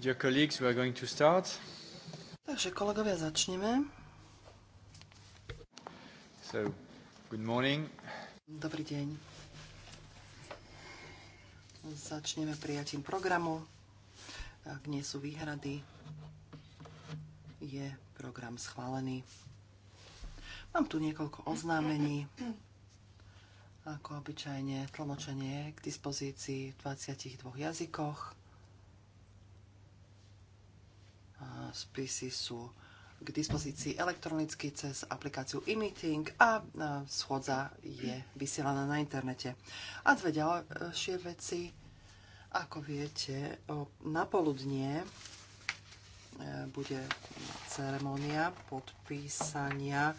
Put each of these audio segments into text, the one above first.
Dear colleagues, we are going to start. Takže kolegovia, začneme. So, good morning. Dobrý deň. Začneme prijatím programu. Ak nie sú výhrady, je program schválený. Mám tu niekoľko oznámení. Ako obyčajne, tlmočenie je k dispozícii v 22 jazykoch. Spisy sú k dispozícii elektronicky cez aplikáciu e-meeting a schodza je vysielaná na internete. A dve ďalšie veci. Ako viete, na poludnie e, bude ceremónia podpísania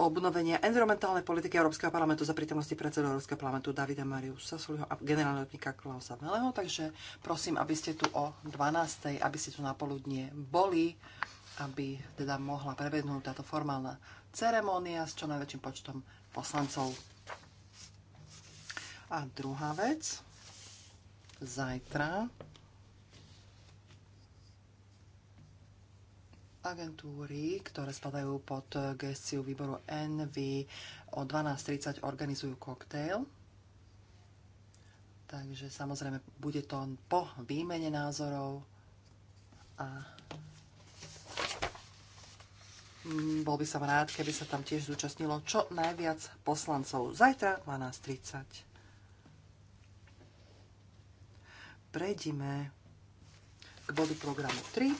obnovenia environmentálnej politiky Európskeho parlamentu za prítomnosti predsedu Európskeho parlamentu Davida Mariu Sasuliho a generálneho odnika Klausa Meleho. Takže prosím, aby ste tu o 12. aby ste tu na poludnie boli, aby teda mohla prebehnúť táto formálna ceremónia s čo najväčším počtom poslancov. A druhá vec, zajtra Agentúry, ktoré spadajú pod gestiu výboru NV o 12.30 organizujú koktejl. Takže samozrejme bude to po výmene názorov a bol by som rád, keby sa tam tiež zúčastnilo čo najviac poslancov. Zajtra 12.30. Prejdime k bodu programu 3.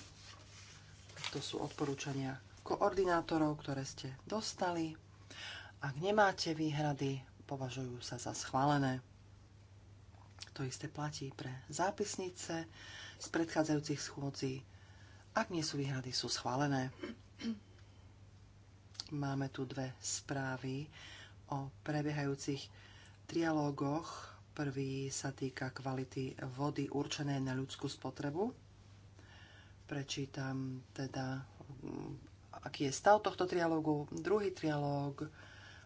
To sú odporúčania koordinátorov, ktoré ste dostali. Ak nemáte výhrady, považujú sa za schválené. To isté platí pre zápisnice z predchádzajúcich schôdzí. Ak nie sú výhrady, sú schválené. Máme tu dve správy o prebiehajúcich trialógoch. Prvý sa týka kvality vody určené na ľudskú spotrebu Prečítam teda, aký je stav tohto trialógu. Druhý trialóg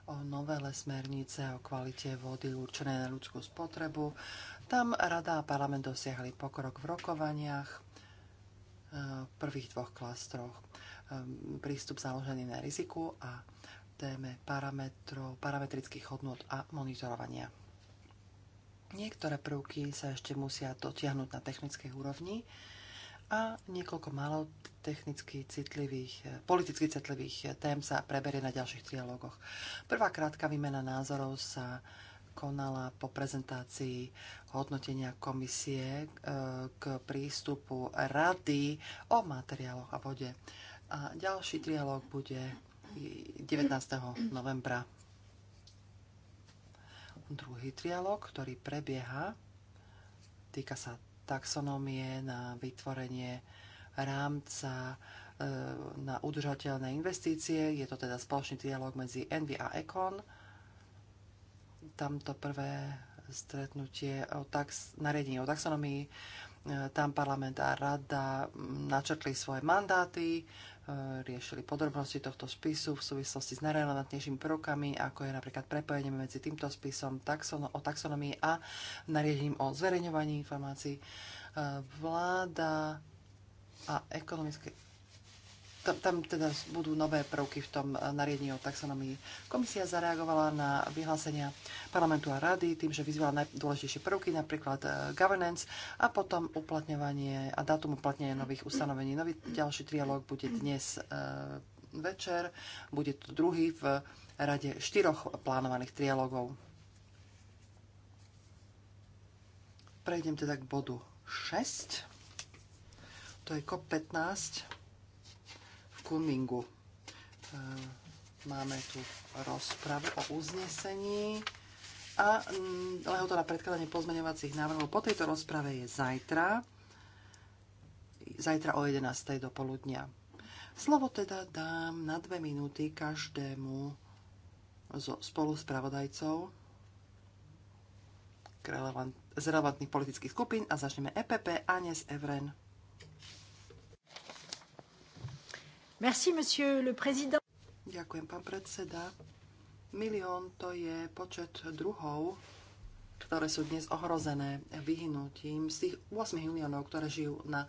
o novele smernice o kvalite vody určené na ľudskú spotrebu. Tam Rada a parlament dosiahli pokrok v rokovaniach v e, prvých dvoch klastroch. E, prístup založený na riziku a téme parametrov, parametrických hodnot a monitorovania. Niektoré prvky sa ešte musia dotiahnuť na technickej úrovni, a niekoľko málo technicky citlivých, eh, politicky citlivých eh, tém sa preberie na ďalších trialógoch. Prvá krátka výmena názorov sa konala po prezentácii hodnotenia komisie eh, k prístupu rady o materiáloch a vode. A ďalší trialóg bude 19. novembra. Druhý trialóg, ktorý prebieha, týka sa taxonómie na vytvorenie rámca e, na udržateľné investície. Je to teda spoločný dialog medzi Envy a Econ. Tamto prvé stretnutie o tax, nariadení o taxonomii. E, tam parlament a rada načrtli svoje mandáty riešili podrobnosti tohto spisu v súvislosti s najrelevantnejšími prvkami, ako je napríklad prepojenie medzi týmto spisom o taxonomii a nariadením o zverejňovaní informácií. E, Vláda a ekonomické tam, teda budú nové prvky v tom eh, nariadení o taxonomii. Komisia zareagovala na vyhlásenia parlamentu a rady tým, že vyzvala najdôležitejšie prvky, napríklad eh, governance a potom uplatňovanie a dátum uplatnenia nových ustanovení. Nový ďalší trialóg bude dnes eh, večer, bude to druhý v rade štyroch plánovaných trialógov. Prejdem teda k bodu 6. To je COP15 skúmingu. E, máme tu rozpravu o uznesení a mm, lehota na predkladanie pozmeňovacích návrhov po tejto rozprave je zajtra, zajtra o 11. do poludnia. Slovo teda dám na dve minúty každému zo spolu s pravodajcov z relevantných politických skupín a začneme EPP s Evren. Merci, monsieur le président. Ďakujem, pán predseda. Milión to je počet druhov, ktoré sú dnes ohrozené vyhnutím. Z tých 8 miliónov, ktoré žijú na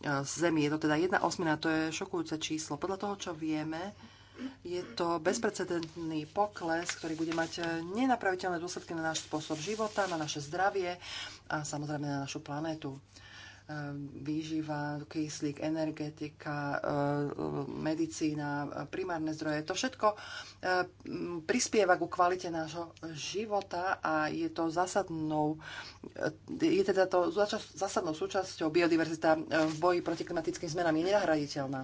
e, Zemi, je to teda jedna osmina, to je šokujúce číslo. Podľa toho, čo vieme, je to bezprecedentný pokles, ktorý bude mať e, nenapraviteľné dôsledky na náš spôsob života, na naše zdravie a samozrejme na našu planétu. Ehm, výživa, kyslík, energetika, ehm, medicína, primárne zdroje. To všetko ehm, prispieva ku kvalite nášho života a je to zásadnou, e, je teda to zásadnou súčasťou biodiverzita v boji proti klimatickým zmenám je nenahraditeľná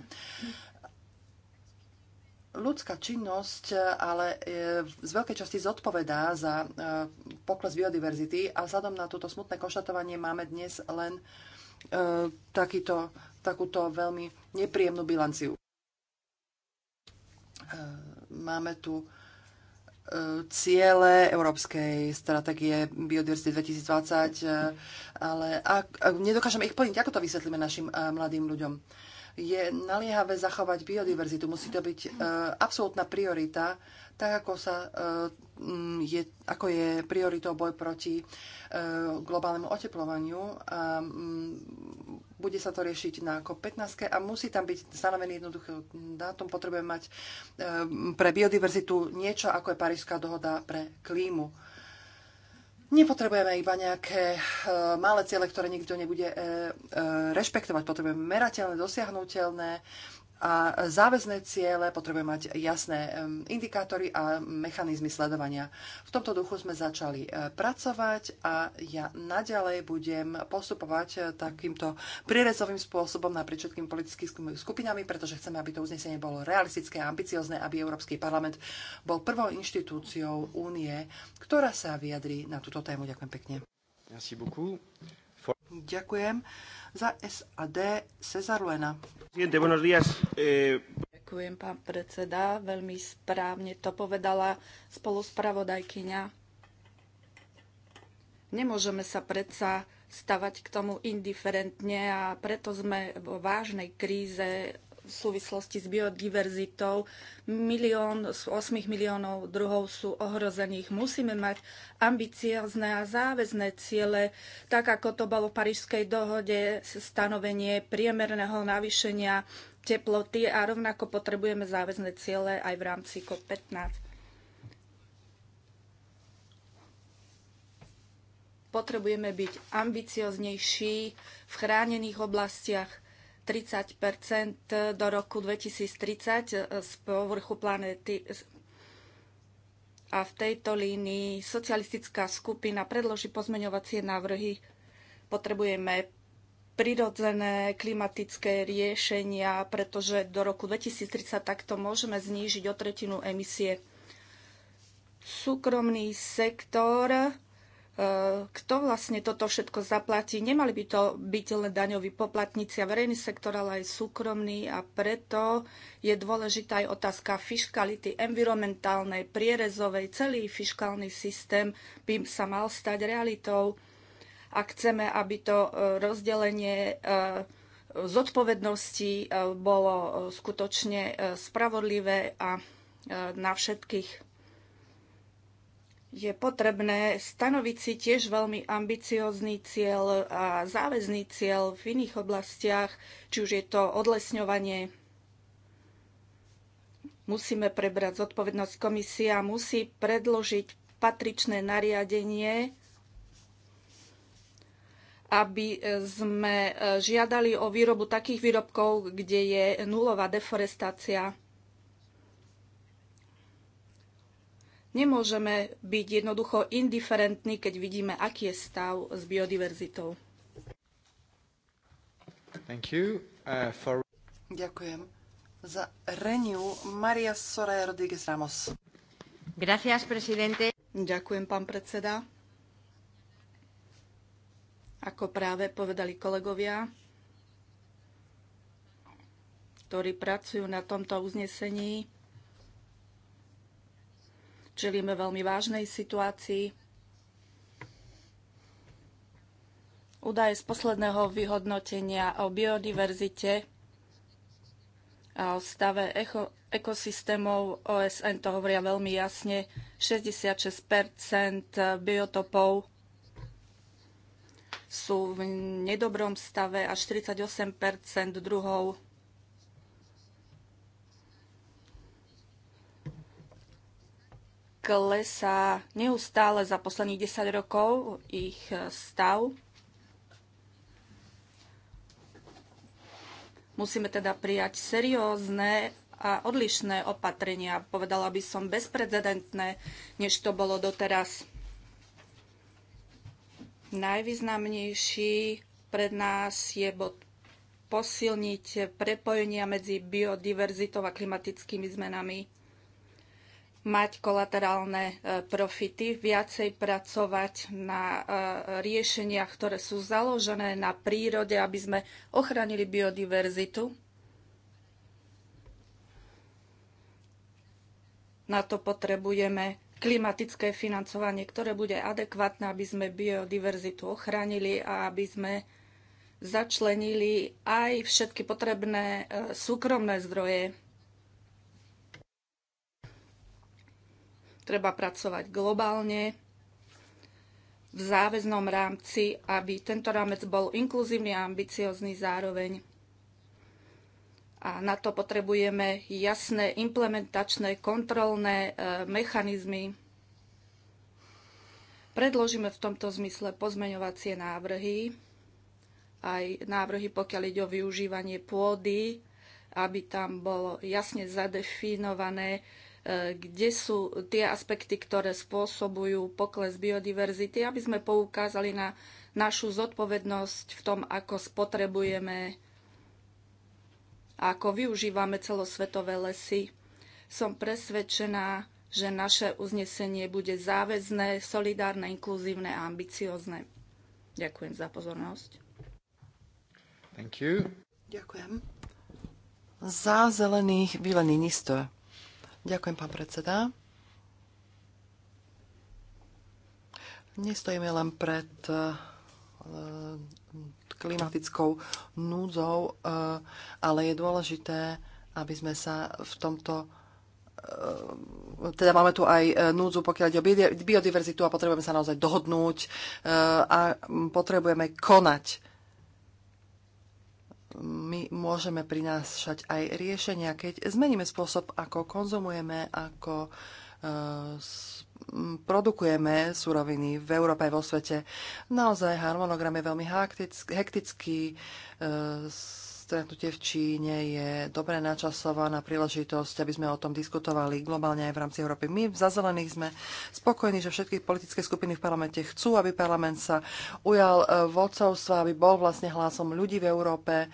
ľudská činnosť e, ale e, z veľkej časti zodpovedá za pokles biodiverzity a vzhľadom na toto smutné konštatovanie máme dnes len E, takýto, takúto veľmi nepríjemnú bilanciu. E, máme tu e, ciele Európskej stratégie biodiverzity 2020, ale ak, ak nedokážeme ich plniť, ako to vysvetlíme našim mladým ľuďom? Je naliehavé zachovať biodiverzitu, musí to byť absolútna priorita tak ako, sa, eh, mm, je, ako je prioritou boj proti eh, globálnemu oteplovaniu. A mm, bude sa to riešiť na COP15 a musí tam byť stanovený jednoduchý dátum. Potrebujeme mať eh, pre biodiverzitu niečo, ako je Parížská dohoda pre klímu. Nepotrebujeme iba nejaké e, malé ciele, ktoré nikto nebude e, e, rešpektovať. Potrebujeme merateľné, dosiahnutelné a záväzné ciele, potrebujeme mať jasné indikátory a mechanizmy sledovania. V tomto duchu sme začali e, pracovať a ja naďalej budem postupovať e, takýmto prierezovým spôsobom naprieč všetkými politickými skupinami, pretože chceme, aby to uznesenie bolo realistické a ambiciozne, aby Európsky parlament bol prvou inštitúciou únie, ktorá sa vyjadrí na túto tému. Ďakujem pekne. Merci beaucoup. Ďakujem. Za SAD Cezar eh, Ďakujem, pán predseda. Veľmi správne to povedala spoluspravodajkyňa. Nemôžeme sa predsa stavať k tomu indiferentne a preto sme vo vážnej kríze súvislosti s biodiverzitou. Milión z 8 miliónov druhov sú ohrozených. Musíme mať ambiciozne a záväzné ciele, tak ako to bolo v Parížskej dohode, stanovenie priemerného navýšenia teploty a rovnako potrebujeme záväzné ciele aj v rámci COP15. potrebujeme byť ambicioznejší v chránených oblastiach. 30 do roku 2030 e, z povrchu planéty. A v tejto línii socialistická skupina predloží pozmeňovacie návrhy. Potrebujeme prirodzené klimatické riešenia, pretože do roku 2030 takto môžeme znížiť o tretinu emisie. Súkromný sektor E, kto vlastne toto všetko zaplatí. Nemali by to byť len daňoví poplatníci a verejný sektor, ale aj súkromný a preto je dôležitá aj otázka fiškality environmentálnej, prierezovej. Celý fiskálny systém by sa mal stať realitou a chceme, aby to e, rozdelenie e, zodpovednosti bolo skutočne spravodlivé a na všetkých je potrebné stanoviť si tiež veľmi ambiciózny cieľ a záväzný cieľ v iných oblastiach, či už je to odlesňovanie. Musíme prebrať zodpovednosť komisia, musí predložiť patričné nariadenie, aby sme žiadali o výrobu takých výrobkov, kde je nulová deforestácia. Nemôžeme byť jednoducho indiferentní, keď vidíme, aký je stav s biodiverzitou. Thank you, uh, for... Ďakujem. Za Renew Maria Rodríguez Ramos. Gracias, presidente. Ďakujem, pán predseda. Ako práve povedali kolegovia, ktorí pracujú na tomto uznesení, Čelíme veľmi vážnej situácii. Údaje z posledného vyhodnotenia o biodiverzite a o stave echo, ekosystémov OSN to hovoria veľmi jasne. 66 biotopov sú v nedobrom stave a 48 druhov klesá neustále za posledných 10 rokov ich e, stav. Musíme teda prijať seriózne a odlišné opatrenia, povedala by som bezprecedentné, než to bolo doteraz. Najvýznamnejší pre nás je bod posilniť prepojenia medzi biodiverzitou a klimatickými zmenami mať kolaterálne e, profity, viacej pracovať na e, riešeniach, ktoré sú založené na prírode, aby sme ochránili biodiverzitu. Na to potrebujeme klimatické financovanie, ktoré bude adekvátne, aby sme biodiverzitu ochránili a aby sme začlenili aj všetky potrebné e, súkromné zdroje treba pracovať globálne v záväznom rámci, aby tento rámec bol inkluzívny a ambiciozný zároveň. A na to potrebujeme jasné implementačné kontrolné e, mechanizmy. Predložíme v tomto zmysle pozmeňovacie návrhy, aj návrhy, pokiaľ ide o využívanie pôdy, aby tam bolo jasne zadefinované, E, kde sú tie aspekty, ktoré spôsobujú pokles biodiverzity, aby sme poukázali na našu zodpovednosť v tom, ako spotrebujeme a ako využívame celosvetové lesy. Som presvedčená, že naše uznesenie bude záväzné, solidárne, inkluzívne a ambiciozne. Ďakujem za pozornosť. Thank you. Ďakujem. Za zelených Vileny Nistor. Ďakujem, pán predseda. Nestojíme len pred e, e, klimatickou núdzou, e, ale je dôležité, aby sme sa v tomto teda máme tu aj núdzu, pokiaľ ide o biodiverzitu a potrebujeme sa naozaj dohodnúť a potrebujeme konať my môžeme prinášať aj riešenia, keď zmeníme spôsob, ako konzumujeme, ako e, produkujeme suroviny v Európe aj vo svete. Naozaj harmonogram je veľmi hektický, e, Stretnutie v Číne je dobre načasovaná príležitosť, aby sme o tom diskutovali globálne aj v rámci Európy. My v zazelených sme spokojní, že všetky politické skupiny v parlamente chcú, aby parlament sa ujal e, vodcovstva, aby bol vlastne hlasom ľudí v Európe, e,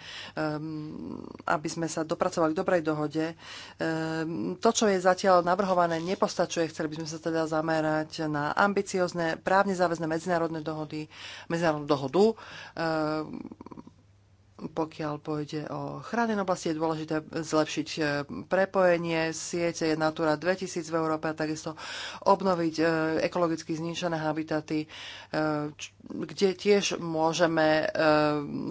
aby sme sa dopracovali k dobrej dohode. E, to, čo je zatiaľ navrhované, nepostačuje. Chceli by sme sa teda zamerať na ambiciozne, právne záväzné medzinárodné dohody, medzinárodnú dohodu pokiaľ pôjde o chránené no oblasti, je dôležité zlepšiť e, prepojenie siete Natura 2000 v Európe a takisto obnoviť e, ekologicky zničené habitaty, e, kde tiež môžeme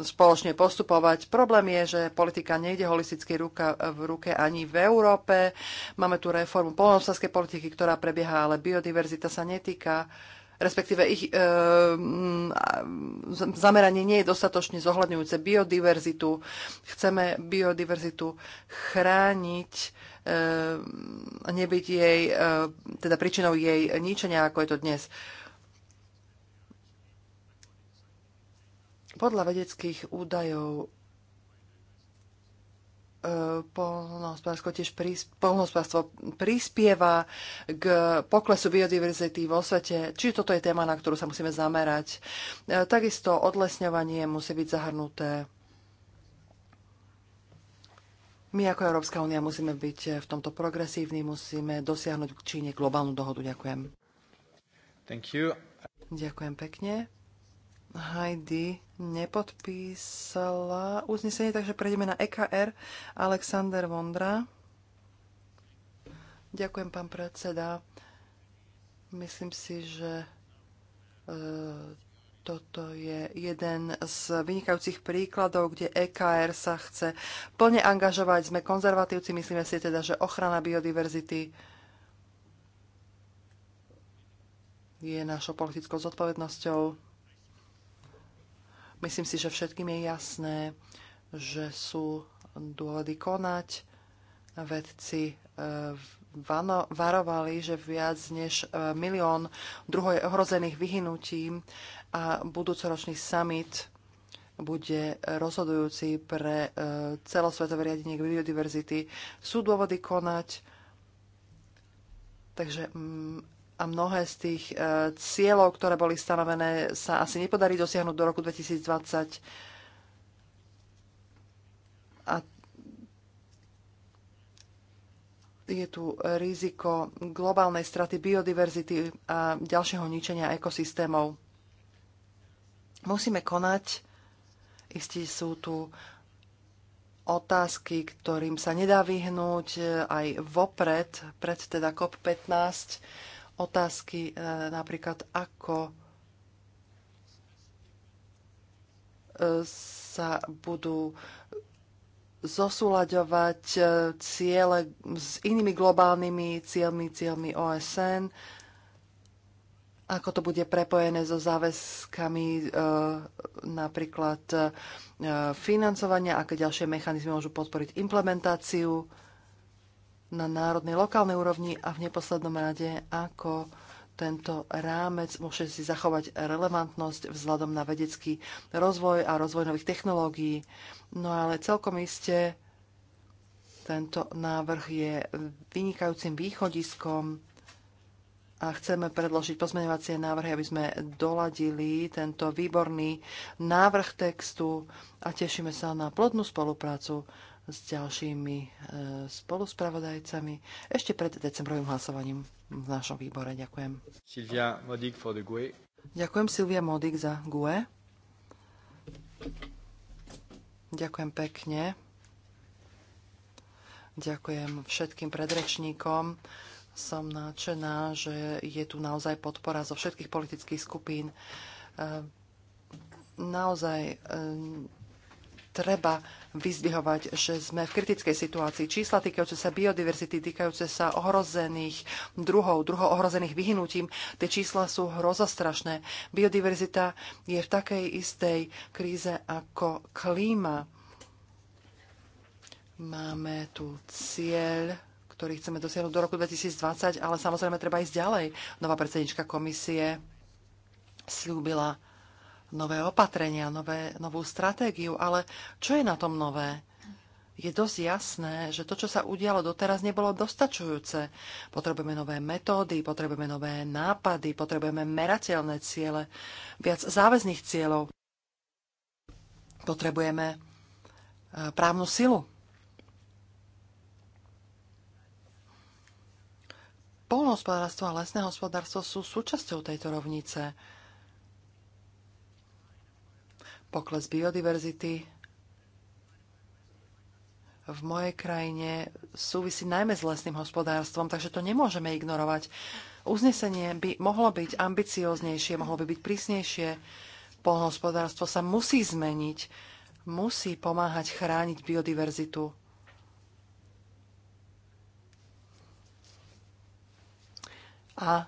spoločne postupovať. Problém je, že politika nejde holisticky ruka v ruke ani v Európe. Máme tu reformu polnohospodárskej politiky, ktorá prebieha, ale biodiverzita sa netýka respektíve ich e, zameranie nie je dostatočne zohľadňujúce biodiverzitu. Chceme biodiverzitu chrániť e, a nebyť jej, e, teda príčinou jej ničenia, ako je to dnes. Podľa vedeckých údajov E, polnohospodárstvo tiež prís, prispieva k poklesu biodiverzity vo svete. Čiže toto je téma, na ktorú sa musíme zamerať. E, takisto odlesňovanie musí byť zahrnuté. My ako Európska únia musíme byť v tomto progresívni, musíme dosiahnuť k Číne globálnu dohodu. Ďakujem. Thank you. Ďakujem pekne. Heidi nepodpísala uznesenie, takže prejdeme na EKR. Alexander Vondra. Ďakujem, pán predseda. Myslím si, že e, toto je jeden z vynikajúcich príkladov, kde EKR sa chce plne angažovať. Sme konzervatívci, myslíme si teda, že ochrana biodiverzity je našou politickou zodpovednosťou. Myslím si, že všetkým je jasné, že sú dôvody konať. Vedci e, varovali, že viac než e, milión druhov je ohrozených vyhnutím a budúcoročný summit bude rozhodujúci pre e, celosvetové riadenie biodiverzity. Sú dôvody konať, takže mm, a mnohé z tých e, cieľov, ktoré boli stanovené, sa asi nepodarí dosiahnuť do roku 2020. A je tu riziko globálnej straty biodiverzity a ďalšieho ničenia ekosystémov. Musíme konať. Istí sú tu otázky, ktorým sa nedá vyhnúť e, aj vopred, pred teda COP15 otázky e, napríklad, ako e, sa budú zosúľaďovať e, ciele s inými globálnymi cieľmi, cieľmi OSN, ako to bude prepojené so záväzkami napríklad financovania, aké ďalšie mechanizmy môžu podporiť implementáciu na národnej, lokálnej úrovni a v neposlednom rade, ako tento rámec môže si zachovať relevantnosť vzhľadom na vedecký rozvoj a rozvoj nových technológií. No ale celkom iste tento návrh je vynikajúcim východiskom a chceme predložiť pozmeňovacie návrhy, aby sme doladili tento výborný návrh textu a tešíme sa na plodnú spoluprácu s ďalšími e, spoluspravodajcami ešte pred decembrovým hlasovaním v našom výbore. Ďakujem. Silvia Modik for the GUE. Ďakujem Silvia Modik za GUE. Ďakujem pekne. Ďakujem všetkým predrečníkom. Som náčená, že je tu naozaj podpora zo všetkých politických skupín. E, naozaj e, treba vyzdvihovať, že sme v kritickej situácii. Čísla týkajúce sa biodiverzity, týkajúce sa ohrozených druhov, druhov ohrozených vyhnutím, tie čísla sú hrozostrašné. Biodiverzita je v takej istej kríze ako klíma. Máme tu cieľ ktorý chceme dosiahnuť do roku 2020, ale samozrejme treba ísť ďalej. Nová predsednička komisie slúbila nové opatrenia, nové, novú stratégiu, ale čo je na tom nové? Je dosť jasné, že to, čo sa udialo doteraz, nebolo dostačujúce. Potrebujeme nové metódy, potrebujeme nové nápady, potrebujeme merateľné ciele, viac záväzných cieľov. Potrebujeme e, právnu silu. Polnohospodárstvo a lesné hospodárstvo sú súčasťou tejto rovnice pokles biodiverzity v mojej krajine súvisí najmä s lesným hospodárstvom, takže to nemôžeme ignorovať. Uznesenie by mohlo byť ambicioznejšie, mohlo by byť prísnejšie. Polnohospodárstvo sa musí zmeniť, musí pomáhať chrániť biodiverzitu. A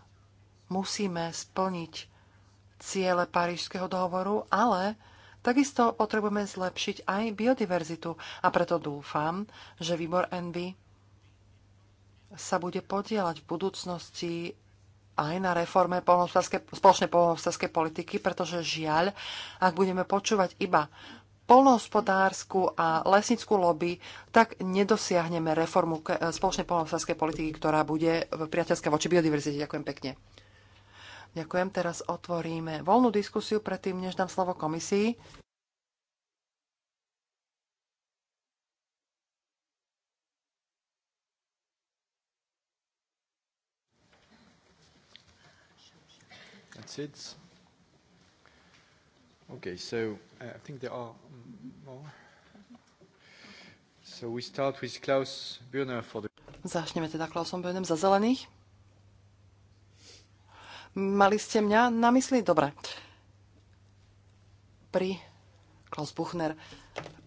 musíme splniť ciele Parížského dohovoru, ale Takisto potrebujeme zlepšiť aj biodiverzitu a preto dúfam, že výbor NB sa bude podielať v budúcnosti aj na reforme spoločnej polnohospodárskej politiky, pretože žiaľ, ak budeme počúvať iba polnohospodárskú a lesnickú lobby, tak nedosiahneme reformu spoločnej polnohospodárskej politiky, ktorá bude priateľská voči biodiverzite. Ďakujem pekne. Ďakujem. Teraz otvoríme voľnú diskusiu predtým, než dám slovo komisii. Okay, so uh, I think there are more. So we start with Klaus for the... Začneme teda Klausom Bürnem za zelených. Mali ste mňa na mysli? Dobre. Pri Klaus Buchner.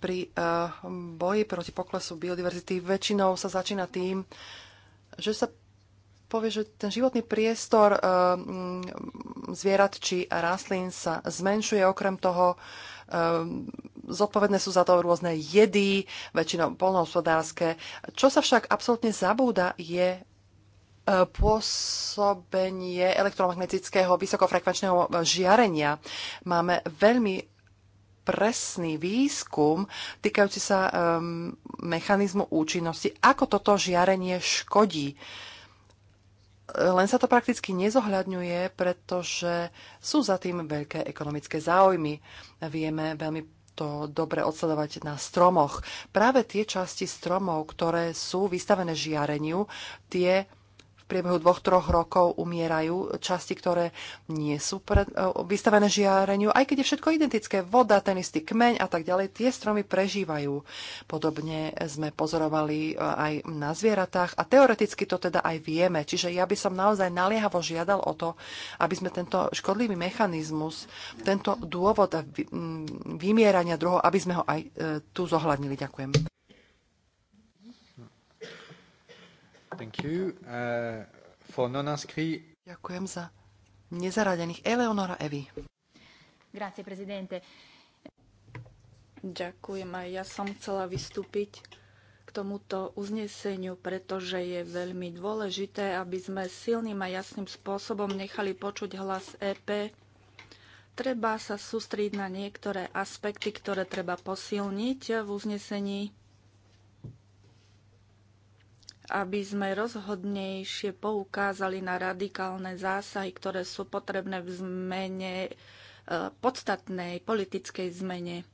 Pri uh, boji proti poklesu biodiverzity väčšinou sa začína tým, že sa povie, že ten životný priestor uh, zvierat či rastlín sa zmenšuje. Okrem toho eh, zodpovedné sú za to rôzne jedy, väčšinou polnohospodárske. Čo sa však absolútne zabúda, je pôsobenie elektromagnetického vysokofrekvenčného žiarenia. Máme veľmi presný výskum týkajúci sa um, mechanizmu účinnosti, ako toto žiarenie škodí. Len sa to prakticky nezohľadňuje, pretože sú za tým veľké ekonomické záujmy. Vieme veľmi to dobre odsledovať na stromoch. Práve tie časti stromov, ktoré sú vystavené žiareniu, tie priebehu dvoch, troch rokov umierajú časti, ktoré nie sú pred, e, vystavené žiareniu, aj keď je všetko identické, voda, ten istý kmeň a tak ďalej, tie stromy prežívajú. Podobne sme pozorovali e, aj na zvieratách a teoreticky to teda aj vieme. Čiže ja by som naozaj naliehavo žiadal o to, aby sme tento škodlivý mechanizmus, tento dôvod vymierania druhov, aby sme ho aj e, tu zohľadnili. Ďakujem. Thank you. Uh, for non Ďakujem za nezaradených. Eleonora Evi. Grazie, prezidente. Ďakujem aj ja som chcela vystúpiť k tomuto uzneseniu, pretože je veľmi dôležité, aby sme silným a jasným spôsobom nechali počuť hlas EP. Treba sa sústriť na niektoré aspekty, ktoré treba posilniť v uznesení aby sme rozhodnejšie poukázali na radikálne zásahy, ktoré sú potrebné v zmene, e, podstatnej politickej zmene.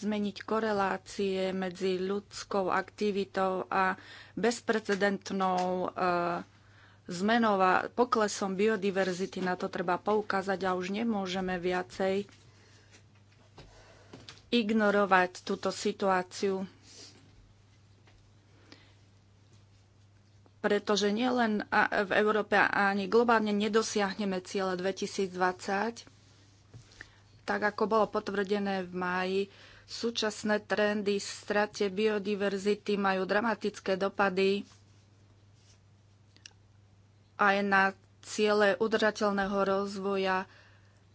zmeniť korelácie medzi ľudskou aktivitou a bezprecedentnou e, zmenou a poklesom biodiverzity. Na to treba poukázať a už nemôžeme viacej ignorovať túto situáciu. Pretože nielen v Európe, ani globálne nedosiahneme ciele 2020, tak ako bolo potvrdené v máji, súčasné trendy v strate biodiverzity majú dramatické dopady aj na ciele udržateľného rozvoja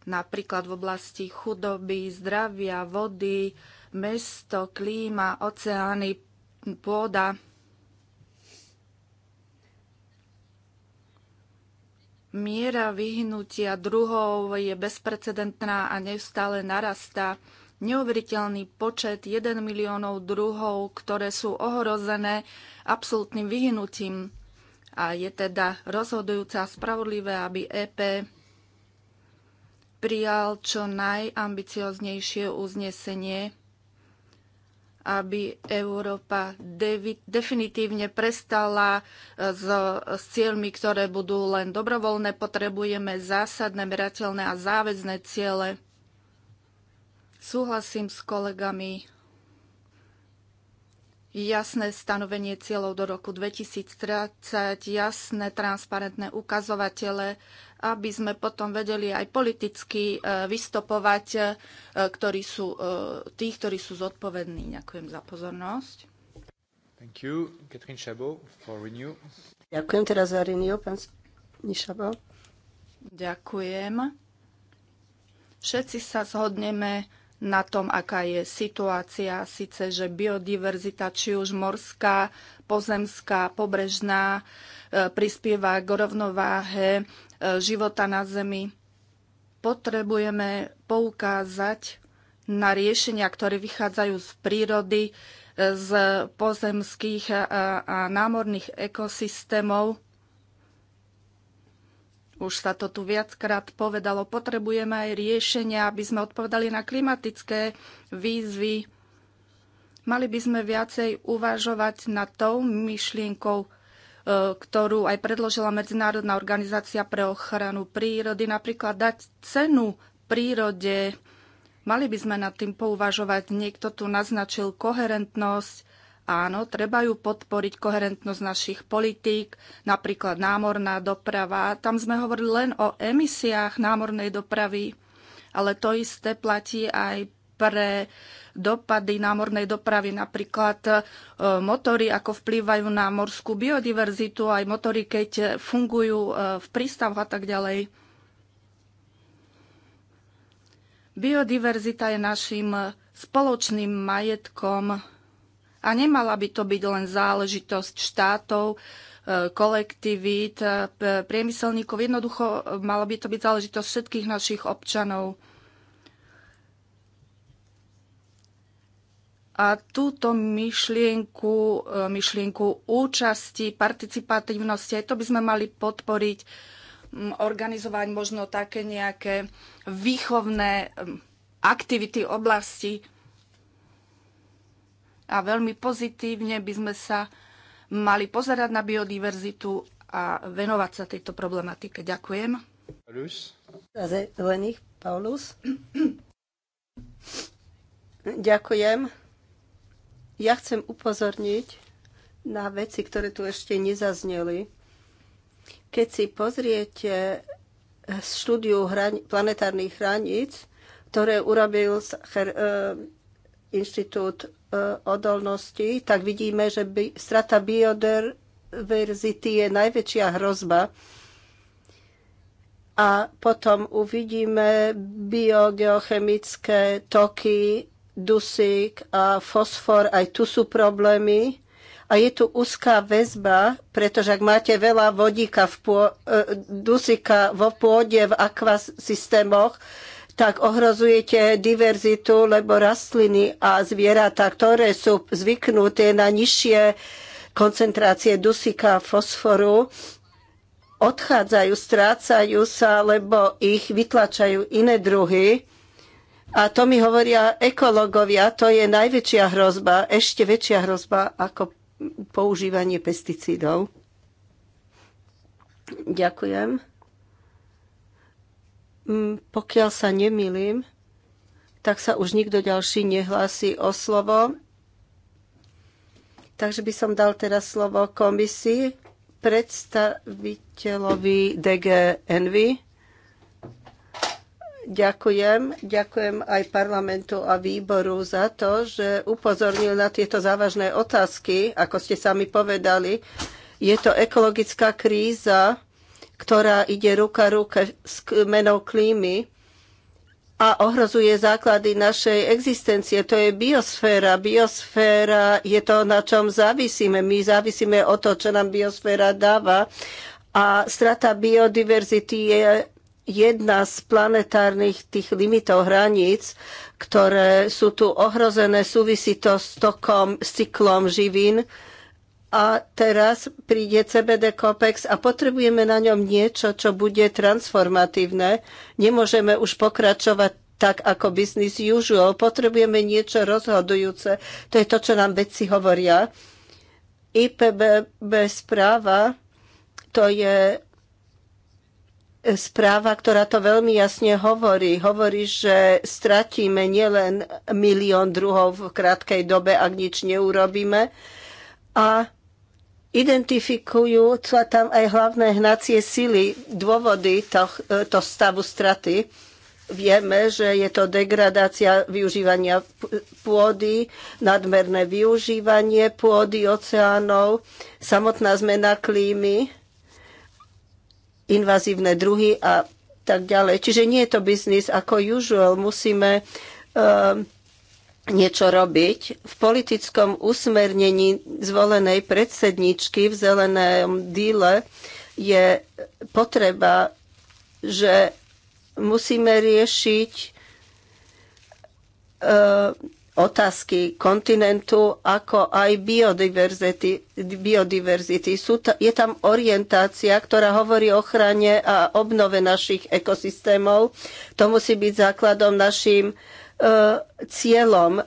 napríklad v oblasti chudoby, zdravia, vody, mesto, klíma, oceány, pôda. Miera vyhnutia druhov je bezprecedentná a neustále narastá. Neuveriteľný počet 1 miliónov druhov, ktoré sú ohrozené absolútnym vyhnutím. A je teda rozhodujúca spravodlivé, aby EP prijal čo najambicioznejšie uznesenie, aby Európa definitívne prestala e, s, s cieľmi, ktoré budú len dobrovoľné. Potrebujeme zásadné, merateľné a záväzné ciele. Súhlasím s kolegami jasné stanovenie cieľov do roku 2030, jasné, transparentné ukazovatele, aby sme potom vedeli aj politicky e, vystopovať e, ktorí sú, e, tí, ktorí sú zodpovední. Ďakujem za pozornosť. Thank you. Catherine Chabot for Renew. Ďakujem teraz za Renew, pán Nišabo. Ďakujem. Všetci sa zhodneme na tom, aká je situácia, síce, že biodiverzita, či už morská, pozemská, pobrežná, e, prispieva k rovnováhe e, života na Zemi. Potrebujeme poukázať na riešenia, ktoré vychádzajú z prírody, e, z pozemských a námorných ekosystémov už sa to tu viackrát povedalo, potrebujeme aj riešenia, aby sme odpovedali na klimatické výzvy. Mali by sme viacej uvažovať nad tou myšlienkou, e, ktorú aj predložila Medzinárodná organizácia pre ochranu prírody, napríklad dať cenu prírode. Mali by sme nad tým pouvažovať. Niekto tu naznačil koherentnosť Áno, treba ju podporiť, koherentnosť našich politík, napríklad námorná doprava. Tam sme hovorili len o emisiách námornej dopravy, ale to isté platí aj pre dopady námornej dopravy, napríklad e, motory, ako vplývajú na morskú biodiverzitu, aj motory, keď fungujú e, v prístavoch a tak ďalej. Biodiverzita je našim spoločným majetkom a nemala by to byť len záležitosť štátov, e, kolektivít, e, priemyselníkov. Jednoducho e, mala by to byť záležitosť všetkých našich občanov. A túto myšlienku, myšlienku účasti, participatívnosti, aj to by sme mali podporiť, organizovať možno také nejaké výchovné aktivity oblasti, a veľmi pozitívne by sme sa mali pozerať na biodiverzitu a venovať sa tejto problematike. Ďakujem. Paulus. Paulus. Ďakujem. Ja chcem upozorniť na veci, ktoré tu ešte nezazneli. Keď si pozriete štúdiu hrani- planetárnych hraníc, ktoré urobil inštitút e, odolnosti, tak vidíme, že by, strata biodiverzity je najväčšia hrozba. A potom uvidíme biogeochemické toky, dusík a fosfor, aj tu sú problémy. A je tu úzká väzba, pretože ak máte veľa vodíka v pô- e, dusíka vo pôde, v akvasystémoch, systémoch, tak ohrozujete diverzitu, lebo rastliny a zvieratá, ktoré sú zvyknuté na nižšie koncentrácie dusíka a fosforu, odchádzajú, strácajú sa, lebo ich vytlačajú iné druhy. A to mi hovoria ekologovia, to je najväčšia hrozba, ešte väčšia hrozba ako používanie pesticídov. Ďakujem. Mm, pokiaľ sa nemýlim, tak sa už nikto ďalší nehlási o slovo. Takže by som dal teraz slovo komisii predstaviteľovi DG Envy. Ďakujem. Ďakujem aj parlamentu a výboru za to, že upozornil na tieto závažné otázky, ako ste sami povedali. Je to ekologická kríza, ktorá ide ruka ruke s menou klímy a ohrozuje základy našej existencie. To je biosféra. Biosféra je to, na čom závisíme. My závisíme o to, čo nám biosféra dáva. A strata biodiverzity je jedna z planetárnych tých limitov hraníc, ktoré sú tu ohrozené, súvisí to s tokom, s cyklom živín, a teraz príde CBD Copex a potrebujeme na ňom niečo, čo bude transformatívne. Nemôžeme už pokračovať tak ako business usual. Potrebujeme niečo rozhodujúce. To je to, čo nám vedci hovoria. IPBB správa, to je správa, ktorá to veľmi jasne hovorí. Hovorí, že stratíme nielen milión druhov v krátkej dobe, ak nič neurobíme. A Identifikujú sa tam aj hlavné hnacie sily, dôvody to, e, to stavu straty. Vieme, že je to degradácia využívania pôdy, nadmerné využívanie pôdy, oceánov, samotná zmena klímy, invazívne druhy a tak ďalej. Čiže nie je to biznis ako usual. Musíme um, niečo robiť. V politickom usmernení zvolenej predsedničky v zelenom díle je potreba, že musíme riešiť e, otázky kontinentu, ako aj biodiverzity. biodiverzity. Sú ta, je tam orientácia, ktorá hovorí o ochrane a obnove našich ekosystémov. To musí byť základom našim E, cieľom e,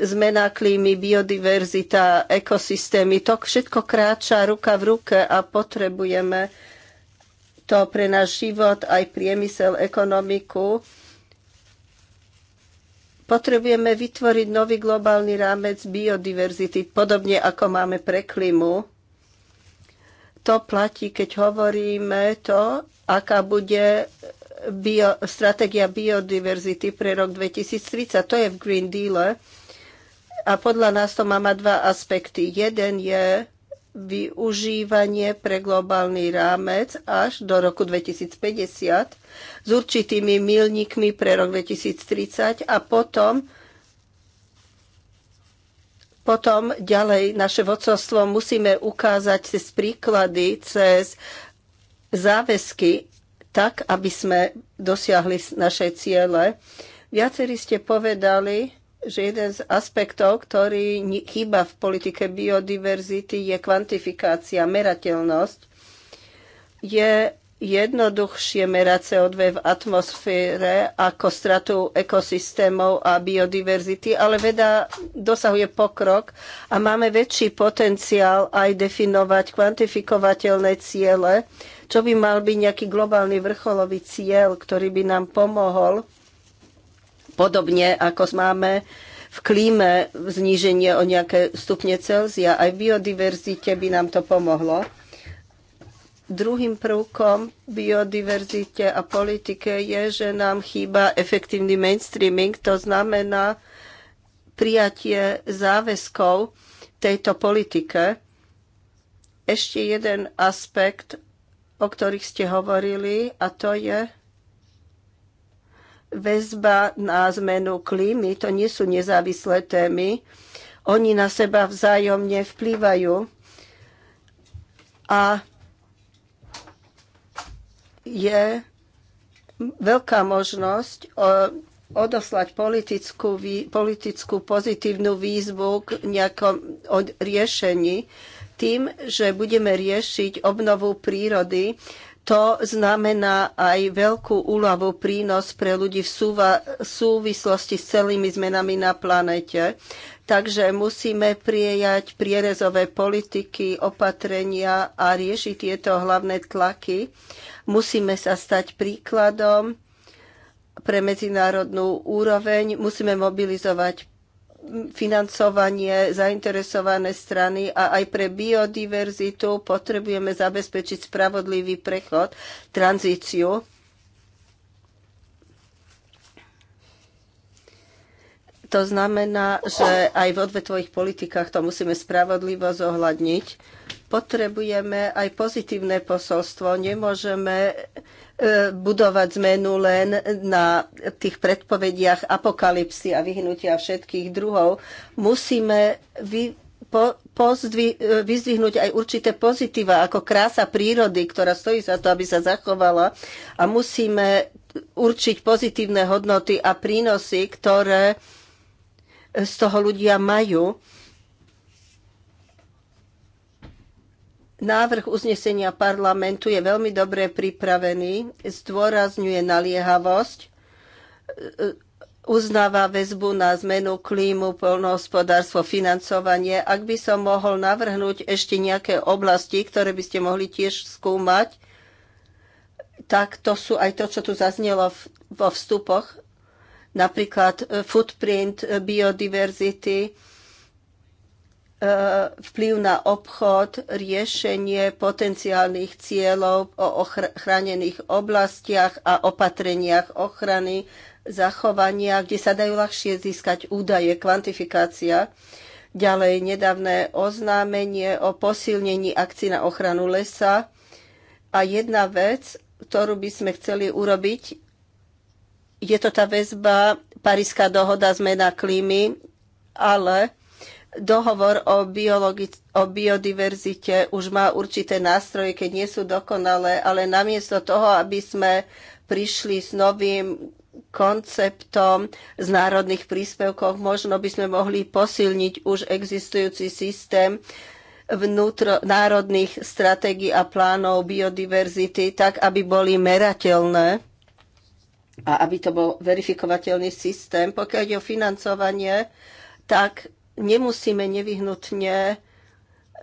zmena klímy, biodiverzita, ekosystémy. To všetko kráča ruka v ruke a potrebujeme to pre náš život, aj priemysel, ekonomiku. Potrebujeme vytvoriť nový globálny rámec biodiverzity, podobne ako máme pre klímu. To platí, keď hovoríme to, aká bude bio, stratégia biodiverzity pre rok 2030. To je v Green Deale. A podľa nás to má mať dva aspekty. Jeden je využívanie pre globálny rámec až do roku 2050 s určitými milníkmi pre rok 2030 a potom potom ďalej naše vodcovstvo musíme ukázať cez príklady, cez záväzky tak, aby sme dosiahli naše ciele. Viacerí ste povedali, že jeden z aspektov, ktorý chýba v politike biodiverzity, je kvantifikácia, merateľnosť. Je jednoduchšie merať CO2 v atmosfére ako stratu ekosystémov a biodiverzity, ale veda dosahuje pokrok a máme väčší potenciál aj definovať kvantifikovateľné ciele, čo by mal byť nejaký globálny vrcholový cieľ, ktorý by nám pomohol, podobne ako máme v klíme zníženie o nejaké stupne Celzia, aj v biodiverzite by nám to pomohlo. Druhým prvkom biodiverzite a politike je, že nám chýba efektívny mainstreaming, to znamená prijatie záväzkov tejto politike. Ešte jeden aspekt, o ktorých ste hovorili, a to je väzba na zmenu klímy. To nie sú nezávislé témy. Oni na seba vzájomne vplývajú. A je veľká možnosť odoslať politickú, politickú pozitívnu výzvu k nejakom riešení tým, že budeme riešiť obnovu prírody, to znamená aj veľkú úľavu prínos pre ľudí v súvislosti s celými zmenami na planete. Takže musíme prijať prierezové politiky, opatrenia a riešiť tieto hlavné tlaky. Musíme sa stať príkladom pre medzinárodnú úroveň, musíme mobilizovať financovanie zainteresované strany a aj pre biodiverzitu potrebujeme zabezpečiť spravodlivý prechod, tranzíciu. To znamená, že aj v odvetvových politikách to musíme spravodlivo zohľadniť. Potrebujeme aj pozitívne posolstvo. Nemôžeme E, budovať zmenu len na tých predpovediach apokalipsy a vyhnutia všetkých druhov. Musíme vy, po, pozdvi, e, vyzdvihnúť aj určité pozitíva, ako krása prírody, ktorá stojí za to, aby sa zachovala. A musíme určiť pozitívne hodnoty a prínosy, ktoré z toho ľudia majú Návrh uznesenia parlamentu je veľmi dobre pripravený, zdôrazňuje naliehavosť, e, uznáva väzbu na zmenu klímu, polnohospodárstvo, financovanie. Ak by som mohol navrhnúť ešte nejaké oblasti, ktoré by ste mohli tiež skúmať, tak to sú aj to, čo tu zaznelo vo vstupoch, napríklad e, footprint e, biodiverzity, E, vplyv na obchod, riešenie potenciálnych cieľov o ochránených oblastiach a opatreniach ochrany, zachovania, kde sa dajú ľahšie získať údaje, kvantifikácia. Ďalej nedávne oznámenie o posilnení akcií na ochranu lesa. A jedna vec, ktorú by sme chceli urobiť, je to tá väzba Paríska dohoda zmena klímy, ale dohovor o, biologi- o biodiverzite už má určité nástroje, keď nie sú dokonalé, ale namiesto toho, aby sme prišli s novým konceptom z národných príspevkov, možno by sme mohli posilniť už existujúci systém vnútro národných stratégií a plánov biodiverzity, tak aby boli merateľné a aby to bol verifikovateľný systém. Pokiaľ ide o financovanie, tak nemusíme nevyhnutne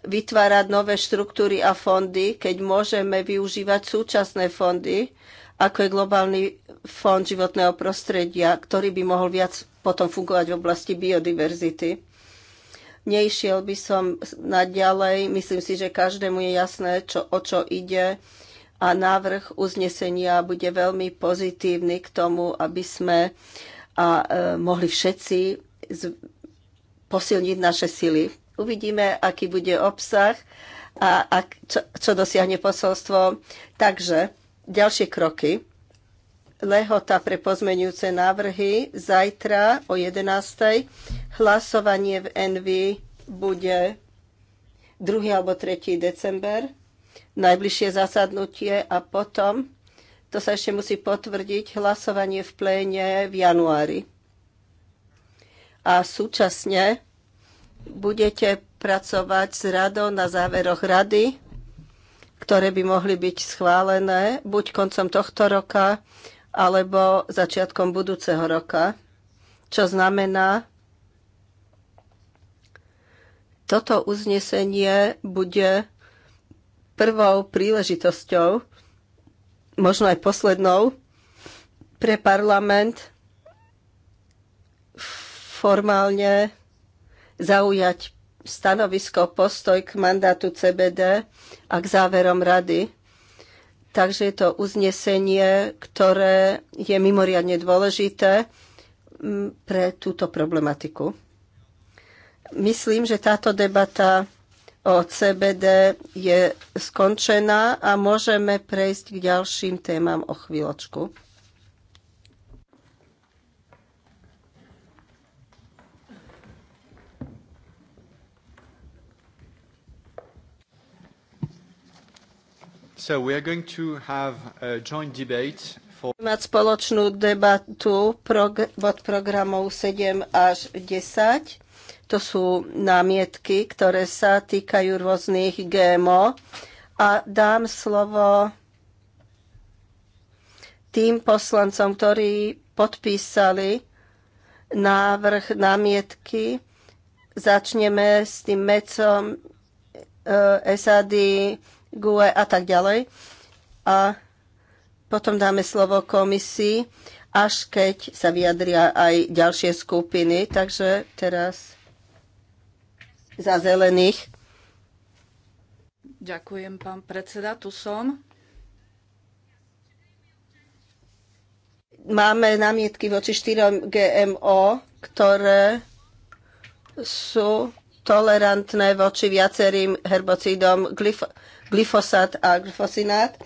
vytvárať nové štruktúry a fondy, keď môžeme využívať súčasné fondy, ako je Globálny fond životného prostredia, ktorý by mohol viac potom fungovať v oblasti biodiverzity. Nešiel by som naďalej, myslím si, že každému je jasné, čo, o čo ide a návrh uznesenia bude veľmi pozitívny k tomu, aby sme a, e, mohli všetci z, posilniť naše sily. Uvidíme, aký bude obsah a, a čo, čo dosiahne posolstvo. Takže ďalšie kroky. Lehota pre pozmenujúce návrhy zajtra o 11. Hlasovanie v Envy bude 2. alebo 3. december, najbližšie zasadnutie a potom, to sa ešte musí potvrdiť, hlasovanie v pléne v januári a súčasne budete pracovať s radou na záveroch rady, ktoré by mohli byť schválené buď koncom tohto roka, alebo začiatkom budúceho roka, čo znamená, toto uznesenie bude prvou príležitosťou, možno aj poslednou, pre parlament formálne zaujať stanovisko, postoj k mandátu CBD a k záverom rady. Takže je to uznesenie, ktoré je mimoriadne dôležité mm, pre túto problematiku. Myslím, že táto debata o CBD je skončená a môžeme prejsť k ďalším témam o chvíľočku. So we are going to have a joint debate for... Mať spoločnú debatu prog- pod programov 7 až 10. To sú námietky, ktoré sa týkajú rôznych GMO. A dám slovo tým poslancom, ktorí podpísali návrh námietky. Začneme s tým mecom e, eh, SAD GUE a tak ďalej. A potom dáme slovo komisii, až keď sa vyjadria aj ďalšie skupiny. Takže teraz za zelených. Ďakujem, pán predseda, tu som. máme námietky voči štyrom GMO, ktoré sú tolerantné voči viacerým herbocídom. Glyf- glyfosát a glyfosinát.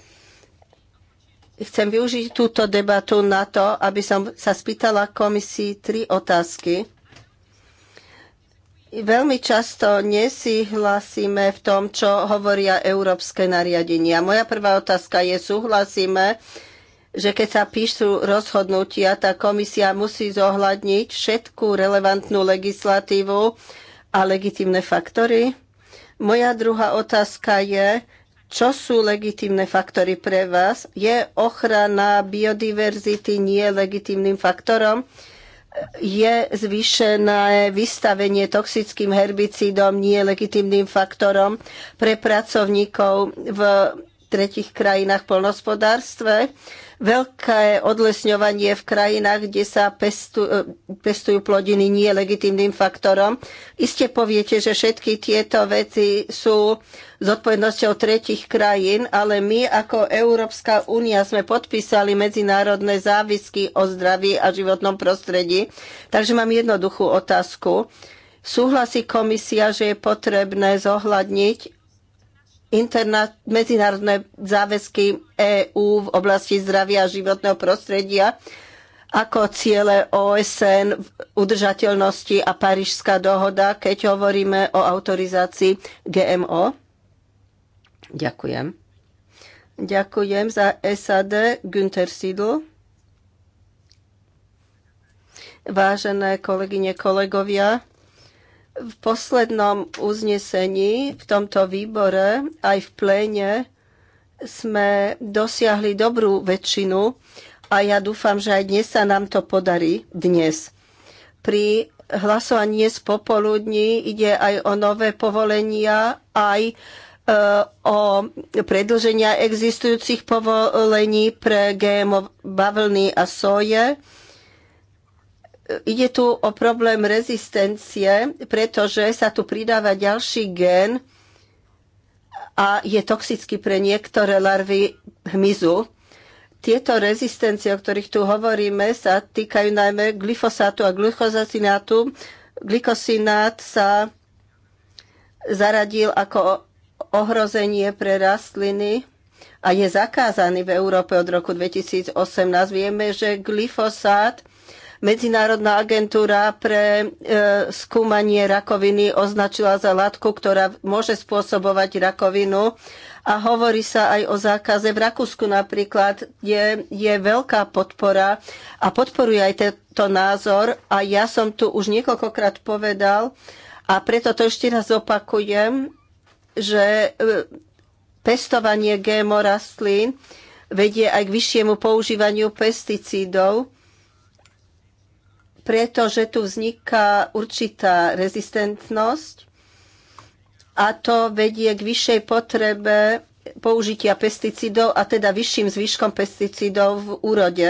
Chcem využiť túto debatu na to, aby som sa spýtala komisii tri otázky. Veľmi často nesúhlasíme v tom, čo hovoria európske nariadenia. Moja prvá otázka je, súhlasíme, že keď sa píšu rozhodnutia, tá komisia musí zohľadniť všetkú relevantnú legislatívu a legitimné faktory? Moja druhá otázka je, čo sú legitímne faktory pre vás? Je ochrana biodiverzity nie legitímnym faktorom? Je zvýšené vystavenie toxickým herbicídom nie legitímnym faktorom pre pracovníkov v tretich krajinách v polnospodárstve? veľké odlesňovanie v krajinách, kde sa pestujú, e, pestujú plodiny nie legitimným faktorom. Iste poviete, že všetky tieto veci sú zodpovednosťou tretich krajín, ale my ako Európska únia sme podpísali medzinárodné závisky o zdraví a životnom prostredí. Takže mám jednoduchú otázku. Súhlasí komisia, že je potrebné zohľadniť interna- medzinárodné záväzky EÚ v oblasti zdravia a životného prostredia ako ciele OSN v udržateľnosti a Parížská dohoda, keď hovoríme o autorizácii GMO? Ďakujem. Ďakujem za SAD Günther Sidl. Vážené kolegyne, kolegovia, v poslednom uznesení v tomto výbore aj v pléne sme dosiahli dobrú väčšinu a ja dúfam, že aj dnes sa nám to podarí dnes. Pri hlasovaní z popoludní ide aj o nové povolenia, aj e, o predlženia existujúcich povolení pre GMO bavlny a soje Ide tu o problém rezistencie, pretože sa tu pridáva ďalší gén a je toxický pre niektoré larvy hmyzu. Tieto rezistencie, o ktorých tu hovoríme, sa týkajú najmä glyfosátu a glykozasinátu. Glykosinát sa zaradil ako ohrozenie pre rastliny a je zakázaný v Európe od roku 2018. Vieme, že glyfosát Medzinárodná agentúra pre e, skúmanie rakoviny označila za látku, ktorá môže spôsobovať rakovinu a hovorí sa aj o zákaze. V Rakúsku napríklad kde je veľká podpora a podporuje aj tento názor a ja som tu už niekoľkokrát povedal a preto to ešte raz opakujem, že e, pestovanie GMO rastlín vedie aj k vyššiemu používaniu pesticídov pretože tu vzniká určitá rezistentnosť a to vedie k vyššej potrebe použitia pesticídov a teda vyšším zvyškom pesticídov v úrode.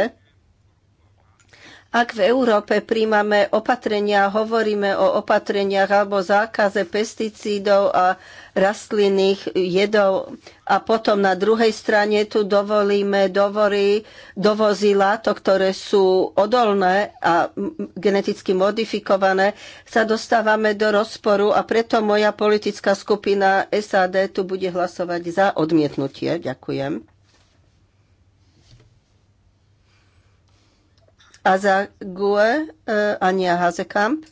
Ak v Európe príjmame opatrenia, hovoríme o opatreniach alebo zákaze pesticídov a rastlinných jedov a potom na druhej strane tu dovolíme dovory, dovozy látok, ktoré sú odolné a geneticky modifikované, sa dostávame do rozporu a preto moja politická skupina SAD tu bude hlasovať za odmietnutie. Ďakujem. Azague GUE Ania Hazekamp.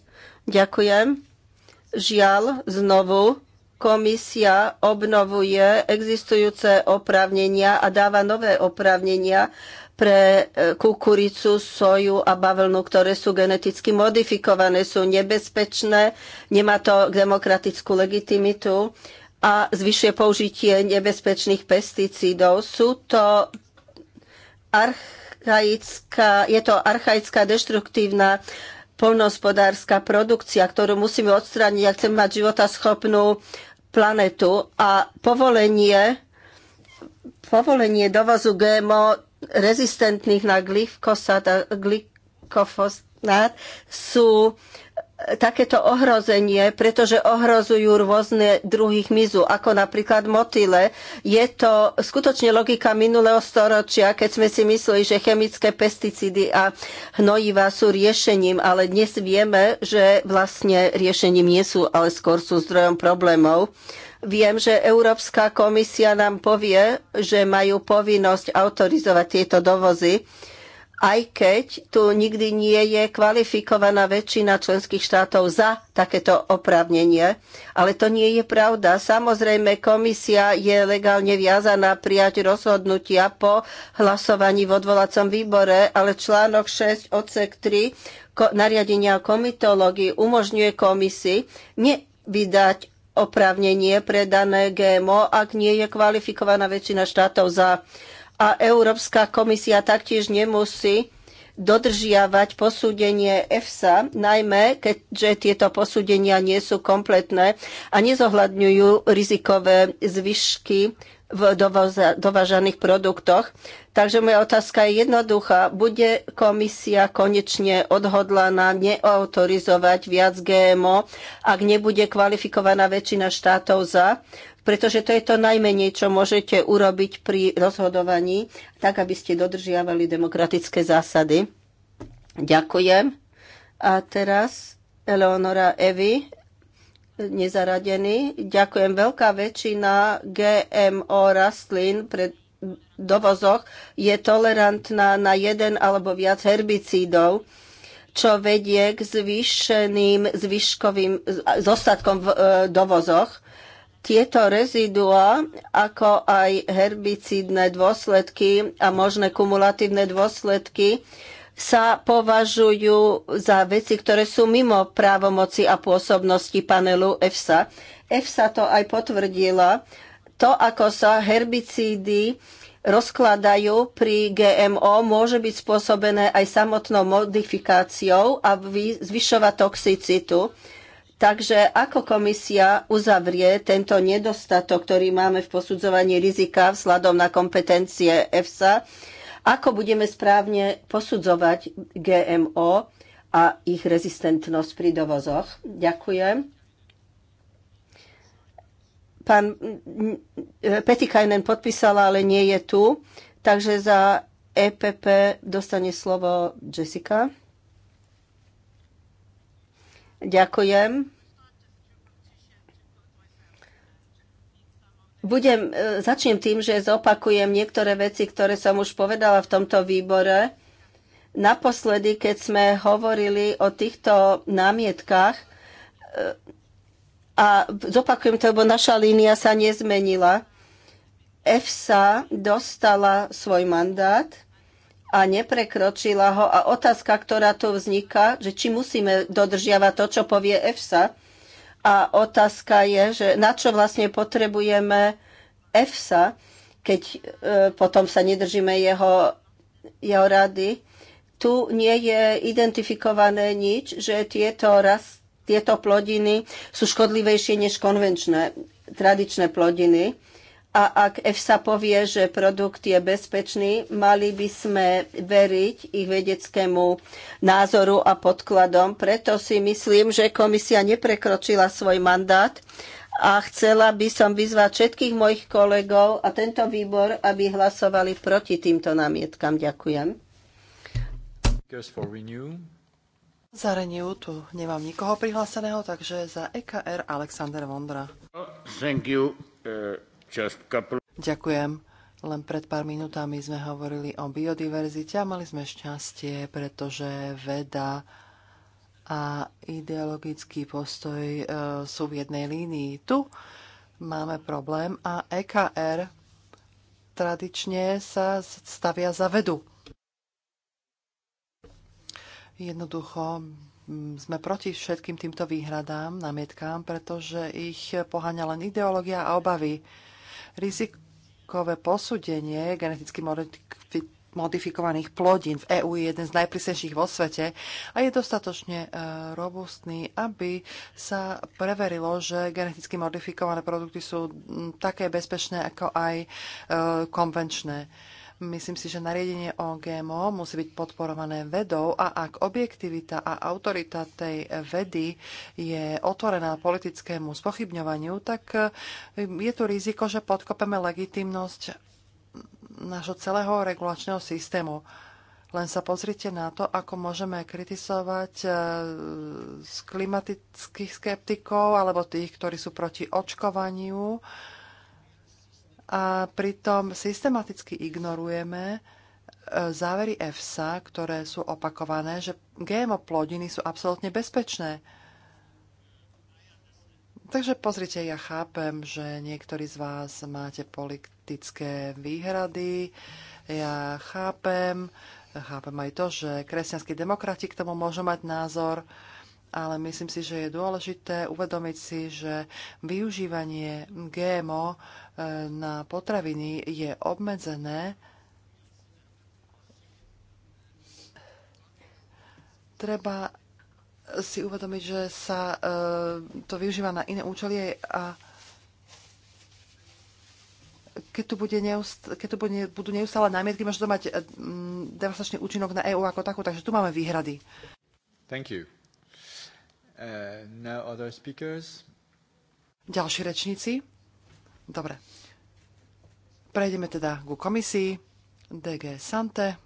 Ďakujem. Žiaľ, znovu komisia obnovuje existujúce oprávnenia a dáva nové oprávnenia pre e, kukuricu, soju a bavlnu, ktoré sú geneticky modifikované, sú nebezpečné, nemá to demokratickú legitimitu a zvyšuje použitie nebezpečných pesticídov. Sú to arch archaická, je to archaická deštruktívna polnohospodárska produkcia, ktorú musíme odstrániť ak chceme mať schopnú planetu. A povolenie, povolenie dovozu GMO rezistentných na glyfosát a glykofosát sú takéto ohrozenie, pretože ohrozujú rôzne druhy hmyzu, ako napríklad motyle. Je to skutočne logika minulého storočia, keď sme si mysleli, že chemické pesticídy a hnojiva sú riešením, ale dnes vieme, že vlastne riešením nie sú, ale skôr sú zdrojom problémov. Viem, že Európska komisia nám povie, že majú povinnosť autorizovať tieto dovozy aj keď tu nikdy nie je kvalifikovaná väčšina členských štátov za takéto oprávnenie. Ale to nie je pravda. Samozrejme, komisia je legálne viazaná prijať rozhodnutia po hlasovaní v odvolacom výbore, ale článok 6 odsek 3 nariadenia komitológii umožňuje komisii nevydať oprávnenie pre dané GMO, ak nie je kvalifikovaná väčšina štátov za a Európska komisia taktiež nemusí dodržiavať posúdenie EFSA, najmä keďže tieto posúdenia nie sú kompletné a nezohľadňujú rizikové zvyšky v dovážaných produktoch. Takže moja otázka je jednoduchá. Bude komisia konečne odhodlaná neautorizovať viac GMO, ak nebude kvalifikovaná väčšina štátov za? pretože to je to najmenej, čo môžete urobiť pri rozhodovaní, tak aby ste dodržiavali demokratické zásady. Ďakujem. A teraz Eleonora Evi, nezaradený. Ďakujem. Veľká väčšina GMO rastlín pre dovozoch je tolerantná na jeden alebo viac herbicídov, čo vedie k zvýšeným zvyškovým zostatkom v e, dovozoch. Tieto rezidua, ako aj herbicídne dôsledky a možné kumulatívne dôsledky, sa považujú za veci, ktoré sú mimo právomoci a pôsobnosti panelu EFSA. EFSA to aj potvrdila. To, ako sa herbicídy rozkladajú pri GMO, môže byť spôsobené aj samotnou modifikáciou a zvyšovať toxicitu. Takže ako komisia uzavrie tento nedostatok, ktorý máme v posudzovaní rizika vzhľadom na kompetencie EFSA? Ako budeme správne posudzovať GMO a ich rezistentnosť pri dovozoch? Ďakujem. Pán mm, mm, Petikajnen podpísala, ale nie je tu. Takže za EPP dostane slovo Jessica. Ďakujem. Budem, e, začnem tým, že zopakujem niektoré veci, ktoré som už povedala v tomto výbore. Naposledy, keď sme hovorili o týchto námietkách, e, a zopakujem to, lebo naša línia sa nezmenila. EFSA dostala svoj mandát a neprekročila ho. A otázka, ktorá tu vzniká, že či musíme dodržiavať to, čo povie EFSA. A otázka je, že na čo vlastne potrebujeme EFSA, keď e, potom sa nedržíme jeho, jeho rady. Tu nie je identifikované nič, že tieto, raz, tieto plodiny sú škodlivejšie než konvenčné, tradičné plodiny a ak EFSA povie, že produkt je bezpečný, mali by sme veriť ich vedeckému názoru a podkladom. Preto si myslím, že komisia neprekročila svoj mandát a chcela by som vyzvať všetkých mojich kolegov a tento výbor, aby hlasovali proti týmto námietkam. Ďakujem. Za Renew tu nemám nikoho prihláseného, takže za EKR Alexander Vondra. thank you. Uh... Ďakujem. Len pred pár minútami sme hovorili o biodiverzite a mali sme šťastie, pretože veda a ideologický postoj e, sú v jednej línii. Tu máme problém a EKR tradične sa stavia za vedu. Jednoducho sme proti všetkým týmto výhradám, namietkám, pretože ich poháňa len ideológia a obavy. Rizikové posúdenie geneticky modifikovaných plodín v EÚ je jeden z najprísnejších vo svete a je dostatočne e, robustný, aby sa preverilo, že geneticky modifikované produkty sú také bezpečné ako aj e, konvenčné Myslím si, že nariadenie o GMO musí byť podporované vedou a ak objektivita a autorita tej vedy je otvorená politickému spochybňovaniu, tak um, je tu riziko, že podkopeme legitimnosť nášho celého regulačného systému. Len sa pozrite na to, ako môžeme kritizovať uh, z klimatických skeptikov alebo tých, ktorí sú proti očkovaniu a pritom systematicky ignorujeme e, závery EFSA, ktoré sú opakované, že GMO plodiny sú absolútne bezpečné. Takže pozrite, ja chápem, že niektorí z vás máte politické výhrady. Ja chápem, chápem aj to, že kresťanskí demokrati k tomu môžu mať názor ale myslím si, že je dôležité uvedomiť si, že využívanie GMO e, na potraviny je obmedzené. Treba si uvedomiť, že sa e, to využíva na iné účely a keď tu, bude neust- keď tu bude, budú neustále námietky, môže to mať mm, devastačný účinok na EÚ ako takú, takže tu máme výhrady. Thank you. Uh, no other speakers. Ďalší rečníci? Dobre. Prejdeme teda ku komisii. DG Sante.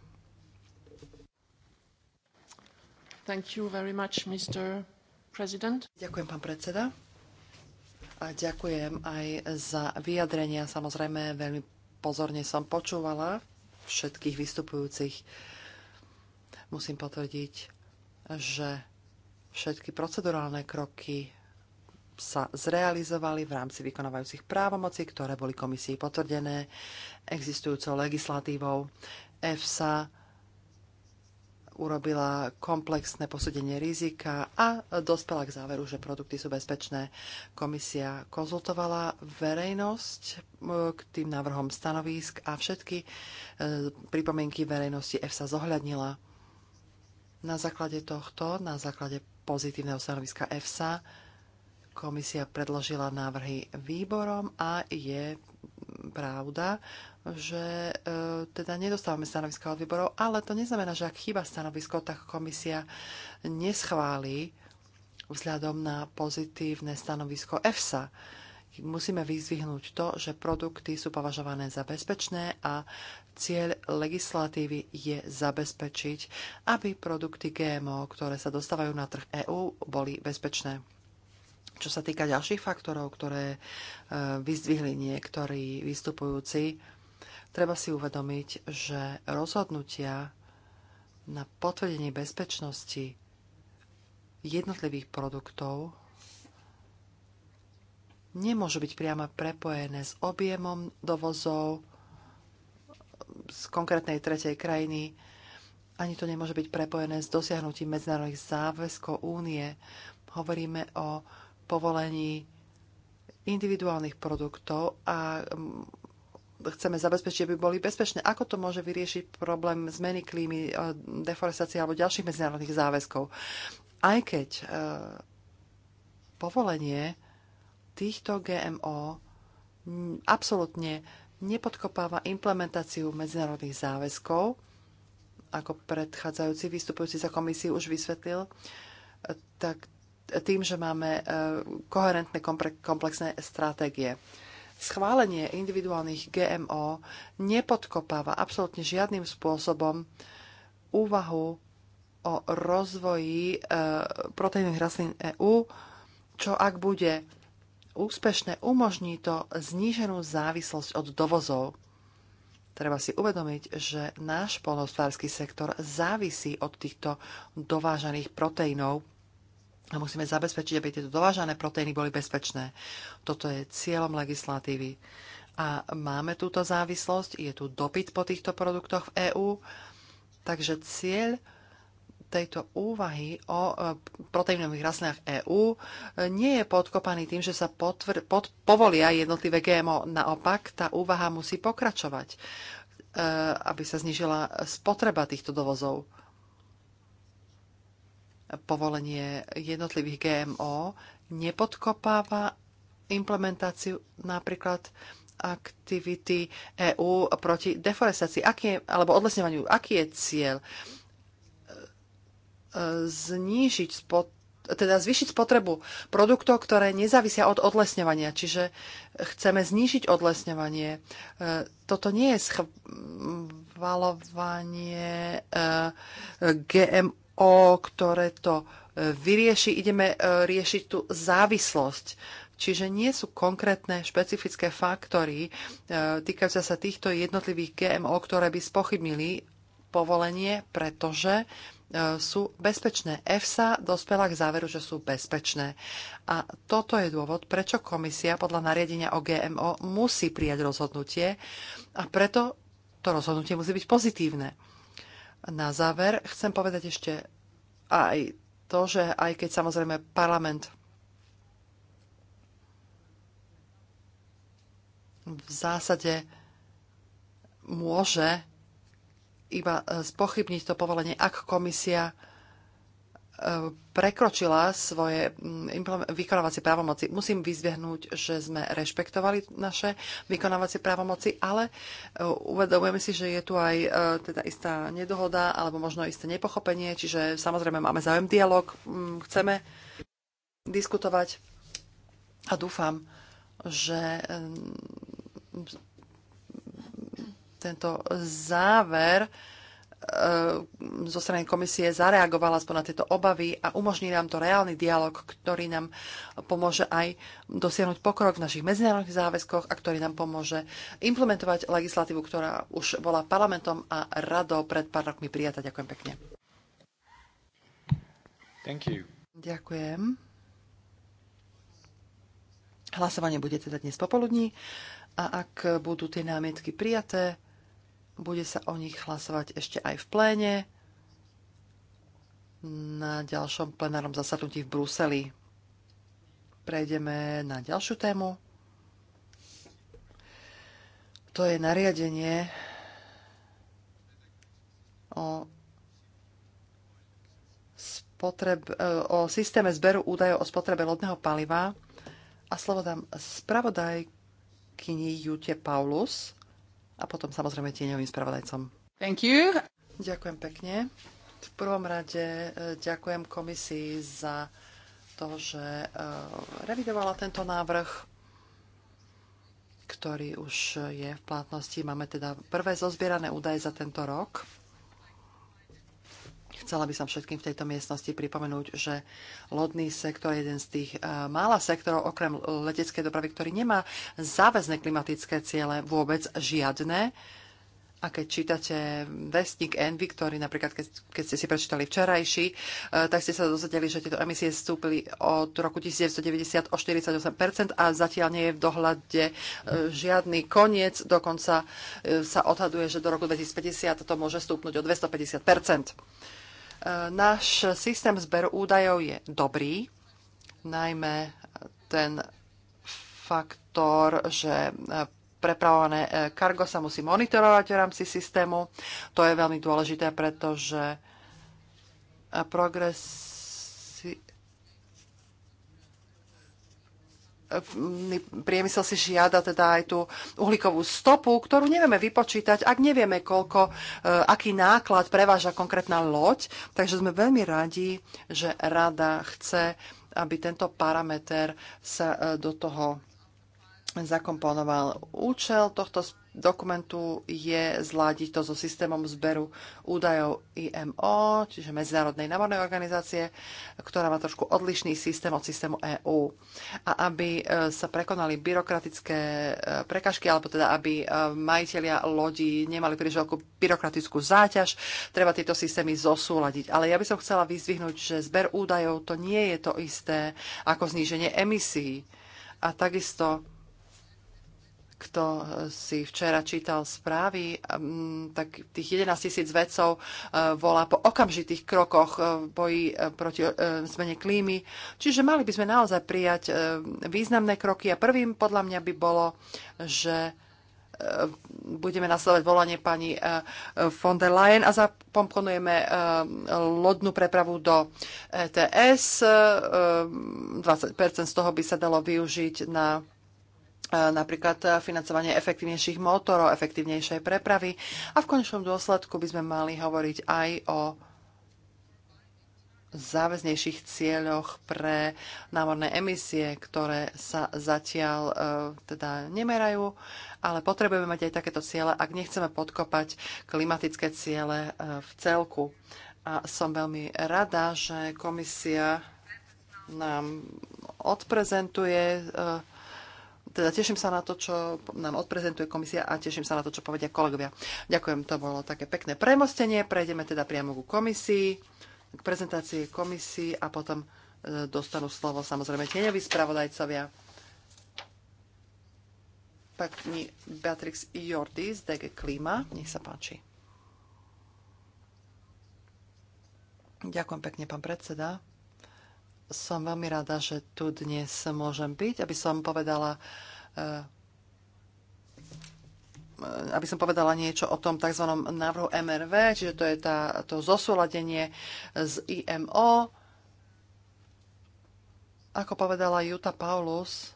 Thank you very much, Mr. President. Ďakujem, pán predseda. A ďakujem aj za vyjadrenia. Samozrejme, veľmi pozorne som počúvala všetkých vystupujúcich. Musím potvrdiť, že Všetky procedurálne kroky sa zrealizovali v rámci vykonávajúcich právomocí, ktoré boli komisii potvrdené existujúcou legislatívou. EFSA urobila komplexné posúdenie rizika a dospela k záveru, že produkty sú bezpečné. Komisia konzultovala verejnosť k tým návrhom stanovísk a všetky e, pripomienky verejnosti EFSA zohľadnila. Na základe tohto, na základe pozitívneho stanoviska EFSA. Komisia predložila návrhy výborom a je pravda, že e, teda nedostávame stanoviska od výborov, ale to neznamená, že ak chýba stanovisko, tak komisia neschváli vzhľadom na pozitívne stanovisko EFSA. E, musíme vyzvihnúť to, že produkty sú považované za bezpečné a cieľ legislatívy je zabezpečiť, aby produkty GMO, ktoré sa dostávajú na trh EÚ, boli bezpečné. Čo sa týka ďalších faktorov, ktoré e, vyzdvihli niektorí vystupujúci, treba si uvedomiť, že rozhodnutia na potvrdenie bezpečnosti jednotlivých produktov nemôžu byť priamo prepojené s objemom dovozov z konkrétnej tretej krajiny. Ani to nemôže byť prepojené s dosiahnutím medzinárodných záväzkov únie. Hovoríme o povolení individuálnych produktov a mm, chceme zabezpečiť, aby boli bezpečné. Ako to môže vyriešiť problém zmeny klímy, e, deforestácie alebo ďalších medzinárodných záväzkov? Aj keď e, povolenie týchto GMO absolútne nepodkopáva implementáciu medzinárodných záväzkov, ako predchádzajúci vystupujúci za komisiu už vysvetlil, tak tým, že máme e, koherentné komplexné stratégie. Schválenie individuálnych GMO nepodkopáva absolútne žiadnym spôsobom úvahu o rozvoji e, proteínových rastlín EÚ, čo ak bude Úspešne umožní to zníženú závislosť od dovozov. Treba si uvedomiť, že náš polnohospodársky sektor závisí od týchto dovážaných proteínov a musíme zabezpečiť, aby tieto dovážané proteíny boli bezpečné. Toto je cieľom legislatívy. A máme túto závislosť, je tu dopyt po týchto produktoch v EÚ, takže cieľ tejto úvahy o e, proteínových rastlinách EÚ e, nie je podkopaný tým, že sa potvr, pod, povolia jednotlivé GMO. Naopak, tá úvaha musí pokračovať, e, aby sa znižila spotreba týchto dovozov. Povolenie jednotlivých GMO nepodkopáva implementáciu napríklad aktivity EÚ proti deforestácii, aký je, alebo odlesňovaniu. Aký je cieľ? znížiť spot, teda zvýšiť spotrebu produktov, ktoré nezávisia od odlesňovania. Čiže chceme znížiť odlesňovanie. E, toto nie je schvalovanie e, GMO, ktoré to e, vyrieši. Ideme riešiť tú závislosť. Čiže nie sú konkrétne špecifické faktory týkajúce sa týchto jednotlivých GMO, ktoré by spochybnili povolenie, pretože uh, E, sú bezpečné. EFSA dospela k záveru, že sú bezpečné. A toto je dôvod, prečo komisia podľa nariadenia o GMO musí prijať rozhodnutie a preto to rozhodnutie musí byť pozitívne. Na záver chcem povedať ešte aj to, že aj keď samozrejme parlament v zásade môže iba e, spochybniť to povolenie, ak komisia e, prekročila svoje mm, vykonávacie právomoci. Musím vyzvehnúť, že sme rešpektovali naše vykonávacie právomoci, ale e, uvedomujeme si, že je tu aj teda istá nedohoda alebo možno isté nepochopenie, čiže samozrejme máme záujem dialog, mm, chceme diskutovať a dúfam, že tento záver e, zo strany komisie zareagovala aspoň na tieto obavy a umožní nám to reálny dialog, ktorý nám pomôže aj dosiahnuť pokrok v našich medzinárodných záväzkoch a ktorý nám pomôže implementovať legislatívu, ktorá už bola parlamentom a radou pred pár rokmi prijata. Ďakujem pekne. Thank you. Ďakujem. Hlasovanie bude teda dnes popoludní a ak budú tie námietky prijaté, bude sa o nich hlasovať ešte aj v pléne na ďalšom plenárnom zasadnutí v Bruseli. Prejdeme na ďalšiu tému. To je nariadenie o, spotreb, o systéme zberu údajov o spotrebe lodného paliva a slovo dám spravodajkyni Jute Paulus a potom samozrejme tieňovým spravodajcom. Thank you. Ďakujem pekne. V prvom rade e, ďakujem komisii za to, že e, revidovala tento návrh ktorý už je v platnosti. Máme teda prvé zozbierané údaje za tento rok. Chcela by som všetkým v tejto miestnosti pripomenúť, že lodný sektor je jeden z tých e, mála sektorov, okrem leteckej dopravy, ktorý nemá záväzne klimatické ciele, vôbec žiadne. A keď čítate vestník Envy, ktorý napríklad, keď, keď ste si prečítali včerajší, e, tak ste sa dozvedeli, že tieto emisie stúpili od roku 1990 o 48% a zatiaľ nie je v dohľade e, žiadny koniec. Dokonca sa odhaduje, že do roku 2050 to môže stúpnuť o 250%. Náš systém zberu údajov je dobrý, najmä ten faktor, že prepravované e, kargo sa musí monitorovať v rámci systému. To je veľmi dôležité, pretože progres E, priemysel si žiada teda aj tú uhlíkovú stopu, ktorú nevieme vypočítať, ak nevieme, koľko, e, aký náklad preváža konkrétna loď. Takže sme veľmi radi, že rada chce, aby tento parameter sa e, do toho zakomponoval účel tohto dokumentu je zladiť to so systémom zberu údajov IMO, čiže Medzinárodnej námornej organizácie, ktorá má trošku odlišný systém od systému EÚ. A aby e, sa prekonali byrokratické e, prekažky, alebo teda aby e, majiteľia lodí nemali príliš veľkú byrokratickú záťaž, treba tieto systémy zosúladiť. Ale ja by som chcela vyzdvihnúť, že zber údajov to nie je to isté ako zníženie emisí. A takisto kto eh, si včera čítal správy, mm, tak tých 11 tisíc vedcov eh, volá po okamžitých krokoch eh, v boji proti zmene klímy. Čiže mali by sme naozaj prijať významné kroky a prvým podľa mňa by bolo, že budeme nasledovať volanie pani von der Leyen a zapomponujeme lodnú prepravu do ETS. 20% z toho by sa dalo využiť na napríklad financovanie efektívnejších motorov, efektívnejšej prepravy a v končnom dôsledku by sme mali hovoriť aj o záväznejších cieľoch pre námorné emisie, ktoré sa zatiaľ e, teda nemerajú, ale potrebujeme mať aj takéto ciele, ak nechceme podkopať klimatické ciele e, v celku. A som veľmi rada, že komisia nám odprezentuje e, teda teším sa na to, čo nám odprezentuje komisia a teším sa na to, čo povedia kolegovia. Ďakujem, to bolo také pekné premostenie. Prejdeme teda priamo ku komisii, k prezentácii komisii a potom e, dostanú slovo samozrejme tieňoví spravodajcovia. Pani Beatrix Jordi z DG Klima, nech sa páči. Ďakujem pekne, pán predseda som veľmi rada, že tu dnes môžem byť, aby som povedala eh, aby som povedala niečo o tom tzv. návrhu MRV, čiže to je tá, to zosúladenie z IMO. Ako povedala Juta Paulus,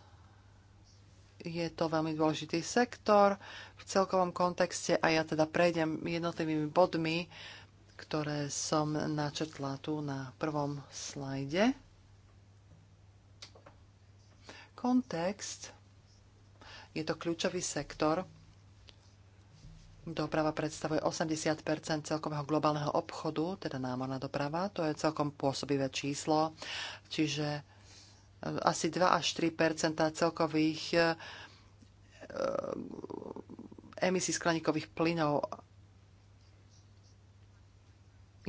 je to veľmi dôležitý sektor v celkovom kontexte a ja teda prejdem jednotlivými bodmi, ktoré som načetla tu na prvom slajde kontext. Je to kľúčový sektor. Doprava predstavuje 80 celkového globálneho obchodu, teda námorná doprava. To je celkom pôsobivé číslo, čiže e, asi 2 až 3 celkových e, e, emisí skleníkových plynov.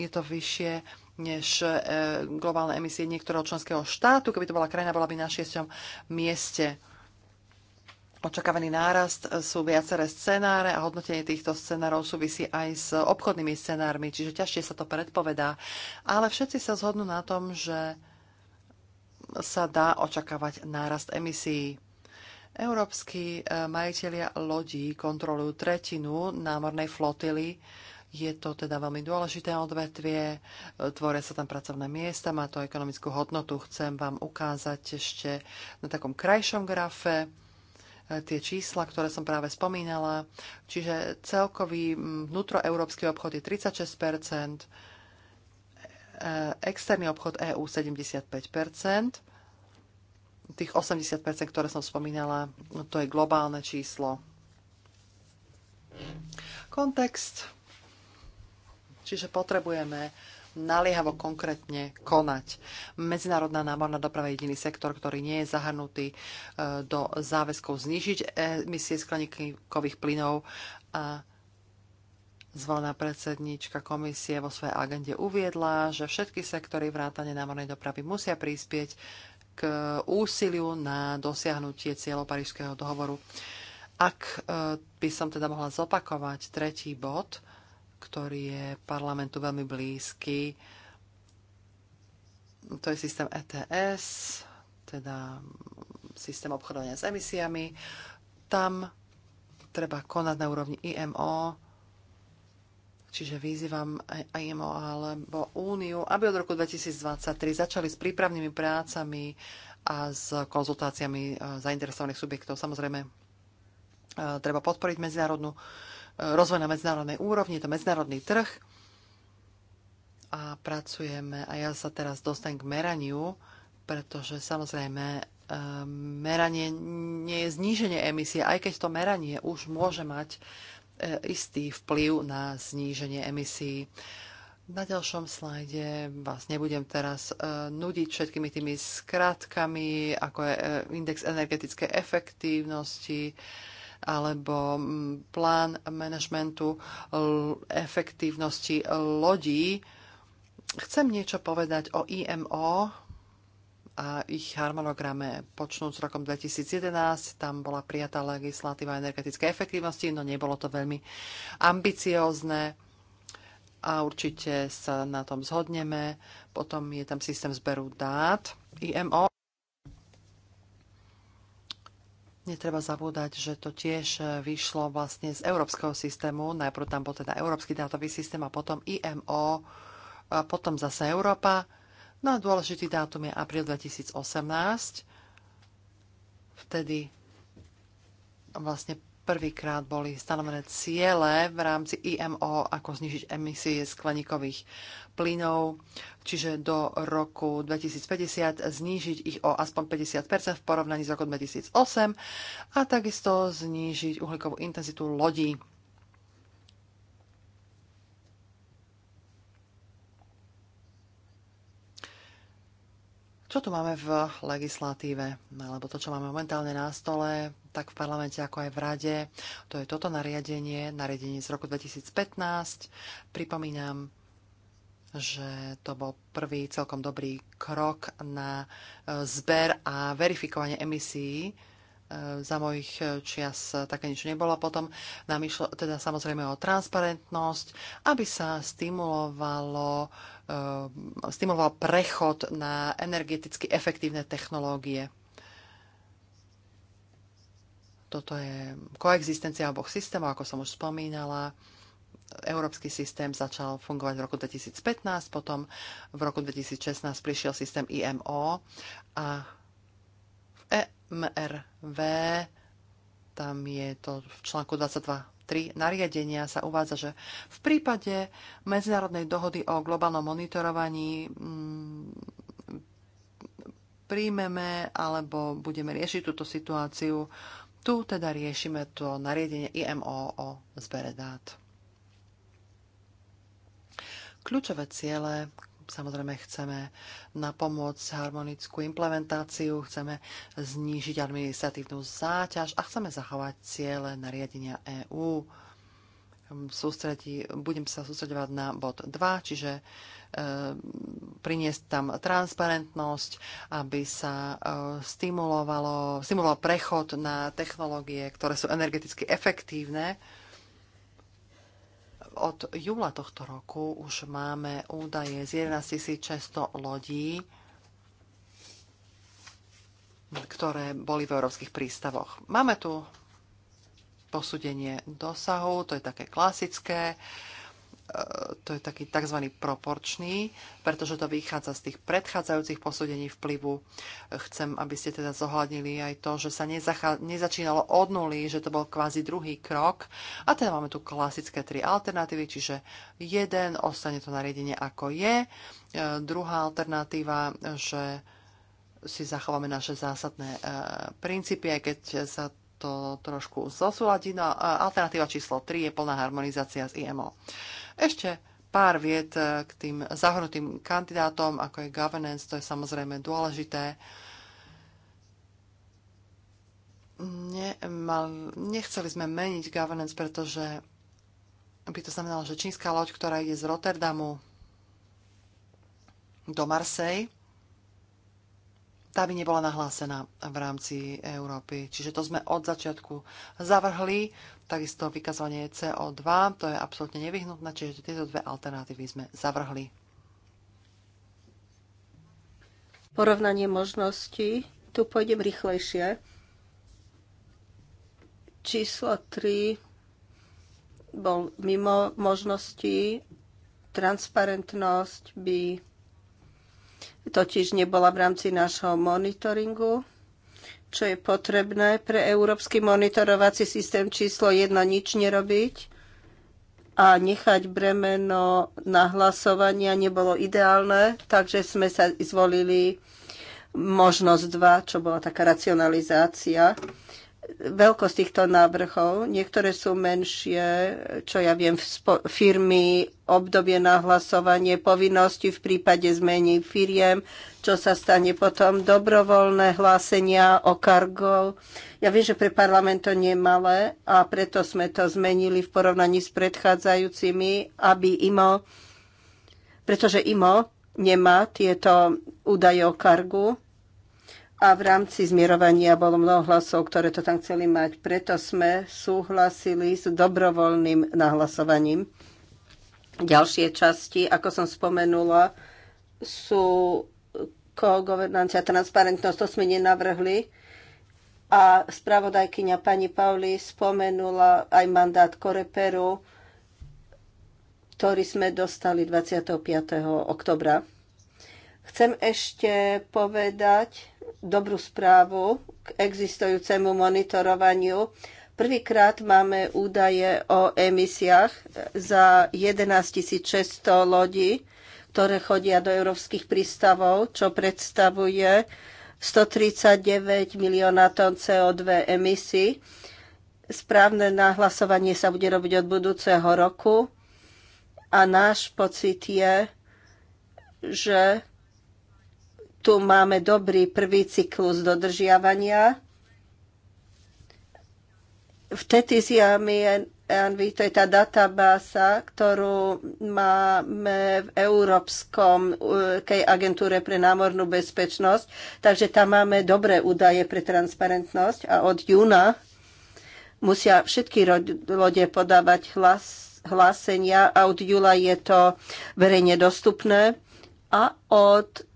Je to vyššie než e, globálne emisie niektorého členského štátu. Keby to bola krajina, bola by na šiestom mieste. Očakávaný nárast e, sú viaceré scenáre a hodnotenie týchto scenárov súvisí aj s obchodnými scenármi, čiže ťažšie sa to predpovedá. Ale všetci sa zhodnú na tom, že sa dá očakávať nárast emisí. Európsky e, majiteľia lodí kontrolujú tretinu námornej flotily je to teda veľmi dôležité odvetvie, e, tvoria sa tam pracovné miesta, má to ekonomickú hodnotu. Chcem vám ukázať ešte na takom krajšom grafe e, tie čísla, ktoré som práve spomínala. Čiže celkový vnútroeurópsky obchod je 36 e, externý obchod EU 75 tých 80 ktoré som spomínala, to je globálne číslo. Kontext Čiže potrebujeme naliehavo konkrétne konať. Medzinárodná námorná doprava je jediný sektor, ktorý nie je zahrnutý e, do záväzkov znižiť emisie skleníkových plynov a Zvolená predsedníčka komisie vo svojej agende uviedla, že všetky sektory vrátane námornej dopravy musia prispieť k úsiliu na dosiahnutie cieľov Parížského dohovoru. Ak e, by som teda mohla zopakovať tretí bod, ktorý je parlamentu veľmi blízky. To je systém ETS, teda systém obchodovania s emisiami. Tam treba konať na úrovni IMO, čiže vyzývam IMO alebo Úniu, aby od roku 2023 začali s prípravnými prácami a s konzultáciami e, zainteresovaných subjektov. Samozrejme, e, treba podporiť medzinárodnú rozvoj na medzinárodnej úrovni, je to medzinárodný trh a pracujeme. A ja sa teraz dostanem k meraniu, pretože samozrejme e, meranie nie je zníženie emisie, aj keď to meranie už môže mať e, istý vplyv na zníženie emisí. Na ďalšom slajde vás nebudem teraz e, nudiť všetkými tými skratkami, ako je index energetickej efektívnosti, alebo mm, plán manažmentu efektívnosti lodí. Chcem niečo povedať o IMO a ich harmonograme počnúc rokom 2011. Tam bola prijatá legislatíva energetickej efektívnosti, no nebolo to veľmi ambiciózne a určite sa na tom zhodneme. Potom je tam systém zberu dát IMO netreba zabúdať, že to tiež e, vyšlo vlastne z európskeho systému. Najprv tam bol teda európsky dátový systém a potom IMO, a potom zase Európa. No a dôležitý dátum je apríl 2018. Vtedy vlastne Prvýkrát boli stanovené ciele v rámci IMO, ako znižiť emisie skleníkových plynov, čiže do roku 2050 znížiť ich o aspoň 50 v porovnaní s rokom 2008 a takisto znížiť uhlíkovú intenzitu lodí. Čo tu máme v legislatíve? Alebo to, čo máme momentálne na stole, tak v parlamente ako aj v rade. To je toto nariadenie, nariadenie z roku 2015. Pripomínam, že to bol prvý celkom dobrý krok na e, zber a verifikovanie emisí. E, za mojich e, čias také nič nebolo. Potom nám išlo teda samozrejme o transparentnosť, aby sa stimulovalo, stimuloval prechod na energeticky efektívne technológie toto je koexistencia oboch systémov, ako som už spomínala. Európsky systém začal fungovať v roku 2015, potom v roku 2016 prišiel systém IMO a v EMRV tam je to v článku 22.3 nariadenia sa uvádza, že v prípade medzinárodnej dohody o globálnom monitorovaní mm, príjmeme alebo budeme riešiť túto situáciu tu teda riešime to nariadenie IMO o zbere dát. Kľúčové ciele samozrejme chceme na pomoc harmonickú implementáciu, chceme znížiť administratívnu záťaž a chceme zachovať ciele nariadenia EÚ Ehm, sústredí, budem sa sústredovať na bod 2, čiže e, priniesť tam transparentnosť, aby sa e, stimulovalo, stimuloval prechod na technológie, ktoré sú energeticky efektívne. Od júla tohto roku už máme údaje z 11 600 lodí, ktoré boli v európskych prístavoch. Máme tu posúdenie dosahu, to je také klasické, e, to je taký tzv. proporčný, pretože to vychádza z tých predchádzajúcich posúdení vplyvu. Chcem, aby ste teda zohľadnili aj to, že sa nezačínalo od nuly, že to bol kvázi druhý krok. A teda máme tu klasické tri alternatívy, čiže jeden, ostane to nariadenie ako je. E, druhá alternatíva, že si zachováme naše zásadné e, princípy, aj keď sa to trošku zosúľadiť. No, alternatíva číslo 3 je plná harmonizácia s IMO. Ešte pár vied eh, k tým zahrnutým kandidátom, ako je governance, to je samozrejme dôležité. Nemal, nechceli sme meniť governance, pretože by to znamenalo, že čínska loď, ktorá ide z Rotterdamu do Marseille, tá by nebola nahlásená v rámci Európy. Čiže to sme od začiatku zavrhli. Takisto vykazovanie CO2, to je absolútne nevyhnutné, čiže tieto dve alternatívy sme zavrhli. Porovnanie možností. Tu pôjdem rýchlejšie. Číslo 3 bol mimo možností. Transparentnosť by totiž nebola v rámci nášho monitoringu, čo je potrebné pre európsky monitorovací systém číslo 1 nič nerobiť a nechať bremeno na hlasovania nebolo ideálne, takže sme sa zvolili možnosť 2, čo bola taká racionalizácia veľkosť týchto návrhov. Niektoré sú menšie, čo ja viem, firmy, obdobie na hlasovanie, povinnosti v prípade zmeny firiem, čo sa stane potom, dobrovoľné hlásenia o kargov. Ja viem, že pre parlament to nie je malé a preto sme to zmenili v porovnaní s predchádzajúcimi, aby IMO, pretože IMO nemá tieto údaje o kargu, a v rámci zmierovania bolo mnoho hlasov, ktoré to tam chceli mať. Preto sme súhlasili s dobrovoľným nahlasovaním. Ďalšie časti, ako som spomenula, sú kogovernancia, transparentnosť, to sme nenavrhli. A spravodajkyňa pani Pauli spomenula aj mandát Koreperu, ktorý sme dostali 25. oktobra Chcem ešte povedať dobrú správu k existujúcemu monitorovaniu. Prvýkrát máme údaje o emisiách za 11 600 lodí, ktoré chodia do európskych prístavov, čo predstavuje 139 milióna tón CO2 emisí. Správne nahlasovanie sa bude robiť od budúceho roku a náš pocit je, že tu máme dobrý prvý cyklus dodržiavania. V Tetisiami Envy, to je tá databáza, ktorú máme v Európskom e, kej agentúre pre námornú bezpečnosť. Takže tam máme dobré údaje pre transparentnosť a od júna musia všetky lode podávať hlas, hlásenia a od júla je to verejne dostupné a od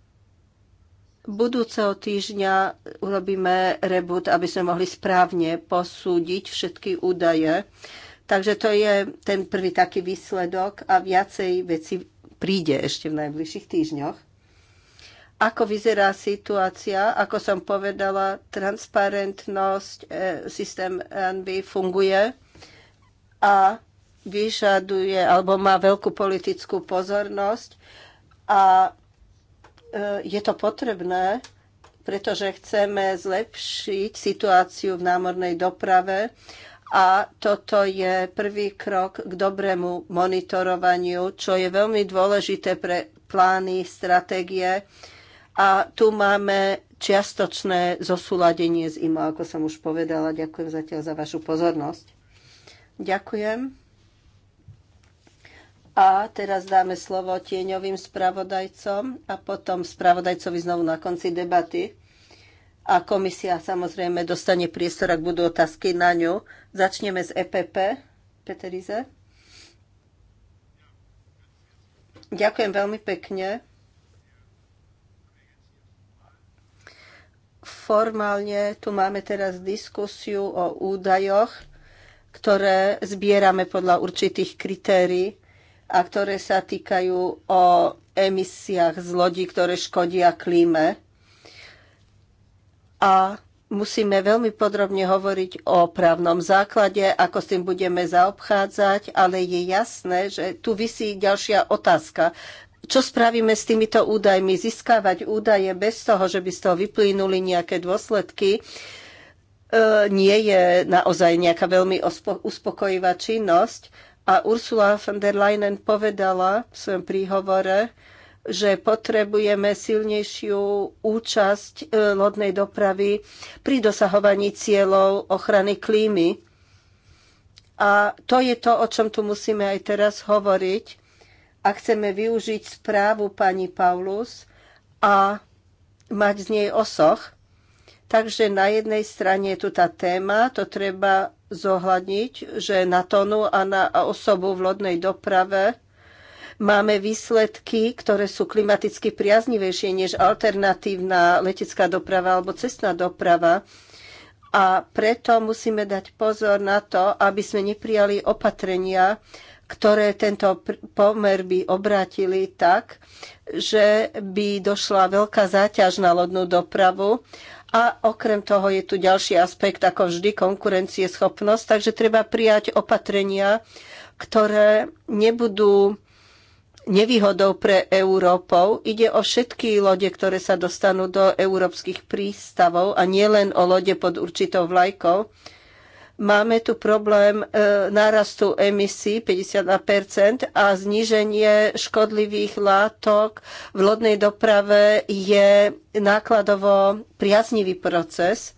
Budúceho týždňa urobíme reboot, aby sme mohli správne posúdiť všetky údaje. Takže to je ten prvý taký výsledok a viacej veci príde ešte v najbližších týždňoch. Ako vyzerá situácia? Ako som povedala, transparentnosť, e, systém NB funguje a vyžaduje alebo má veľkú politickú pozornosť a E, je to potrebné, pretože chceme zlepšiť situáciu v námornej doprave a toto je prvý krok k dobrému monitorovaniu, čo je veľmi dôležité pre plány, stratégie. A tu máme čiastočné zosúladenie z IMO, ako som už povedala. Ďakujem zatiaľ za vašu pozornosť. Ďakujem. A teraz dáme slovo tieňovým spravodajcom a potom spravodajcovi znovu na konci debaty. A komisia samozrejme dostane priestor, ak budú otázky na ňu. Začneme z EPP. Peterize. Ďakujem veľmi pekne. Formálne tu máme teraz diskusiu o údajoch, ktoré zbierame podľa určitých kritérií a ktoré sa týkajú o emisiách z lodí, ktoré škodia klíme. A musíme veľmi podrobne hovoriť o právnom základe, ako s tým budeme zaobchádzať, ale je jasné, že tu vysí ďalšia otázka. Čo spravíme s týmito údajmi? Získavať údaje bez toho, že by z toho vyplynuli nejaké dôsledky, e, nie je naozaj nejaká veľmi uspokojivá činnosť a Ursula von der Leyen povedala v svojom príhovore, že potrebujeme silnejšiu účasť e, lodnej dopravy pri dosahovaní cieľov ochrany klímy. A to je to, o čom tu musíme aj teraz hovoriť. A chceme využiť správu pani Paulus a mať z nej osoch, Takže na jednej strane je tu tá téma, to treba zohľadniť, že na tonu a na osobu v lodnej doprave máme výsledky, ktoré sú klimaticky priaznivejšie než alternatívna letecká doprava alebo cestná doprava. A preto musíme dať pozor na to, aby sme neprijali opatrenia, ktoré tento pomer by obrátili tak, že by došla veľká záťaž na lodnú dopravu a okrem toho je tu ďalší aspekt, ako vždy, konkurencieschopnosť, takže treba prijať opatrenia, ktoré nebudú nevýhodou pre Európou. Ide o všetky lode, ktoré sa dostanú do európskych prístavov a nielen o lode pod určitou vlajkou. Máme tu problém e, nárastu emisí 52% a zníženie škodlivých látok v lodnej doprave je nákladovo priaznivý proces.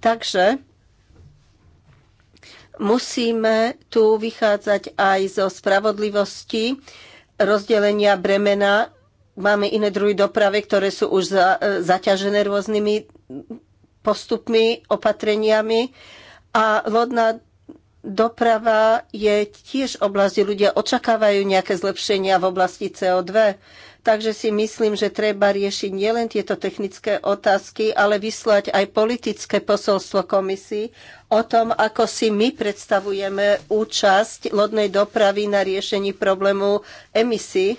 Takže musíme tu vychádzať aj zo spravodlivosti rozdelenia bremena. Máme iné druhy dopravy, ktoré sú už za, e, zaťažené rôznymi postupmi, opatreniami a lodná doprava je tiež oblasť, ľudia očakávajú nejaké zlepšenia v oblasti CO2. Takže si myslím, že treba riešiť nielen tieto technické otázky, ale vyslať aj politické posolstvo komisii o tom, ako si my predstavujeme účasť lodnej dopravy na riešení problému emisí.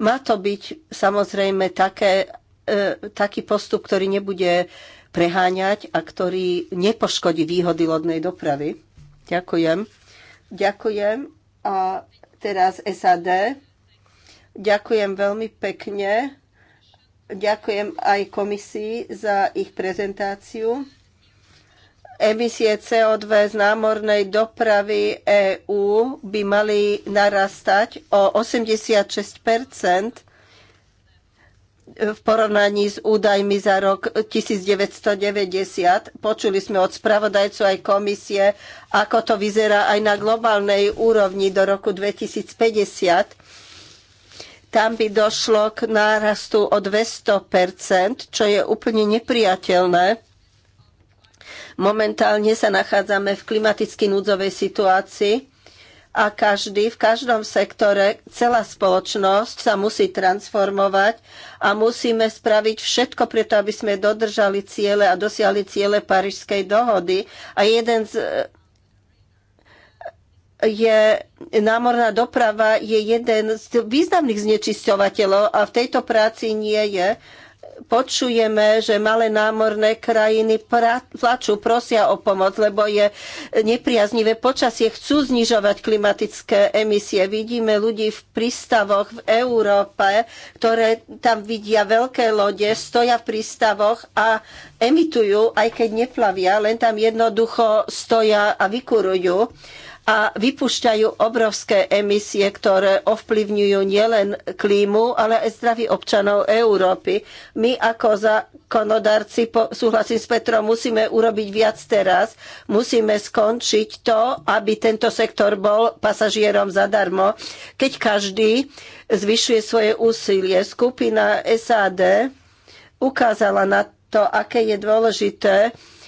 Má to byť samozrejme také, e, taký postup, ktorý nebude preháňať a ktorý nepoškodí výhody lodnej dopravy. Ďakujem. Ďakujem. A teraz SAD. Ďakujem veľmi pekne. Ďakujem aj komisii za ich prezentáciu. Emisie CO2 z námornej dopravy EÚ by mali narastať o 86 v porovnaní s údajmi za rok 1990. Počuli sme od spravodajcu aj komisie, ako to vyzerá aj na globálnej úrovni do roku 2050. Tam by došlo k nárastu o 200%, čo je úplne nepriateľné. Momentálne sa nachádzame v klimaticky núdzovej situácii a každý v každom sektore, celá spoločnosť sa musí transformovať a musíme spraviť všetko preto, aby sme dodržali ciele a dosiahli ciele Parížskej dohody. A jeden z je námorná doprava je jeden z významných znečisťovateľov a v tejto práci nie je počujeme, že malé námorné krajiny plačú prosia o pomoc, lebo je nepriaznivé počasie, chcú znižovať klimatické emisie. Vidíme ľudí v prístavoch v Európe, ktoré tam vidia veľké lode, stoja v prístavoch a emitujú, aj keď neplavia, len tam jednoducho stoja a vykurujú a vypúšťajú obrovské emisie, ktoré ovplyvňujú nielen klímu, ale aj zdravie občanov Európy. My ako zákonodarci, súhlasím s Petrom, musíme urobiť viac teraz. Musíme skončiť to, aby tento sektor bol pasažierom zadarmo, keď každý zvyšuje svoje úsilie. Skupina SAD ukázala na to, aké je dôležité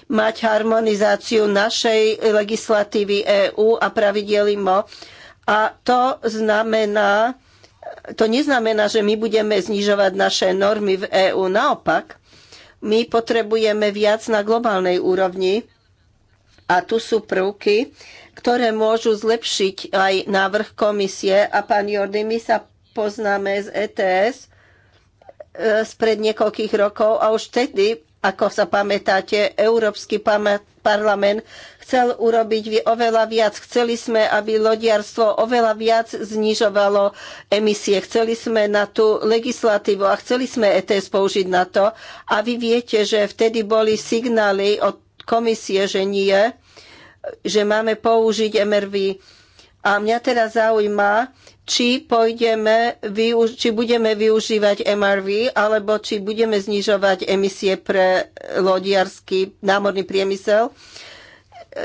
mať harmonizáciu našej legislatívy EÚ a pravidiel IMO. A to znamená, to neznamená, že my budeme znižovať naše normy v EÚ. Naopak, my potrebujeme viac na globálnej úrovni a tu sú prvky, ktoré môžu zlepšiť aj návrh komisie. A pán Jordy, my sa poznáme z ETS e, spred niekoľkých rokov a už vtedy ako sa pamätáte, Európsky parlament chcel urobiť oveľa viac. Chceli sme, aby lodiarstvo oveľa viac znižovalo emisie. Chceli sme na tú legislatívu a chceli sme ETS použiť na to. A vy viete, že vtedy boli signály od komisie, že nie, že máme použiť MRV a mňa teraz zaujíma, či, pôjdeme, či budeme využívať MRV, alebo či budeme znižovať emisie pre lodiarský námorný priemysel.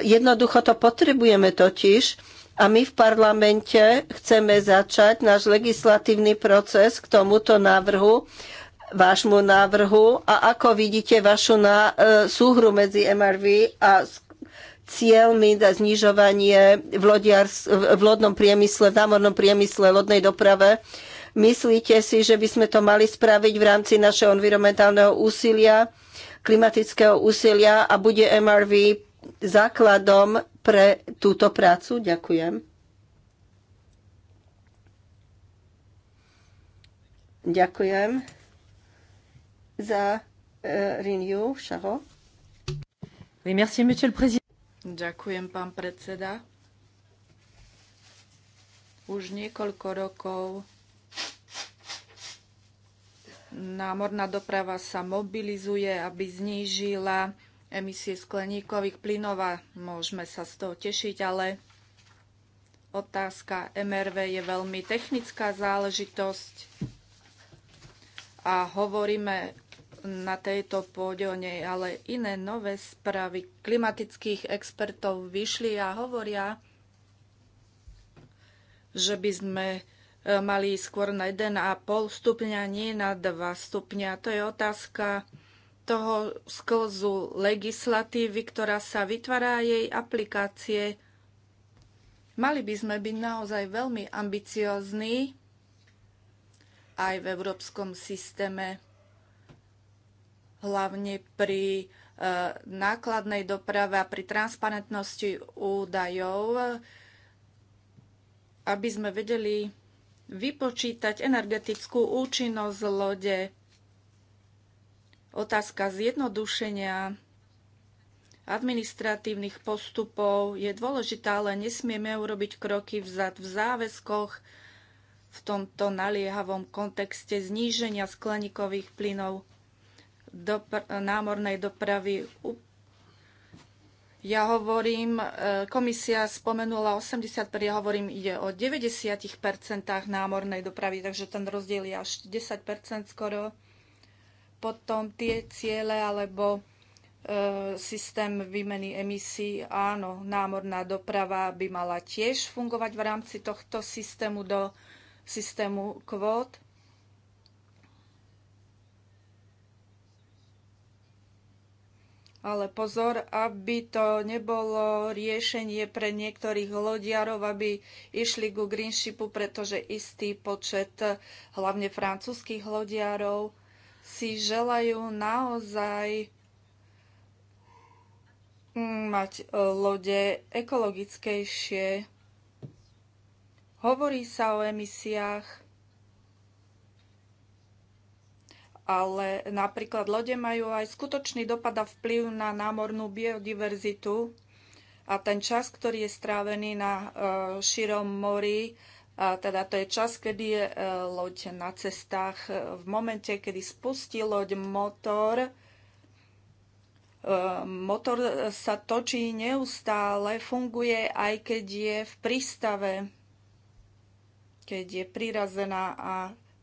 Jednoducho to potrebujeme totiž a my v parlamente chceme začať náš legislatívny proces k tomuto návrhu, vášmu návrhu a ako vidíte vašu na, e, súhru medzi MRV a cieľmi na znižovanie v, lodiars, v lodnom priemysle, v námornom priemysle, lodnej doprave. Myslíte si, že by sme to mali spraviť v rámci našeho environmentálneho úsilia, klimatického úsilia a bude MRV základom pre túto prácu? Ďakujem. Ďakujem za uh, Renew, Šaho. Oui, merci, monsieur le président. Ďakujem, pán predseda. Už niekoľko rokov námorná doprava sa mobilizuje, aby znížila emisie skleníkových plynov a môžeme sa z toho tešiť, ale otázka MRV je veľmi technická záležitosť a hovoríme na tejto pôde o nej, ale iné nové správy klimatických expertov vyšli a hovoria, že by sme e, mali skôr na 1,5 stupňa, nie na 2 stupňa. To je otázka toho sklzu legislatívy, ktorá sa vytvára jej aplikácie. Mali by sme byť naozaj veľmi ambiciozní aj v európskom systéme hlavne pri e, nákladnej doprave a pri transparentnosti údajov, aby sme vedeli vypočítať energetickú účinnosť lode. Otázka zjednodušenia administratívnych postupov je dôležitá, ale nesmieme urobiť kroky vzad v záväzkoch v tomto naliehavom kontexte zníženia skleníkových plynov dopr- námornej dopravy. Ja hovorím, e, komisia spomenula 80, ja hovorím, ide o 90% námornej dopravy, takže ten rozdiel je až 10% skoro. Potom tie ciele alebo e, systém výmeny emisí, áno, námorná doprava by mala tiež fungovať v rámci tohto systému do systému kvót Ale pozor, aby to nebolo riešenie pre niektorých lodiarov, aby išli ku Greenshipu, pretože istý počet hlavne francúzských lodiarov si želajú naozaj mm, mať e, lode ekologickejšie. Hovorí sa o emisiách ale napríklad lode majú aj skutočný dopad a vplyv na námornú biodiverzitu a ten čas, ktorý je strávený na e, širom mori, a teda to je čas, kedy je e, loď na cestách. E, v momente, kedy spustí loď motor, motor sa točí neustále, funguje aj keď je v prístave, keď je prirazená a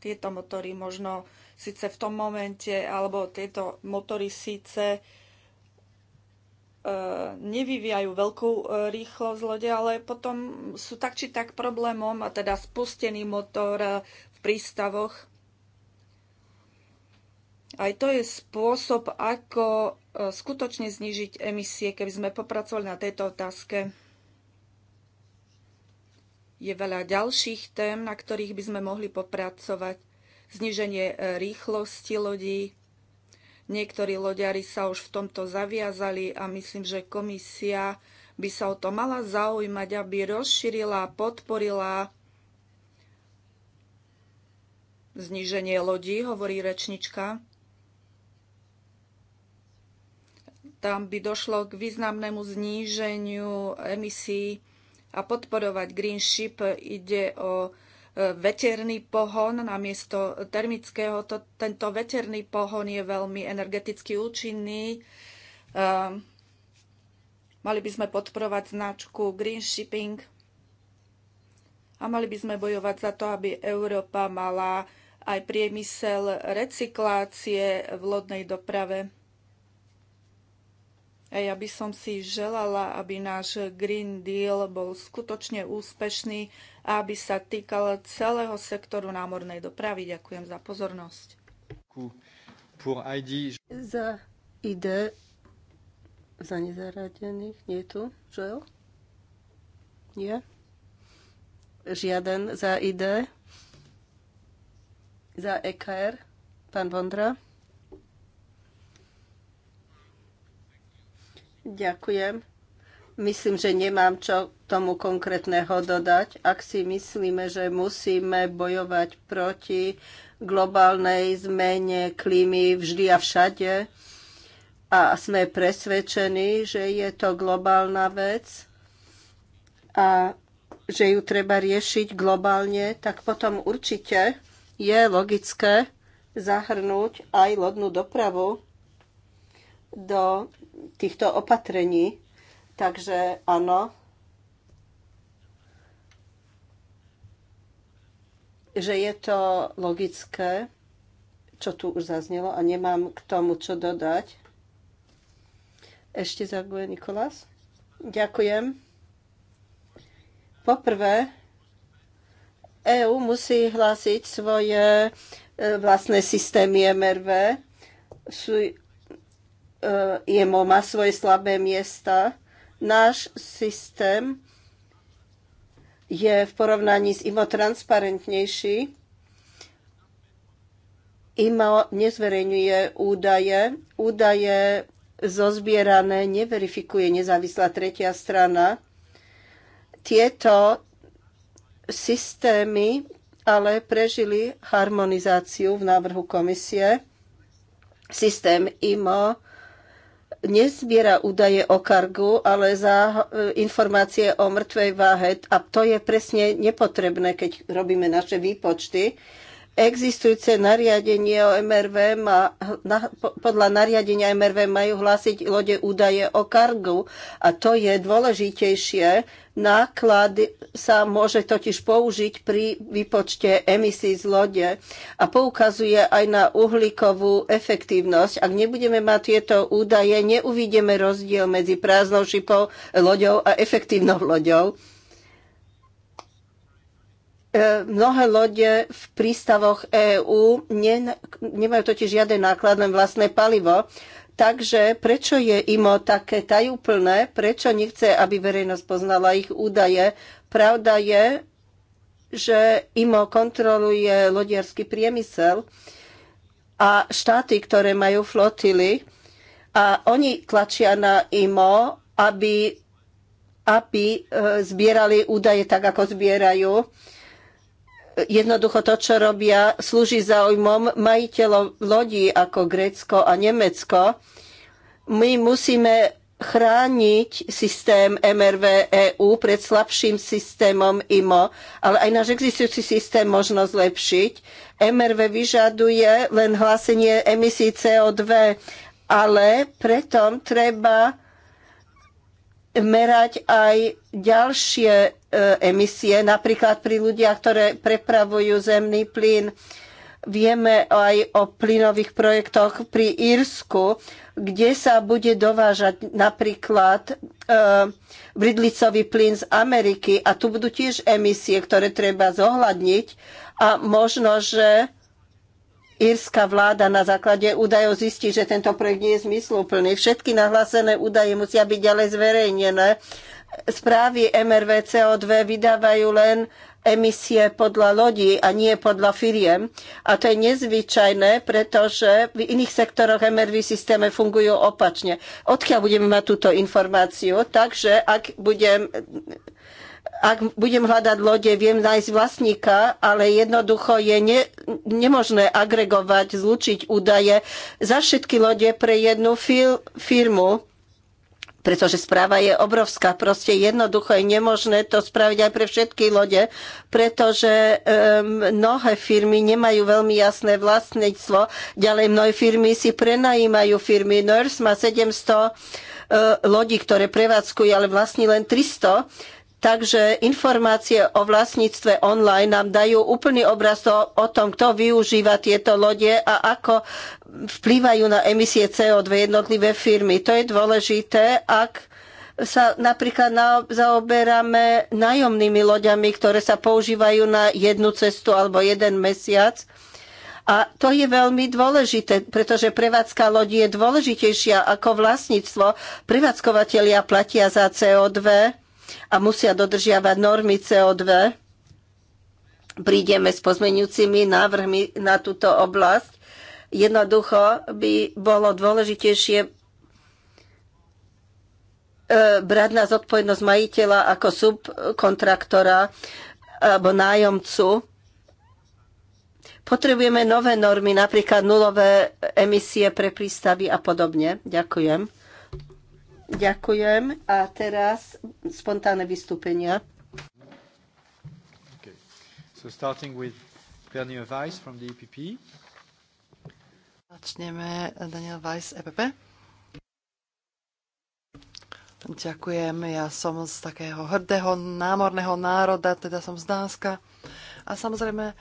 tieto motory možno síce v tom momente, alebo tieto motory síce e, nevyvíjajú veľkú e, rýchlosť lode, ale potom sú tak či tak problémom, a teda spustený motor e, v prístavoch. Aj to je spôsob, ako skutočne znižiť emisie, keby sme popracovali na tejto otázke. Je veľa ďalších tém, na ktorých by sme mohli popracovať zniženie e, rýchlosti lodí. Niektorí loďari sa už v tomto zaviazali a myslím, že komisia by sa o to mala zaujímať, aby rozšírila a podporila zníženie lodí, hovorí rečnička. Tam by došlo k významnému zníženiu emisí a podporovať Green Ship ide o veterný pohon namiesto termického. To, tento veterný pohon je veľmi energeticky účinný. Um, mali by sme podporovať značku Green Shipping a mali by sme bojovať za to, aby Európa mala aj priemysel recyklácie v lodnej doprave. A Ja by som si želala, aby náš Green Deal bol skutočne úspešný a aby sa týkal celého sektoru námornej dopravy. Ďakujem za pozornosť. Za ide za nezaradených nie je tu, žel? Nie? Žiaden za ide. Za EKR, pán Vondra. Ďakujem. Myslím, že nemám čo tomu konkrétneho dodať. Ak si myslíme, že musíme bojovať proti globálnej zmene klímy vždy a všade a sme presvedčení, že je to globálna vec a že ju treba riešiť globálne, tak potom určite je logické zahrnúť aj lodnú dopravu do týchto opatrení. Takže áno, že je to logické, čo tu už zaznelo a nemám k tomu čo dodať. Ešte zaguje Nikolás. Ďakujem. Poprvé, EU musí hlásiť svoje e, vlastné systémy MRV. Sú IMO e, má svoje slabé miesta. Náš systém je v porovnaní s IMO transparentnejší. IMO nezverejňuje údaje. Údaje zozbierané neverifikuje nezávislá tretia strana. Tieto systémy ale prežili harmonizáciu v návrhu komisie. Systém IMO nezbiera údaje o kargu, ale za e, informácie o mŕtvej váhe. A to je presne nepotrebné, keď robíme naše výpočty. Existujúce nariadenie o MRV má, na, podľa nariadenia MRV majú hlásiť lode údaje o kargu a to je dôležitejšie. Náklad sa môže totiž použiť pri výpočte emisí z lode a poukazuje aj na uhlíkovú efektívnosť. Ak nebudeme mať tieto údaje, neuvidíme rozdiel medzi prázdnou šipou loďou a efektívnou loďou. E, mnohé lode v prístavoch EÚ nemajú totiž žiadne náklad, len vlastné palivo. Takže prečo je IMO také tajúplné? Prečo nechce, aby verejnosť poznala ich údaje? Pravda je, že IMO kontroluje lodiarský priemysel a štáty, ktoré majú flotily, a oni tlačia na IMO, aby, aby e, zbierali údaje tak, ako zbierajú Jednoducho to, čo robia, slúži záujmom majiteľov lodí ako Grécko a Nemecko. My musíme chrániť systém MRV EU pred slabším systémom IMO, ale aj náš existujúci systém možno zlepšiť. MRV vyžaduje len hlásenie emisí CO2, ale preto treba merať aj ďalšie e, emisie, napríklad pri ľudiach, ktoré prepravujú zemný plyn. Vieme aj o plynových projektoch pri Írsku, kde sa bude dovážať napríklad e, bridlicový plyn z Ameriky a tu budú tiež emisie, ktoré treba zohľadniť a možno, že írska vláda na základe údajov zistí, že tento projekt nie je zmysluplný. Všetky nahlásené údaje musia byť ďalej zverejnené. Správy MRV CO2 vydávajú len emisie podľa lodí a nie podľa firiem. A to je nezvyčajné, pretože v iných sektoroch MRV systéme fungujú opačne. Odkiaľ budeme mať túto informáciu? Takže ak budem ak budem hľadať lode, viem nájsť vlastníka, ale jednoducho je ne, nemožné agregovať, zlučiť údaje za všetky lode pre jednu fil, firmu, pretože správa je obrovská. Proste jednoducho je nemožné to spraviť aj pre všetky lode, pretože mnohé firmy nemajú veľmi jasné vlastníctvo. Ďalej mnohé firmy si prenajímajú firmy. Nurse má 700 e, lodí, ktoré prevádzkujú, ale vlastní len 300 Takže informácie o vlastníctve online nám dajú úplný obraz o, o tom, kto využíva tieto lode a ako vplývajú na emisie CO2 jednotlivé firmy. To je dôležité, ak sa napríklad na, zaoberáme nájomnými loďami, ktoré sa používajú na jednu cestu alebo jeden mesiac. A to je veľmi dôležité, pretože prevádzka lodi je dôležitejšia ako vlastníctvo. Prevádzkovateľia platia za CO2 a musia dodržiavať normy CO2. Prídeme s pozmeňujúcimi návrhmi na túto oblasť. Jednoducho by bolo dôležitejšie e, brať na zodpovednosť majiteľa ako subkontraktora alebo nájomcu. Potrebujeme nové normy, napríklad nulové emisie pre prístavy a podobne. Ďakujem. Ďakujem. A teraz spontánne vystúpenia. Okay. So starting with Daniel Weiss from the EPP. Začneme Daniel Weiss, EPP. Ďakujem, ja som z takého hrdého námorného národa, teda som z Dánska. A samozrejme,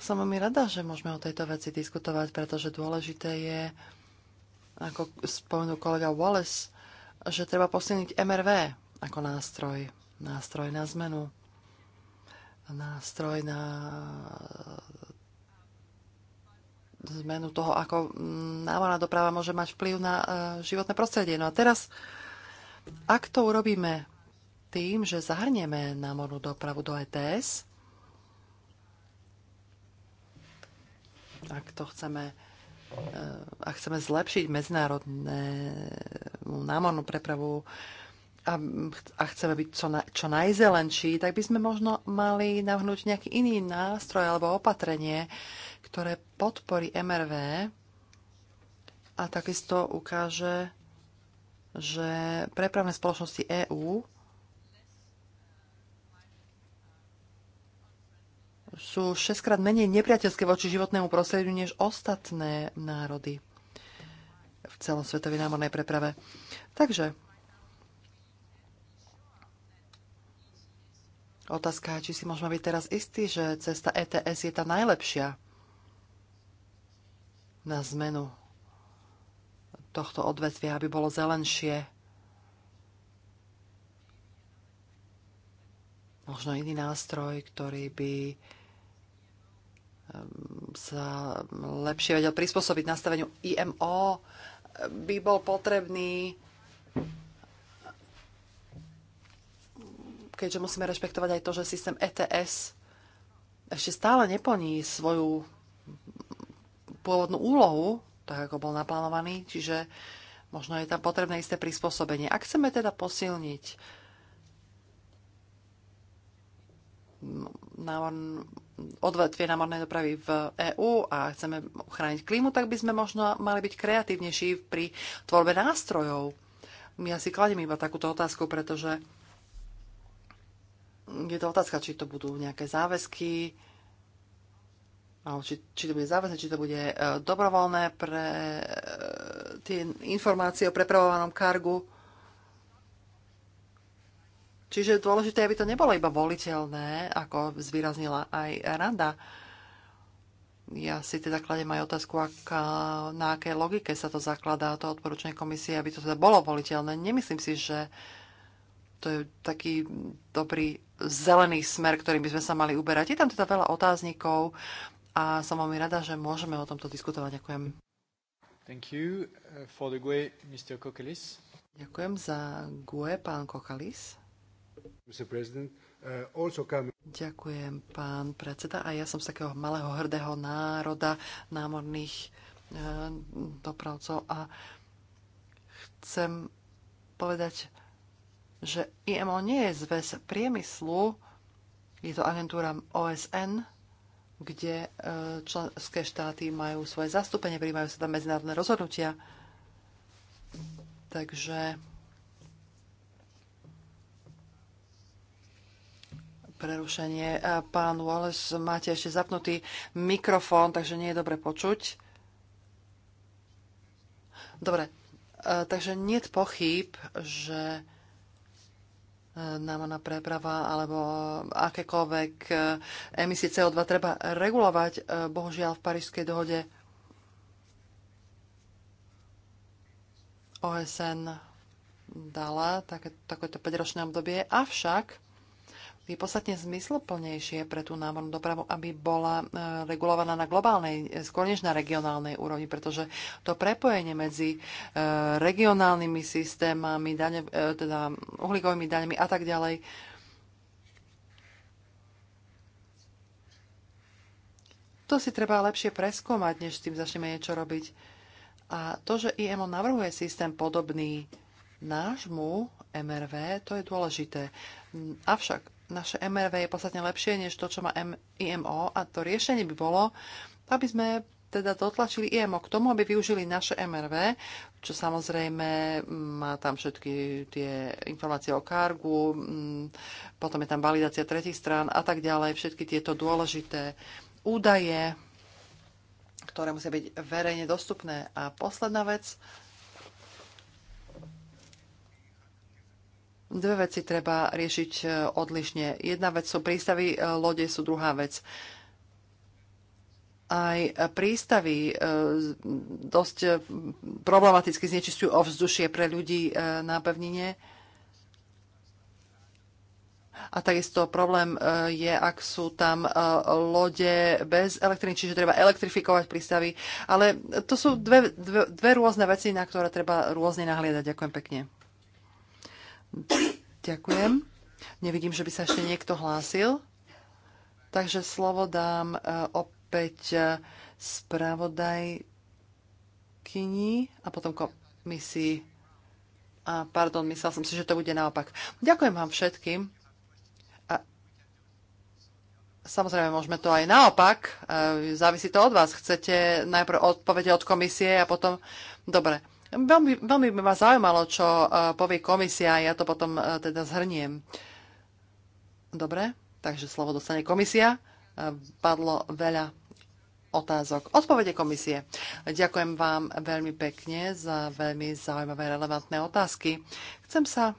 som mi rada, že môžeme o tejto veci diskutovať, pretože dôležité je, ako spomenul kolega Wallace, že treba posilniť MRV ako nástroj. Nástroj na zmenu. Nástroj na zmenu toho, ako námorná doprava môže mať vplyv na e, životné prostredie. No a teraz, ak to urobíme tým, že zahrnieme námornú dopravu do ETS, ak to chceme a chceme zlepšiť medzinárodnú námornú prepravu a, a chceme byť čo, na, čo najzelenší, tak by sme možno mali navhnúť nejaký iný nástroj alebo opatrenie, ktoré podporí MRV a takisto ukáže, že prepravné spoločnosti EÚ sú šestkrát menej nepriateľské voči životnému prostrediu než ostatné národy v celom svetovej námornej preprave. Takže otázka, či si môžeme byť teraz istí, že cesta ETS je tá najlepšia na zmenu tohto odvetvia, aby bolo zelenšie. možno iný nástroj, ktorý by sa lepšie vedel prispôsobiť nastaveniu IMO, by bol potrebný, keďže musíme rešpektovať aj to, že systém ETS ešte stále neplní svoju pôvodnú úlohu, tak ako bol naplánovaný, čiže možno je tam potrebné isté prispôsobenie. Ak chceme teda posilniť odvetvie námornej dopravy v EÚ a chceme chrániť klímu, tak by sme možno mali byť kreatívnejší pri tvorbe nástrojov. Ja si kladem iba takúto otázku, pretože je to otázka, či to budú nejaké záväzky, alebo či, či to bude záväzne, či to bude e, dobrovoľné pre e, tie informácie o prepravovanom kargu Čiže dôležité, aby to nebolo iba voliteľné, ako zvýraznila aj Randa. Ja si teda kladem aj otázku, ak, na akej logike sa to zakladá, to odporúčanie komisie, aby to teda bolo voliteľné. Nemyslím si, že to je taký dobrý zelený smer, ktorým by sme sa mali uberať. Je tam teda veľa otáznikov a som veľmi rada, že môžeme o tomto diskutovať. Ďakujem. Thank you. Uh, for the GUE, Mr. Kokelis. Ďakujem za GUE, pán Kokalis. Uh, Ďakujem, pán predseda. A ja som z takého malého hrdého národa námorných eh, dopravcov a chcem povedať, že IMO nie je zväz priemyslu, je to agentúra OSN, kde eh, členské štáty majú svoje zastúpenie, príjmajú sa tam medzinárodné rozhodnutia. Takže prerušenie. E, pán Wallace, máte ešte zapnutý mikrofón, takže nie je dobre počuť. Dobre, e, takže nie je pochyb, že e, na preprava alebo akékoľvek emisie CO2 treba regulovať. Bohužiaľ v Parížskej dohode OSN dala také, takéto 5-ročné obdobie, avšak je podstatne zmysloplnejšie pre tú námornú dopravu, aby bola e, regulovaná na globálnej, e, skôr než na regionálnej úrovni, pretože to prepojenie medzi e, regionálnymi systémami, dane, teda uhlíkovými daňami a tak ďalej, to si treba lepšie preskúmať, než s tým začneme niečo robiť. A to, že IMO navrhuje systém podobný nášmu MRV, to je dôležité. Avšak naše MRV je podstatne lepšie než to, čo má IMO a to riešenie by bolo, aby sme teda dotlačili IMO k tomu, aby využili naše MRV, čo samozrejme mm, má tam všetky tie informácie o kargu, mm, potom je tam validácia tretich strán a tak ďalej, všetky tieto dôležité údaje, ktoré musia byť verejne dostupné. A posledná vec, Dve veci treba riešiť e, odlišne. Jedna vec sú prístavy, e, lode sú druhá vec. Aj prístavy e, dosť problematicky znečistujú ovzdušie pre ľudí na pevnine. A takisto problém je, ak sú tam lode bez elektriny, čiže treba elektrifikovať prístavy. Ale to sú dve, dve, dve rôzne veci, na ktoré treba rôzne nahliadať. Ďakujem pekne. Ďakujem. Nevidím, že by sa ešte niekto hlásil. Takže slovo dám e, opäť e, spravodajkyni a potom komisii. A pardon, myslel som si, že to bude naopak. Ďakujem vám všetkým. A samozrejme, môžeme to aj naopak. E, závisí to od vás. Chcete najprv odpovede od komisie a potom... Dobre. Veľmi, veľmi by ma zaujímalo, čo e, povie komisia, ja to potom e, teda zhrniem. Dobre, takže slovo dostane komisia. E, padlo veľa otázok. Odpovede komisie. Ďakujem vám veľmi pekne za veľmi zaujímavé, relevantné otázky. Chcem sa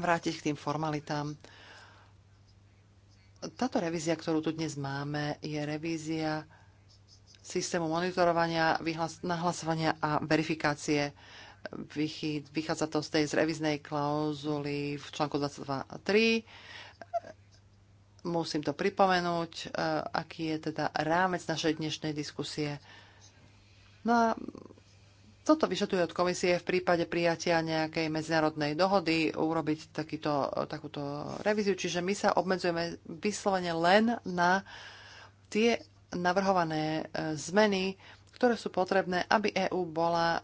vrátiť k tým formalitám. Táto revízia, ktorú tu dnes máme, je revízia systému monitorovania, nahlasovania a verifikácie. Vychádza to z tej z reviznej klauzuly v článku 22.3. Musím to pripomenúť, e, aký je teda rámec našej dnešnej diskusie. No a toto vyšetuje od komisie v prípade prijatia nejakej medzinárodnej dohody urobiť takýto, takúto revíziu. Čiže my sa obmedzujeme vyslovene len na tie navrhované e, zmeny, ktoré sú potrebné, aby EÚ bola e,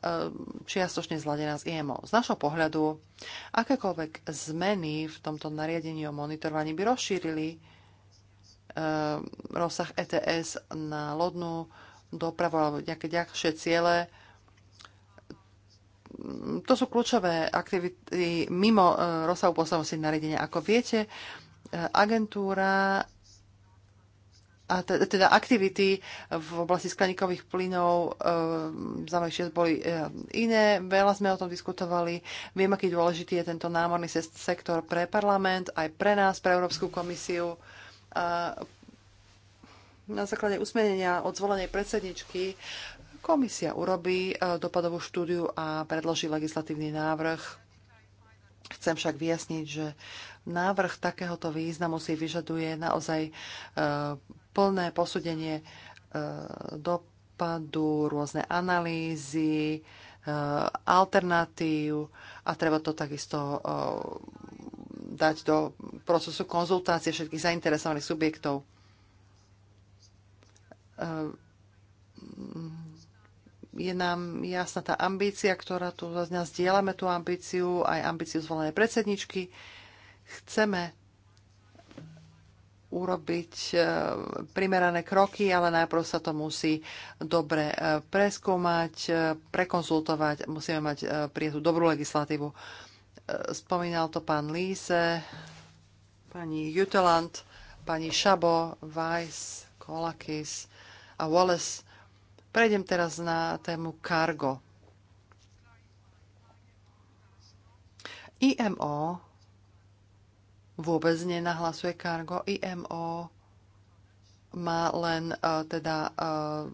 čiastočne zladená s IMO. Z našho pohľadu, akékoľvek zmeny v tomto nariadení o monitorovaní by rozšírili e, rozsah ETS na lodnú dopravu alebo nejaké ďalšie ciele, to sú kľúčové aktivity mimo rozsahu poslednosti nariadenia. Ako viete, agentúra a teda aktivity v oblasti skleníkových plynov ehm, za mojich boli boli ehm, iné. Veľa sme o tom diskutovali. Viem, aký dôležitý je tento námorný sektor pre parlament, aj pre nás, pre Európsku komisiu. A na základe usmenenia od zvolenej predsedničky komisia urobí e, dopadovú štúdiu a predloží legislatívny návrh. Chcem však vyjasniť, že návrh takéhoto významu si vyžaduje naozaj e, plné posúdenie e, dopadu, rôzne analýzy, e, alternatív a treba to takisto e, dať do procesu konzultácie všetkých zainteresovaných subjektov. Je nám jasná tá ambícia, ktorá tu zaznia, zdieľame tú ambíciu, aj ambíciu zvolené predsedničky. Chceme urobiť eh, primerané kroky, ale najprv sa to musí dobre eh, preskúmať, eh, prekonzultovať, musíme mať prijatú dobrú legislatívu. Spomínal to pán Líze, pani Juteland, pani Šabo, Weiss, Kolakis a Wallace. Prejdem teraz na tému cargo. IMO vôbec nenahlasuje kargo. IMO má len uh, teda uh,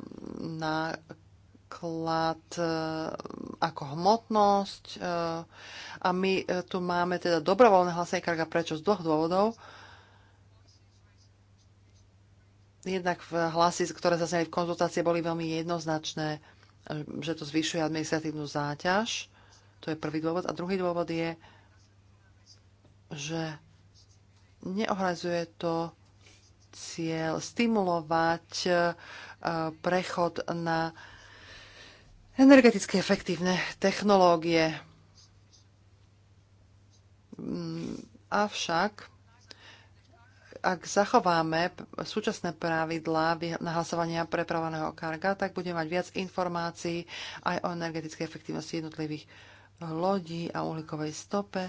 náklad uh, ako hmotnosť uh, a my uh, tu máme teda dobrovoľné hlasenie karga. Prečo? Z dvoch dôvodov. Jednak v hlasy, ktoré zase v konzultácie, boli veľmi jednoznačné, že to zvyšuje administratívnu záťaž. To je prvý dôvod. A druhý dôvod je, že neohrazuje to cieľ stimulovať e, prechod na energeticky efektívne technológie. Mm, avšak, ak zachováme súčasné pravidlá nahlasovania prepravaného karga, tak budeme mať viac informácií aj o energetickej efektivnosti jednotlivých lodí a uhlíkovej stope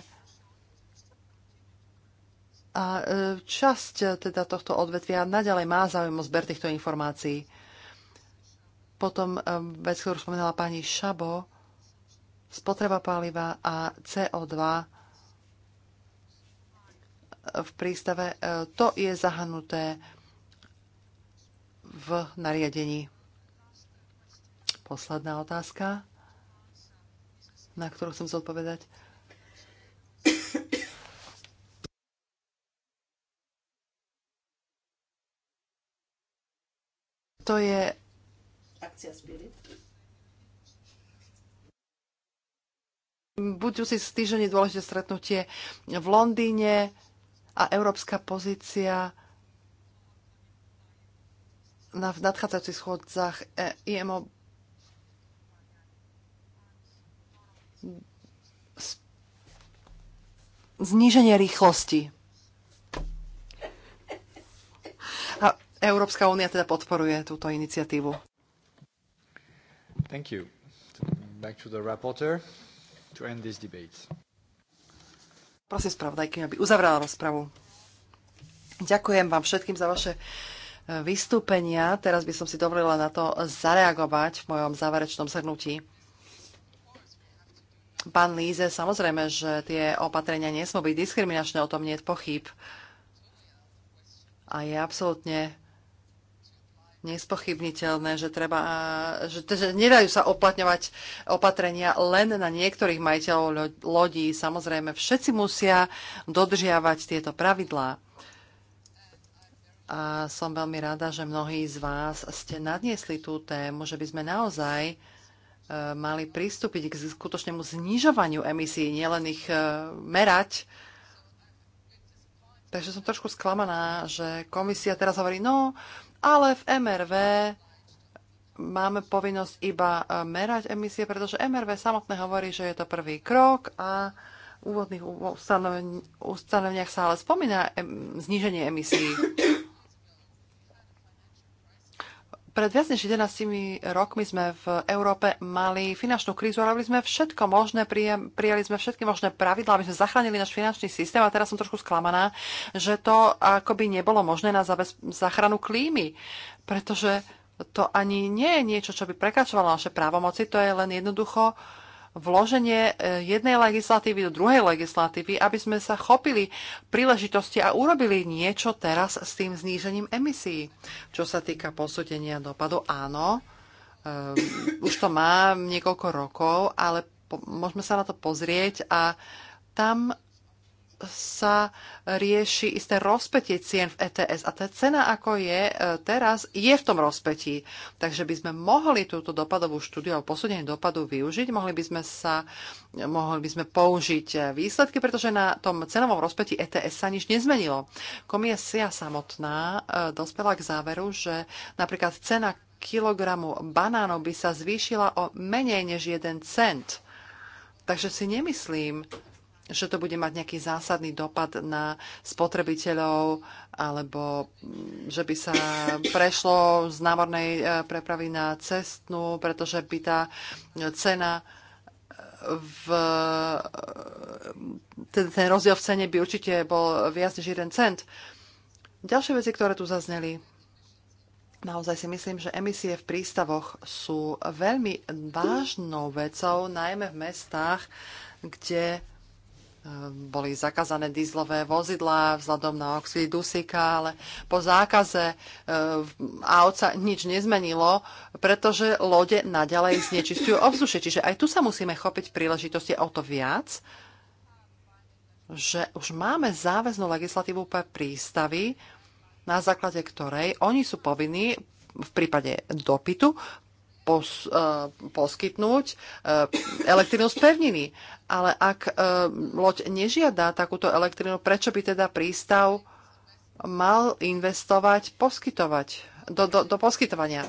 a e, časť e, teda tohto odvetvia naďalej má záujem o zber týchto informácií. Potom e, vec, ktorú spomínala pani Šabo, spotreba paliva a CO2 v prístave, to je zahanuté v nariadení. Posledná otázka, na ktorú chcem zodpovedať To je... Akcia Spirit. Budúci týždeň dôležité stretnutie v Londýne a európska pozícia na, nadchádzajúcich schôdzach e, IMO zníženie rýchlosti Európska únia teda podporuje túto iniciatívu. Thank you. Back to the rapporteur to end this debate. Prosím spravodajky, aby uzavrala rozpravu. Ďakujem vám všetkým za vaše e, vystúpenia. Teraz by som si dovolila na to zareagovať v mojom záverečnom zhrnutí. Pán Líze, samozrejme, že tie opatrenia nesmú byť diskriminačné, o tom nie je pochyb. A je absolútne nespochybniteľné, že, treba, že, že nedajú sa oplatňovať opatrenia len na niektorých majiteľov lodí. Samozrejme, všetci musia dodržiavať tieto pravidlá. A som veľmi rada, že mnohí z vás ste nadniesli tú tému, že by sme naozaj e, mali pristúpiť k skutočnému znižovaniu emisí, nielen ich e, merať, Takže som trošku sklamaná, že komisia teraz hovorí, no, ale v MRV máme povinnosť iba e, merať emisie, pretože MRV samotné hovorí, že je to prvý krok a v úvodných ustanoveniach sa ale spomína em, zníženie emisí. Pred viac než 11 rokmi sme v Európe mali finančnú krízu, robili sme všetko možné, prijali sme všetky možné pravidlá, aby sme zachránili náš finančný systém a teraz som trošku sklamaná, že to akoby nebolo možné na záchranu klímy, pretože to ani nie je niečo, čo by prekračovalo naše právomoci, to je len jednoducho uh, vloženie e, jednej legislatívy do druhej legislatívy, aby sme sa chopili príležitosti a urobili niečo teraz s tým znížením emisí. Čo sa týka posúdenia dopadu, áno, ehm, už to má niekoľko rokov, ale po, môžeme sa na to pozrieť a tam sa rieši isté rozpetie cien v ETS. A tá cena, ako je e, teraz, je v tom rozpetí. Takže by sme mohli túto dopadovú štúdiu a posúdenie dopadu využiť, mohli by sme sa, mohli by sme použiť e, výsledky, pretože na tom cenovom rozpetí ETS sa nič nezmenilo. Komisia samotná e, dospela k záveru, že napríklad cena kilogramu banánov by sa zvýšila o menej než 1 cent. Takže si nemyslím, že to bude mať nejaký zásadný dopad na spotrebiteľov, alebo mm, že by sa prešlo z námornej e, prepravy na cestnú, pretože by tá cena v, e, ten, ten rozdiel v cene by určite bol viac než jeden cent. Ďalšie veci, ktoré tu zazneli. Naozaj si myslím, že emisie v prístavoch sú veľmi vážnou vecou, najmä v mestách, kde boli zakázané dízlové vozidlá vzhľadom na oxid dusíka, ale po zákaze aut e, sa nič nezmenilo, pretože lode naďalej znečistujú ovzdušie. Čiže aj tu sa musíme chopiť príležitosti o to viac, že už máme záväznú legislatívu pre prístavy, na základe ktorej oni sú povinní v prípade dopytu pos, uh, poskytnúť uh, e, elektrínu z pevniny. Ale ak uh, loď nežiada takúto elektrínu, prečo by teda prístav mal investovať, poskytovať, do, do, do poskytovania?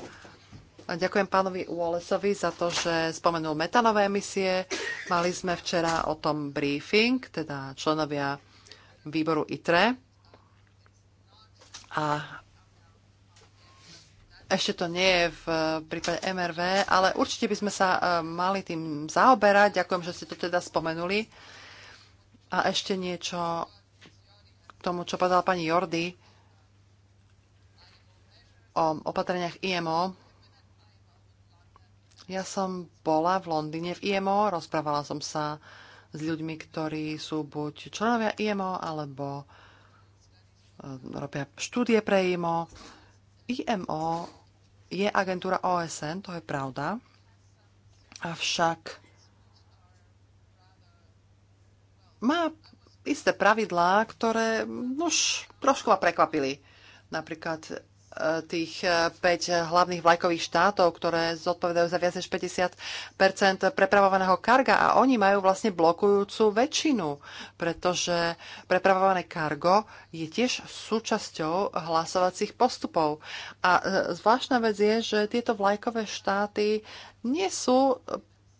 A ďakujem pánovi Wallaceovi za to, že spomenul metanové emisie. Mali sme včera o tom briefing, teda členovia výboru ITRE. A ešte to nie je v eh, prípade MRV, ale určite by sme sa eh, mali tým zaoberať. Ďakujem, že ste to teda spomenuli. A ešte niečo k tomu, čo povedala pani Jordy o opatreniach IMO. Ja som bola v Londýne v IMO, rozprávala som sa s ľuďmi, ktorí sú buď členovia IMO, alebo eh, robia štúdie pre IMO. IMO je agentúra OSN, to je pravda, avšak má isté pravidlá, ktoré už trošku ma prekvapili. Napríklad tých 5 e, hlavných vlajkových štátov, ktoré zodpovedajú za viac než 50 prepravovaného karga a oni majú vlastne blokujúcu väčšinu, pretože prepravované kargo je tiež súčasťou hlasovacích postupov. A e, zvláštna vec je, že tieto vlajkové štáty nie sú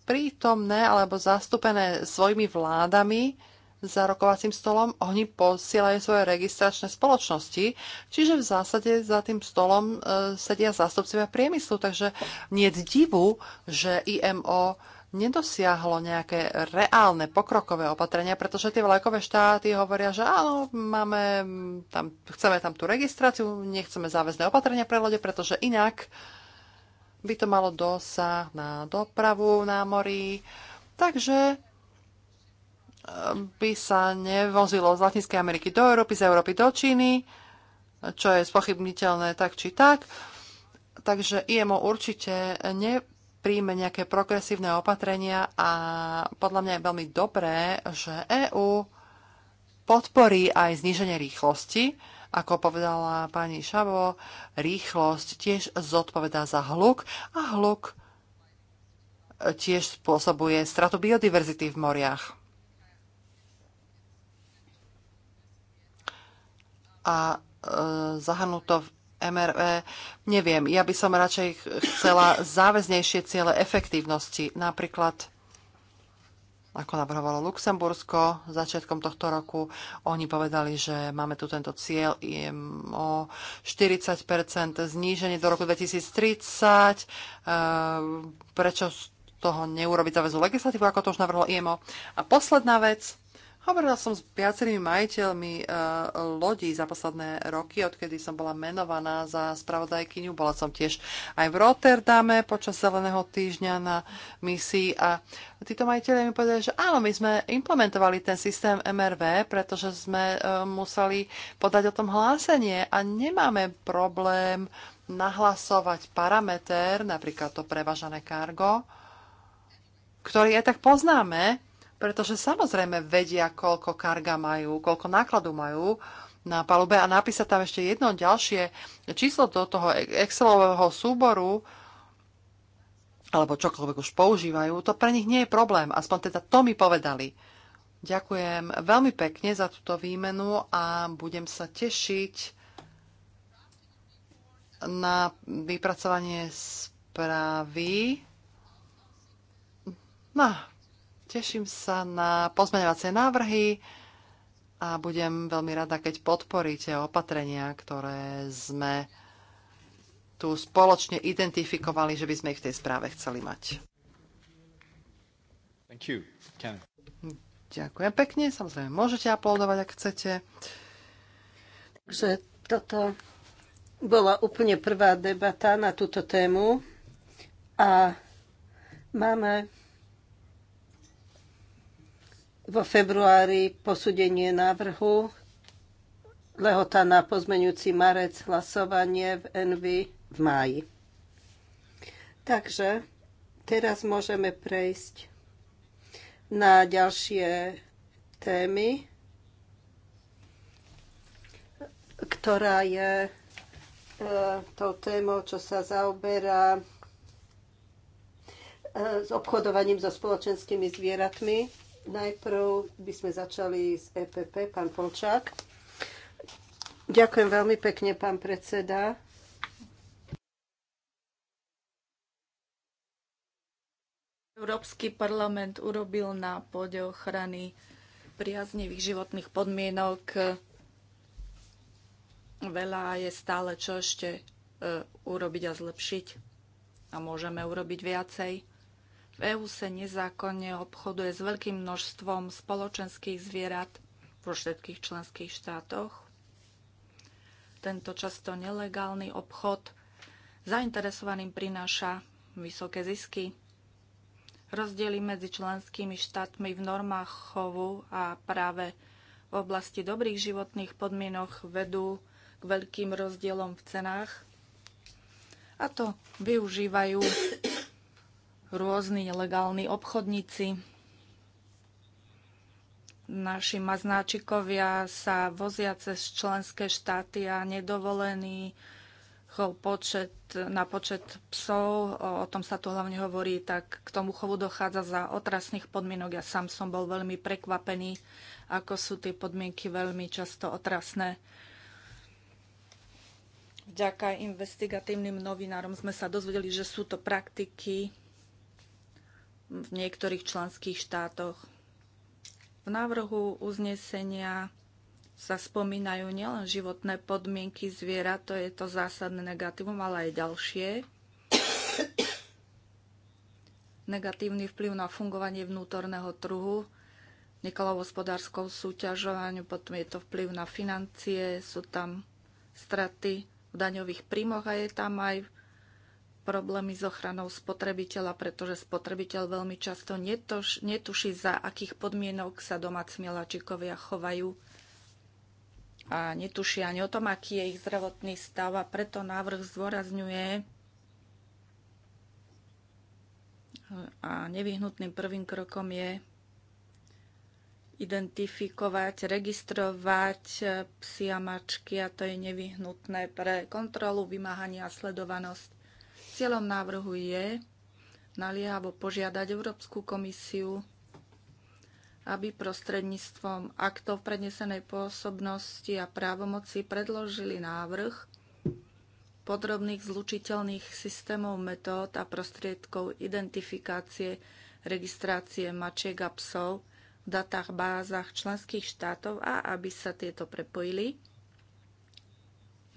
prítomné alebo zastúpené svojimi vládami, za rokovacím stolom, oni posielajú svoje registračné spoločnosti, čiže v zásade za tým stolom e, sedia zástupcovia priemyslu, takže nie je divu, že IMO nedosiahlo nejaké reálne pokrokové opatrenia, pretože tie vlajkové štáty hovoria, že áno, máme tam, chceme tam tú registráciu, nechceme záväzné opatrenia pre lode, pretože inak by to malo dosah na dopravu na mori. Takže by sa nevozilo z Latinskej Ameriky do Európy, z Európy do Číny, čo je spochybniteľné tak či tak. Takže IMO určite nepríjme nejaké progresívne opatrenia a podľa mňa je veľmi dobré, že EÚ podporí aj zníženie rýchlosti. Ako povedala pani Šabo, rýchlosť tiež zodpovedá za hluk a hluk tiež spôsobuje stratu biodiverzity v moriach. a e, zahrnúť to v MRE, neviem. Ja by som radšej chcela záväznejšie ciele efektívnosti. Napríklad, ako navrhovalo Luxembursko začiatkom tohto roku, oni povedali, že máme tu tento cieľ o 40 zníženie do roku 2030. E, prečo z toho neurobiť záväzú legislatívu, ako to už navrhlo IMO. A posledná vec, Hovorila som s viacerými majiteľmi uh, lodí za posledné roky, odkedy som bola menovaná za spravodajkyňu. Bola som tiež aj v Rotterdame počas zeleného týždňa na misii a títo majiteľe mi povedali, že áno, my sme implementovali ten systém MRV, pretože sme uh, museli podať o tom hlásenie a nemáme problém nahlasovať parameter, napríklad to prevažané kargo, ktorý aj tak poznáme, pretože samozrejme vedia, koľko karga majú, koľko nákladu majú na palube a napísať tam ešte jedno ďalšie číslo do toho e- Excelového súboru, alebo čokoľvek už používajú, to pre nich nie je problém. Aspoň teda to mi povedali. Ďakujem veľmi pekne za túto výmenu a budem sa tešiť na vypracovanie správy. No, Teším sa na pozmeňovacie návrhy a budem veľmi rada, keď podporíte opatrenia, ktoré sme tu spoločne identifikovali, že by sme ich v tej správe chceli mať. Ďakujem pekne, samozrejme môžete aplaudovať, ak chcete. Takže toto bola úplne prvá debata na túto tému a máme vo februári posúdenie návrhu, lehota na pozmeňujúci marec, hlasovanie v NV v máji. Takže teraz môžeme prejsť na ďalšie témy, ktorá je e, tou témou, čo sa zaoberá e, s obchodovaním so spoločenskými zvieratmi. Najprv by sme začali s EPP, pán Polčák. Ďakujem veľmi pekne, pán predseda. Európsky parlament urobil na pôde ochrany priaznivých životných podmienok eh, veľa je stále čo ešte eh, urobiť a zlepšiť. A môžeme urobiť viacej. V EÚ sa nezákonne obchoduje s veľkým množstvom spoločenských zvierat vo všetkých členských štátoch. Tento často nelegálny obchod zainteresovaným prináša vysoké zisky. Rozdiely medzi členskými štátmi v normách chovu a práve v oblasti dobrých životných podmienok vedú k veľkým rozdielom v cenách a to využívajú rôzni nelegálni obchodníci. Naši maznáčikovia sa vozia cez členské štáty a nedovolený počet, na počet psov, o, tom sa tu hlavne hovorí, tak k tomu chovu dochádza za otrasných podmienok. Ja sám som bol veľmi prekvapený, ako sú tie podmienky veľmi často otrasné. Vďaka investigatívnym novinárom sme sa dozvedeli, že sú to praktiky, v niektorých členských štátoch. V návrhu uznesenia sa spomínajú nielen životné podmienky zviera, to je to zásadné negatívum, ale aj ďalšie. Negatívny vplyv na fungovanie vnútorného trhu, nekalou hospodárskou súťažovaniu, potom je to vplyv na financie, sú tam straty v daňových príjmoch a je tam aj problémy s ochranou spotrebiteľa, pretože spotrebiteľ veľmi často netuš, netuší, za akých podmienok sa doma cmielačikovia chovajú a netuší ani o tom, aký je ich zdravotný stav a preto návrh zdôrazňuje a nevyhnutným prvým krokom je identifikovať, registrovať psi a mačky a to je nevyhnutné pre kontrolu, vymáhanie a sledovanosť. Cieľom návrhu je naliehavo požiadať Európsku komisiu, aby prostredníctvom aktov prednesenej pôsobnosti a právomoci predložili návrh podrobných zlučiteľných systémov metód a prostriedkov identifikácie, registrácie mačiek a psov v databázach členských štátov a aby sa tieto prepojili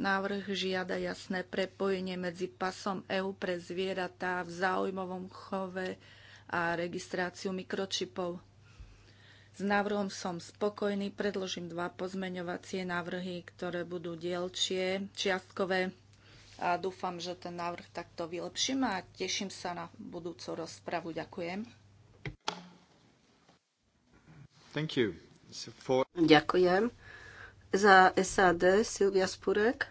Návrh žiada jasné prepojenie medzi pasom EU pre zvieratá v záujmovom chove a registráciu mikročipov. S návrhom som spokojný, predložím dva pozmeňovacie návrhy, ktoré budú dielčie, čiastkové a dúfam, že ten návrh takto vylepším a teším sa na budúcu rozpravu. Ďakujem. Thank you. So for... Ďakujem. Za SAD Silvia Spurek.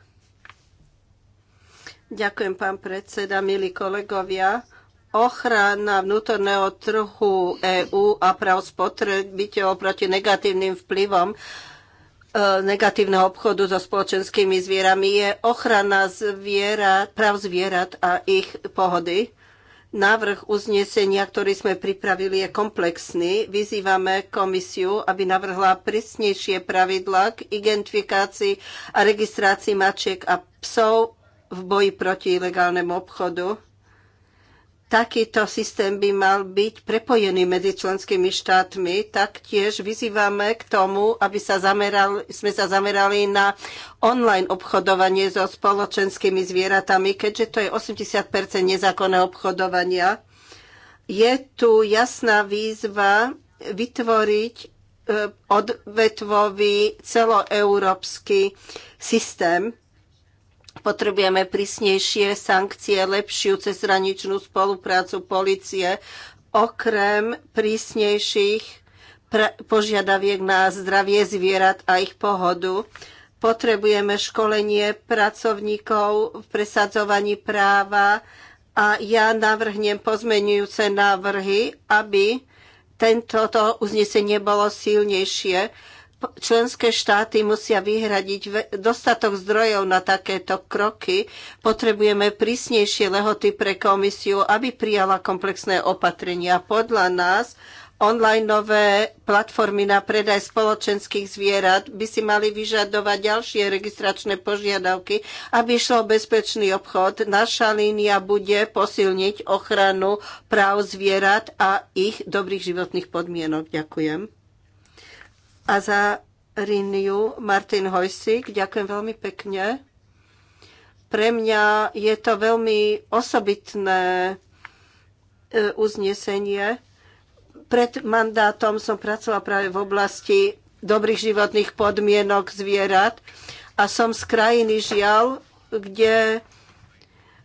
Ďakujem, pán predseda, milí kolegovia. Ochrana vnútorného trhu EÚ a práv spotrebiteľov proti negatívnym vplyvom e, negatívneho obchodu so spoločenskými zvierami je ochrana zvierat, práv zvierat a ich pohody. Návrh uznesenia, ktorý sme pripravili, je komplexný. Vyzývame komisiu, aby navrhla prísnejšie pravidlá k identifikácii a registrácii mačiek a psov v boji proti ilegálnemu obchodu. Takýto systém by mal byť prepojený medzi členskými štátmi. Taktiež vyzývame k tomu, aby sa zamerali, sme sa zamerali na online obchodovanie so spoločenskými zvieratami, keďže to je 80 nezákonného obchodovania. Je tu jasná výzva vytvoriť e, odvetvový celoeurópsky systém Potrebujeme prísnejšie sankcie, lepšiu cezhraničnú spoluprácu policie, okrem prísnejších požiadaviek na zdravie zvierat a ich pohodu. Potrebujeme školenie pracovníkov v presadzovaní práva a ja navrhnem pozmenujúce návrhy, aby tento uznesenie bolo silnejšie členské štáty musia vyhradiť dostatok zdrojov na takéto kroky. Potrebujeme prísnejšie lehoty pre komisiu, aby prijala komplexné opatrenia. Podľa nás onlineové platformy na predaj spoločenských zvierat by si mali vyžadovať ďalšie registračné požiadavky, aby šlo bezpečný obchod. Naša línia bude posilniť ochranu práv zvierat a ich dobrých životných podmienok. Ďakujem a za Riniu Martin Hojsík. Ďakujem veľmi pekne. Pre mňa je to veľmi osobitné e, uznesenie. Pred mandátom som pracovala práve v oblasti dobrých životných podmienok zvierat a som z krajiny žiaľ, kde,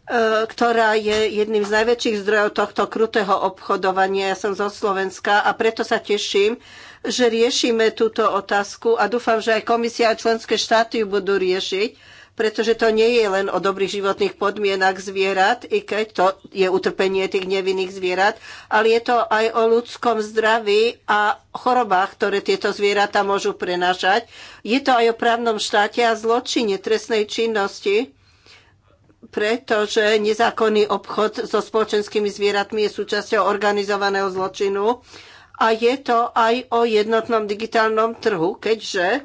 e, ktorá je jedným z najväčších zdrojov tohto krutého obchodovania. Ja som zo Slovenska a preto sa teším, že riešime túto otázku a dúfam, že aj komisia a členské štáty ju budú riešiť, pretože to nie je len o dobrých životných podmienach zvierat, i keď to je utrpenie tých nevinných zvierat, ale je to aj o ľudskom zdraví a chorobách, ktoré tieto zvieratá môžu prenášať. Je to aj o právnom štáte a zločine trestnej činnosti, pretože nezákonný obchod so spoločenskými zvieratmi je súčasťou organizovaného zločinu a je to aj o jednotnom digitálnom trhu, keďže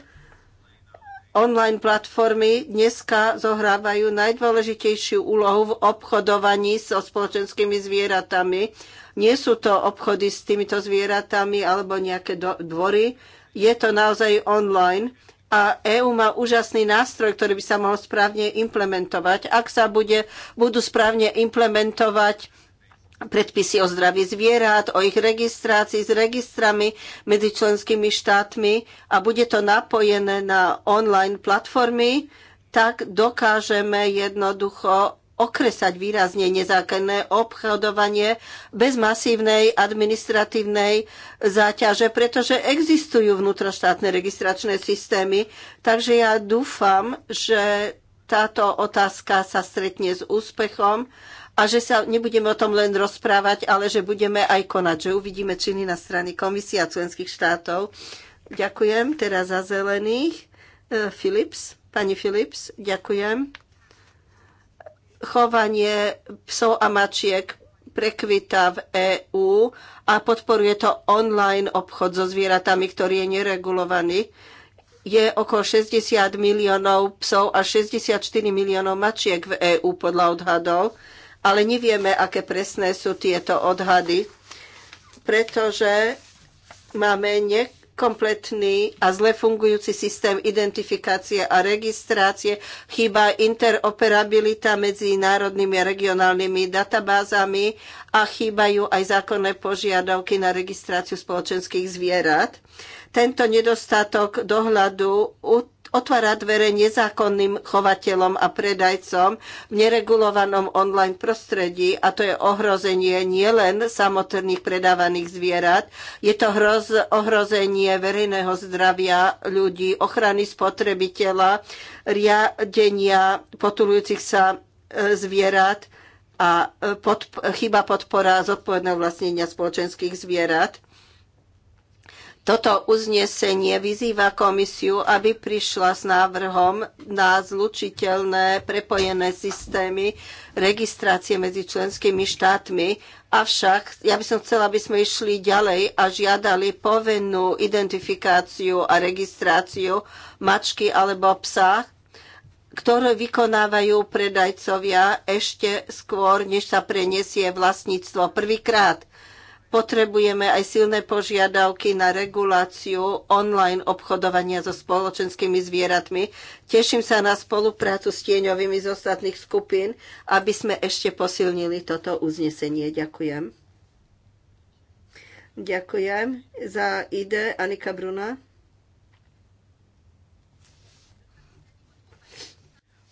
online platformy dneska zohrávajú najdôležitejšiu úlohu v obchodovaní so spoločenskými zvieratami. Nie sú to obchody s týmito zvieratami alebo nejaké dvory, je to naozaj online a EÚ má úžasný nástroj, ktorý by sa mohol správne implementovať. Ak sa bude, budú správne implementovať predpisy o zdraví zvierat, o ich registrácii s registrami medzi členskými štátmi a bude to napojené na online platformy, tak dokážeme jednoducho okresať výrazne nezákonné obchodovanie bez masívnej administratívnej záťaže, pretože existujú vnútroštátne registračné systémy. Takže ja dúfam, že táto otázka sa stretne s úspechom a že sa nebudeme o tom len rozprávať, ale že budeme aj konať, že uvidíme činy na strany komisia členských štátov. Ďakujem teraz za zelených. E, Philips, pani Philips, ďakujem. Chovanie psov a mačiek prekvita v EÚ a podporuje to online obchod so zvieratami, ktorý je neregulovaný. Je okolo 60 miliónov psov a 64 miliónov mačiek v EÚ podľa odhadov ale nevieme, aké presné sú tieto odhady, pretože máme nekompletný a zle fungujúci systém identifikácie a registrácie, chýba interoperabilita medzi národnými a regionálnymi databázami a chýbajú aj zákonné požiadavky na registráciu spoločenských zvierat. Tento nedostatok dohľadu otvára dvere nezákonným chovateľom a predajcom v neregulovanom online prostredí a to je ohrozenie nielen samotných predávaných zvierat, je to hroz, ohrozenie verejného zdravia ľudí, ochrany spotrebiteľa, riadenia potulujúcich sa e, zvierat a e, pod, chyba podpora zodpovedného vlastnenia spoločenských zvierat. Toto uznesenie vyzýva komisiu, aby prišla s návrhom na zlučiteľné prepojené systémy registrácie medzi členskými štátmi. Avšak ja by som chcela, aby sme išli ďalej a žiadali povinnú identifikáciu a registráciu mačky alebo psa, ktoré vykonávajú predajcovia ešte skôr, než sa preniesie vlastníctvo prvýkrát potrebujeme aj silné požiadavky na reguláciu online obchodovania so spoločenskými zvieratmi. Teším sa na spoluprácu s tieňovými z ostatných skupín, aby sme ešte posilnili toto uznesenie. Ďakujem. Ďakujem za ide Anika Bruna.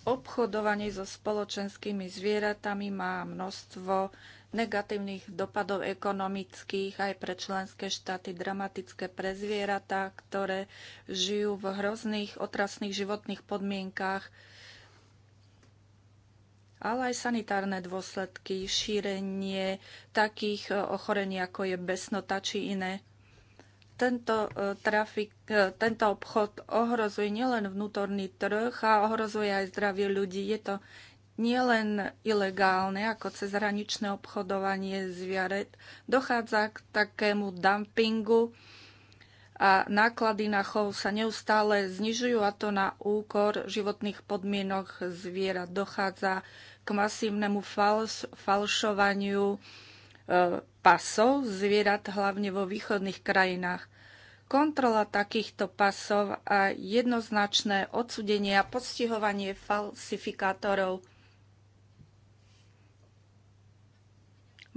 Obchodovanie so spoločenskými zvieratami má množstvo negatívnych dopadov ekonomických aj pre členské štáty, dramatické pre zvieratá, ktoré žijú v hrozných, otrasných životných podmienkách, ale aj sanitárne dôsledky, šírenie takých e, ochorení, ako je besnota či iné. Tento, e, trafik, e, tento obchod ohrozuje nielen vnútorný trh a ohrozuje aj zdravie ľudí. Je to nielen ilegálne, ako cezhraničné obchodovanie zviaret, dochádza k takému dumpingu a náklady na chov sa neustále znižujú a to na úkor životných podmienok zvierat. Dochádza k masívnemu falš- falšovaniu e, pasov zvierat, hlavne vo východných krajinách. Kontrola takýchto pasov a jednoznačné odsudenie a postihovanie falsifikátorov –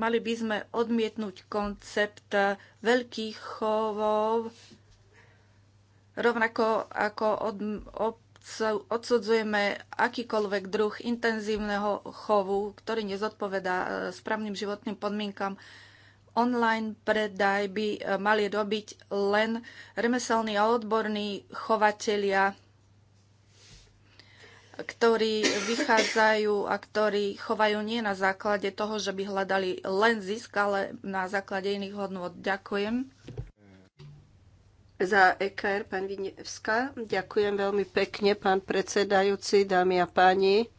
Mali by sme odmietnúť koncept veľkých chovov, rovnako ako od, odsudzujeme akýkoľvek druh intenzívneho chovu, ktorý nezodpovedá e, správnym životným podmienkam. Online predaj by e, mali robiť len remeselní a odborní chovatelia ktorí vychádzajú a ktorí chovajú nie na základe toho, že by hľadali len zisk, ale na základe iných hodnôt. Ďakujem. Za EKR, pán Vinevská. Ďakujem veľmi pekne, pán predsedajúci, dámy a páni.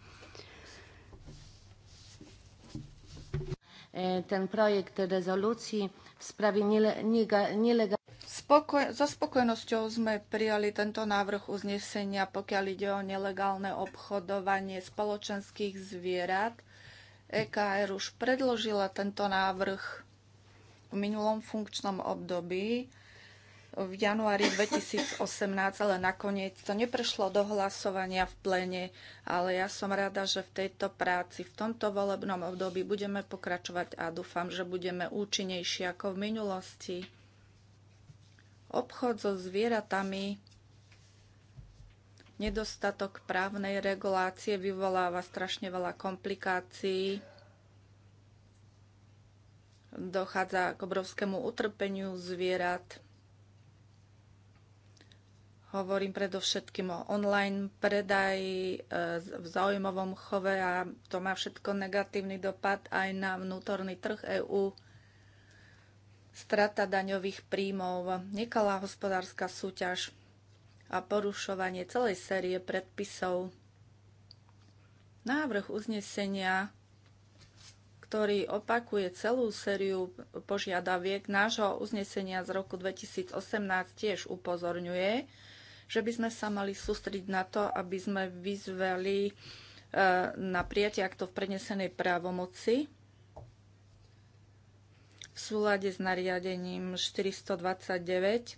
E, ten projekt rezolúcii spraví nelegálne. Spokoj, so spokojnosťou sme prijali tento návrh uznesenia, pokiaľ ide o nelegálne obchodovanie spoločenských zvierat. EKR už predložila tento návrh v minulom funkčnom období v januári 2018, ale nakoniec to neprešlo do hlasovania v plene. Ale ja som rada, že v tejto práci, v tomto volebnom období budeme pokračovať a dúfam, že budeme účinnejší ako v minulosti. Obchod so zvieratami nedostatok právnej regulácie vyvoláva strašne veľa komplikácií. Dochádza k obrovskému utrpeniu zvierat. Hovorím predovšetkým o online predaji, e, v zaujímavom chove a to má všetko negatívny dopad aj na vnútorný trh EÚ. Strata daňových príjmov, nekalá hospodárska súťaž a porušovanie celej série predpisov. Návrh uznesenia ktorý opakuje celú sériu požiadaviek nášho uznesenia z roku 2018, tiež upozorňuje, že by sme sa mali sústrediť na to, aby sme vyzveli e, na prijatie aktov prenesenej právomoci v súlade s nariadením 429,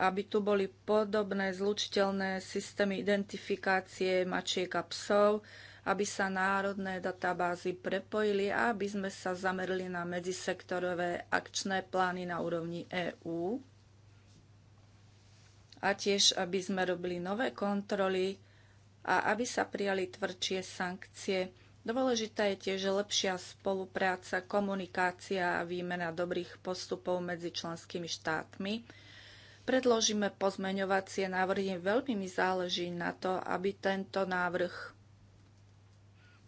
aby tu boli podobné zlučiteľné systémy identifikácie mačiek a psov, aby sa národné databázy prepojili a aby sme sa zamerili na medzisektorové akčné plány na úrovni EÚ a tiež, aby sme robili nové kontroly a aby sa prijali tvrdšie sankcie. Dôležitá je tiež lepšia spolupráca, komunikácia a výmena dobrých postupov medzi členskými štátmi. Predložíme pozmeňovacie návrhy. Veľmi mi záleží na to, aby tento návrh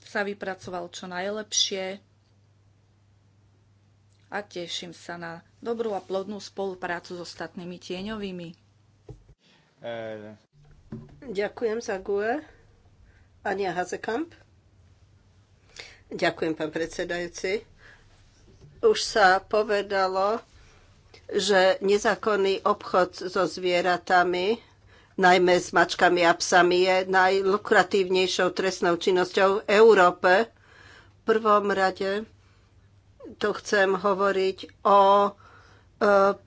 sa vypracoval čo najlepšie a teším sa na dobrú a plodnú spoluprácu s ostatnými tieňovými. Ďakujem za GUE. Ania Hazekamp. Ďakujem, pán predsedajúci. Už sa povedalo, že nezákonný obchod so zvieratami, najmä s mačkami a psami, je najlukratívnejšou trestnou činnosťou v Európe. V prvom rade to chcem hovoriť o e,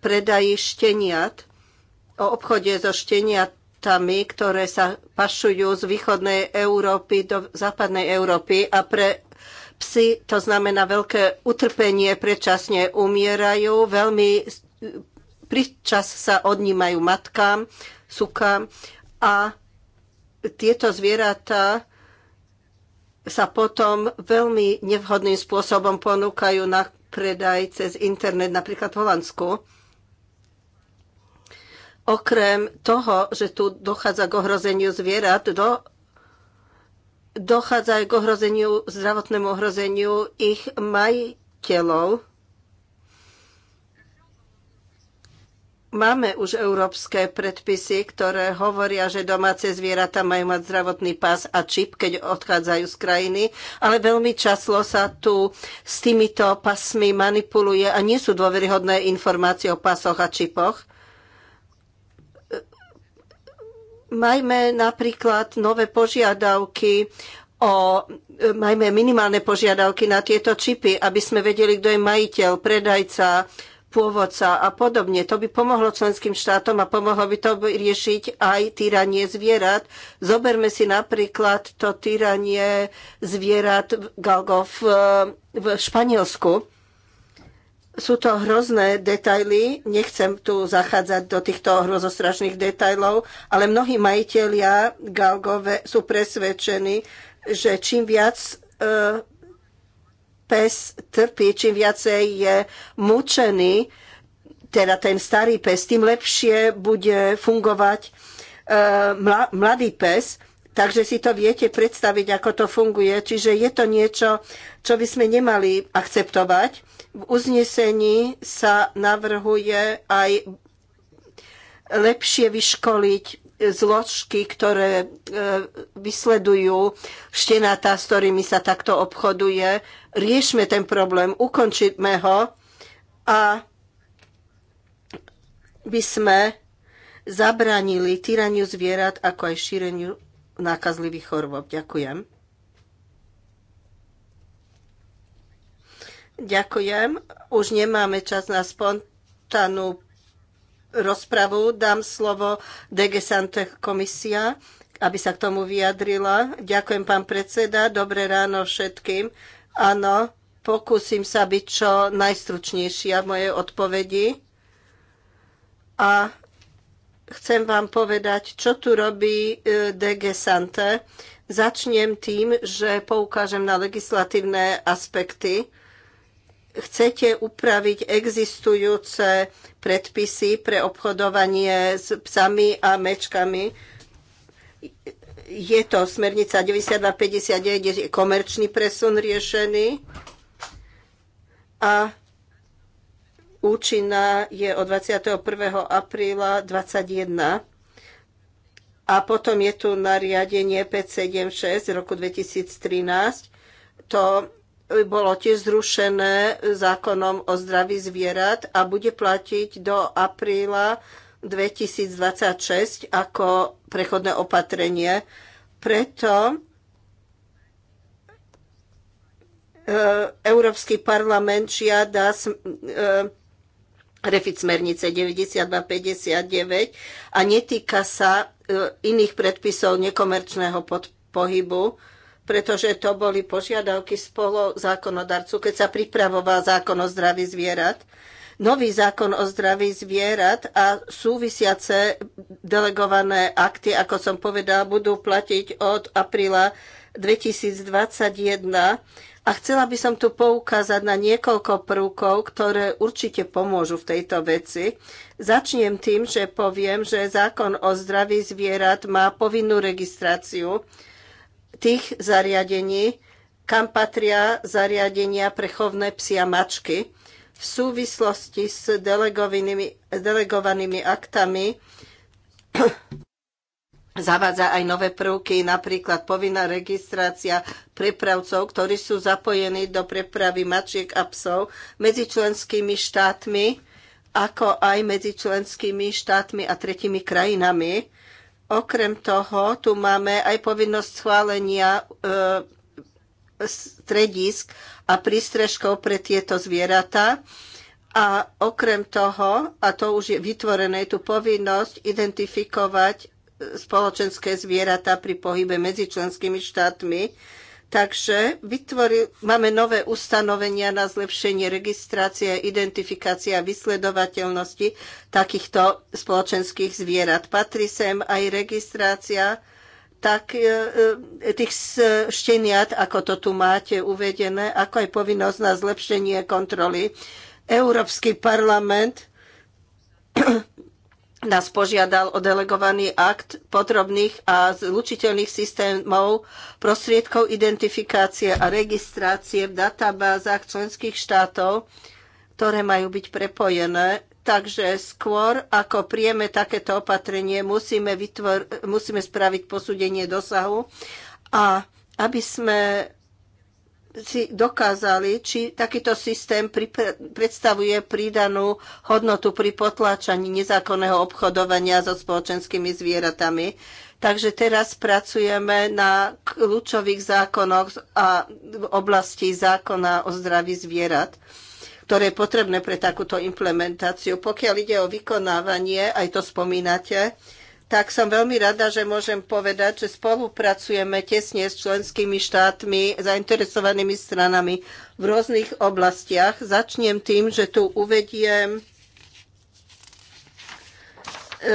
predaji šteniat o obchode so šteniatami, ktoré sa pašujú z východnej Európy do západnej Európy a pre psy to znamená veľké utrpenie, predčasne umierajú, veľmi pričas sa odnímajú matkám, sukám a tieto zvieratá sa potom veľmi nevhodným spôsobom ponúkajú na predaj cez internet, napríklad v Holandsku Okrem toho, že tu dochádza k ohrozeniu zvierat, do, dochádza aj k ohrozeniu, zdravotnému ohrozeniu ich majiteľov. Máme už európske predpisy, ktoré hovoria, že domáce zvieratá majú mať zdravotný pás a čip, keď odchádzajú z krajiny, ale veľmi často sa tu s týmito pasmi manipuluje a nie sú dôveryhodné informácie o pasoch a čipoch. Majme napríklad nové požiadavky o, majme minimálne požiadavky na tieto čipy, aby sme vedeli, kto je majiteľ, predajca, pôvodca a podobne. To by pomohlo členským štátom a pomohlo by to riešiť aj týranie zvierat. Zoberme si napríklad to týranie zvierat v, v, eh, v Španielsku sú to hrozné detaily, nechcem tu zachádzať do týchto hrozostrašných detailov, ale mnohí majiteľia Galgove sú presvedčení, že čím viac e, pes trpí, čím viacej je mučený, teda ten starý pes, tým lepšie bude fungovať e, mla, mladý pes. Takže si to viete predstaviť, ako to funguje. Čiže je to niečo, čo by sme nemali akceptovať v uznesení sa navrhuje aj lepšie vyškoliť zložky, ktoré e, vysledujú štenatá, s ktorými sa takto obchoduje. Riešme ten problém, ukončíme ho a by sme zabránili tyraniu zvierat ako aj šíreniu nákazlivých chorôb. Ďakujem. Ďakujem. Už nemáme čas na spontánnu rozpravu. Dám slovo DG Sante komisia, aby sa k tomu vyjadrila. Ďakujem, pán predseda. Dobré ráno všetkým. Áno, pokúsim sa byť čo najstručnejšia v mojej odpovedi. A chcem vám povedať, čo tu robí e, DG Sante. Začnem tým, že poukážem na legislatívne aspekty chcete upraviť existujúce predpisy pre obchodovanie s psami a mečkami. Je to smernica 9259, je komerčný presun riešený a účinná je od 21. apríla 2021. A potom je tu nariadenie 576 z roku 2013. To bolo tiež zrušené zákonom o zdraví zvierat a bude platiť do apríla 2026 ako prechodné opatrenie. Preto e, Európsky parlament žiada e, refit smernice 9259 a netýka sa e, iných predpisov nekomerčného pohybu pretože to boli požiadavky spolo zákonodarcu, keď sa pripravoval zákon o zdraví zvierat nový zákon o zdraví zvierat a súvisiace delegované akty, ako som povedala, budú platiť od apríla 2021. A chcela by som tu poukázať na niekoľko prvkov, ktoré určite pomôžu v tejto veci. Začnem tým, že poviem, že zákon o zdraví zvierat má povinnú registráciu tých zariadení, kam patria zariadenia pre chovné psy a mačky v súvislosti s delegovanými aktami zavádza aj nové prvky, napríklad povinná registrácia prepravcov, ktorí sú zapojení do prepravy mačiek a psov medzi členskými štátmi, ako aj medzi členskými štátmi a tretimi krajinami Okrem toho, tu máme aj povinnosť schválenia e, stredisk a prístrežkov pre tieto zvieratá. A okrem toho, a to už je vytvorené, tu povinnosť identifikovať e, spoločenské zvieratá pri pohybe medzi členskými štátmi Takže vytvoril, máme nové ustanovenia na zlepšenie registrácie, identifikácie a vysledovateľnosti takýchto spoločenských zvierat. Patrí sem aj registrácia tak e, e, tých e, šteniat, ako to tu máte uvedené, ako aj povinnosť na zlepšenie kontroly. Európsky parlament nás požiadal o delegovaný akt podrobných a zlučiteľných systémov prostriedkov identifikácie a registrácie v databázach členských štátov, ktoré majú byť prepojené. Takže skôr, ako prijeme takéto opatrenie, musíme, vytvor- musíme spraviť posúdenie dosahu a aby sme si dokázali, či takýto systém predstavuje prídanú hodnotu pri potláčaní nezákonného obchodovania so spoločenskými zvieratami. Takže teraz pracujeme na kľúčových zákonoch a v oblasti zákona o zdraví zvierat, ktoré je potrebné pre takúto implementáciu. Pokiaľ ide o vykonávanie, aj to spomínate, tak som veľmi rada, že môžem povedať, že spolupracujeme tesne s členskými štátmi, zainteresovanými stranami v rôznych oblastiach. Začnem tým, že tu uvediem e,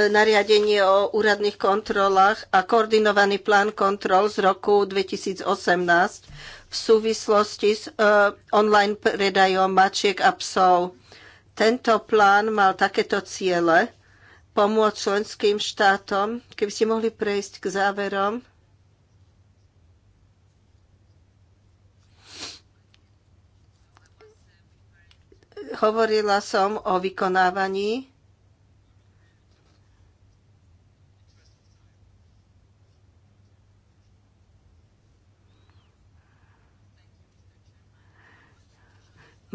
nariadenie o úradných kontrolách a koordinovaný plán kontrol z roku 2018 v súvislosti s e, online predajom mačiek a psov. Tento plán mal takéto ciele pomôcť členským štátom, keby ste mohli prejsť k záverom. Hovorila som o vykonávaní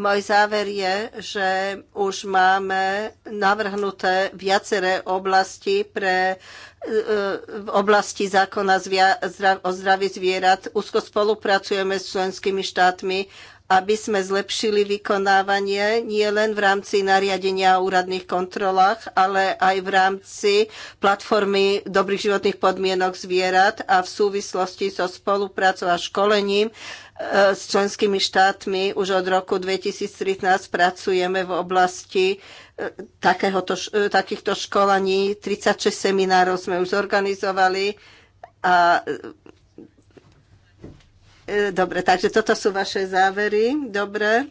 Môj záver je, že už máme navrhnuté viaceré oblasti pre e, e, v oblasti zákona o zdraví zvierat. Úzko spolupracujeme s členskými štátmi aby sme zlepšili vykonávanie nie len v rámci nariadenia o úradných kontrolách, ale aj v rámci platformy dobrých životných podmienok zvierat a v súvislosti so spoluprácou a školením e, s členskými štátmi už od roku 2013 pracujeme v oblasti e, takéhoto, e, takýchto školaní. 36 seminárov sme už zorganizovali a E, dobre, takže toto sú vaše závery. Dobre.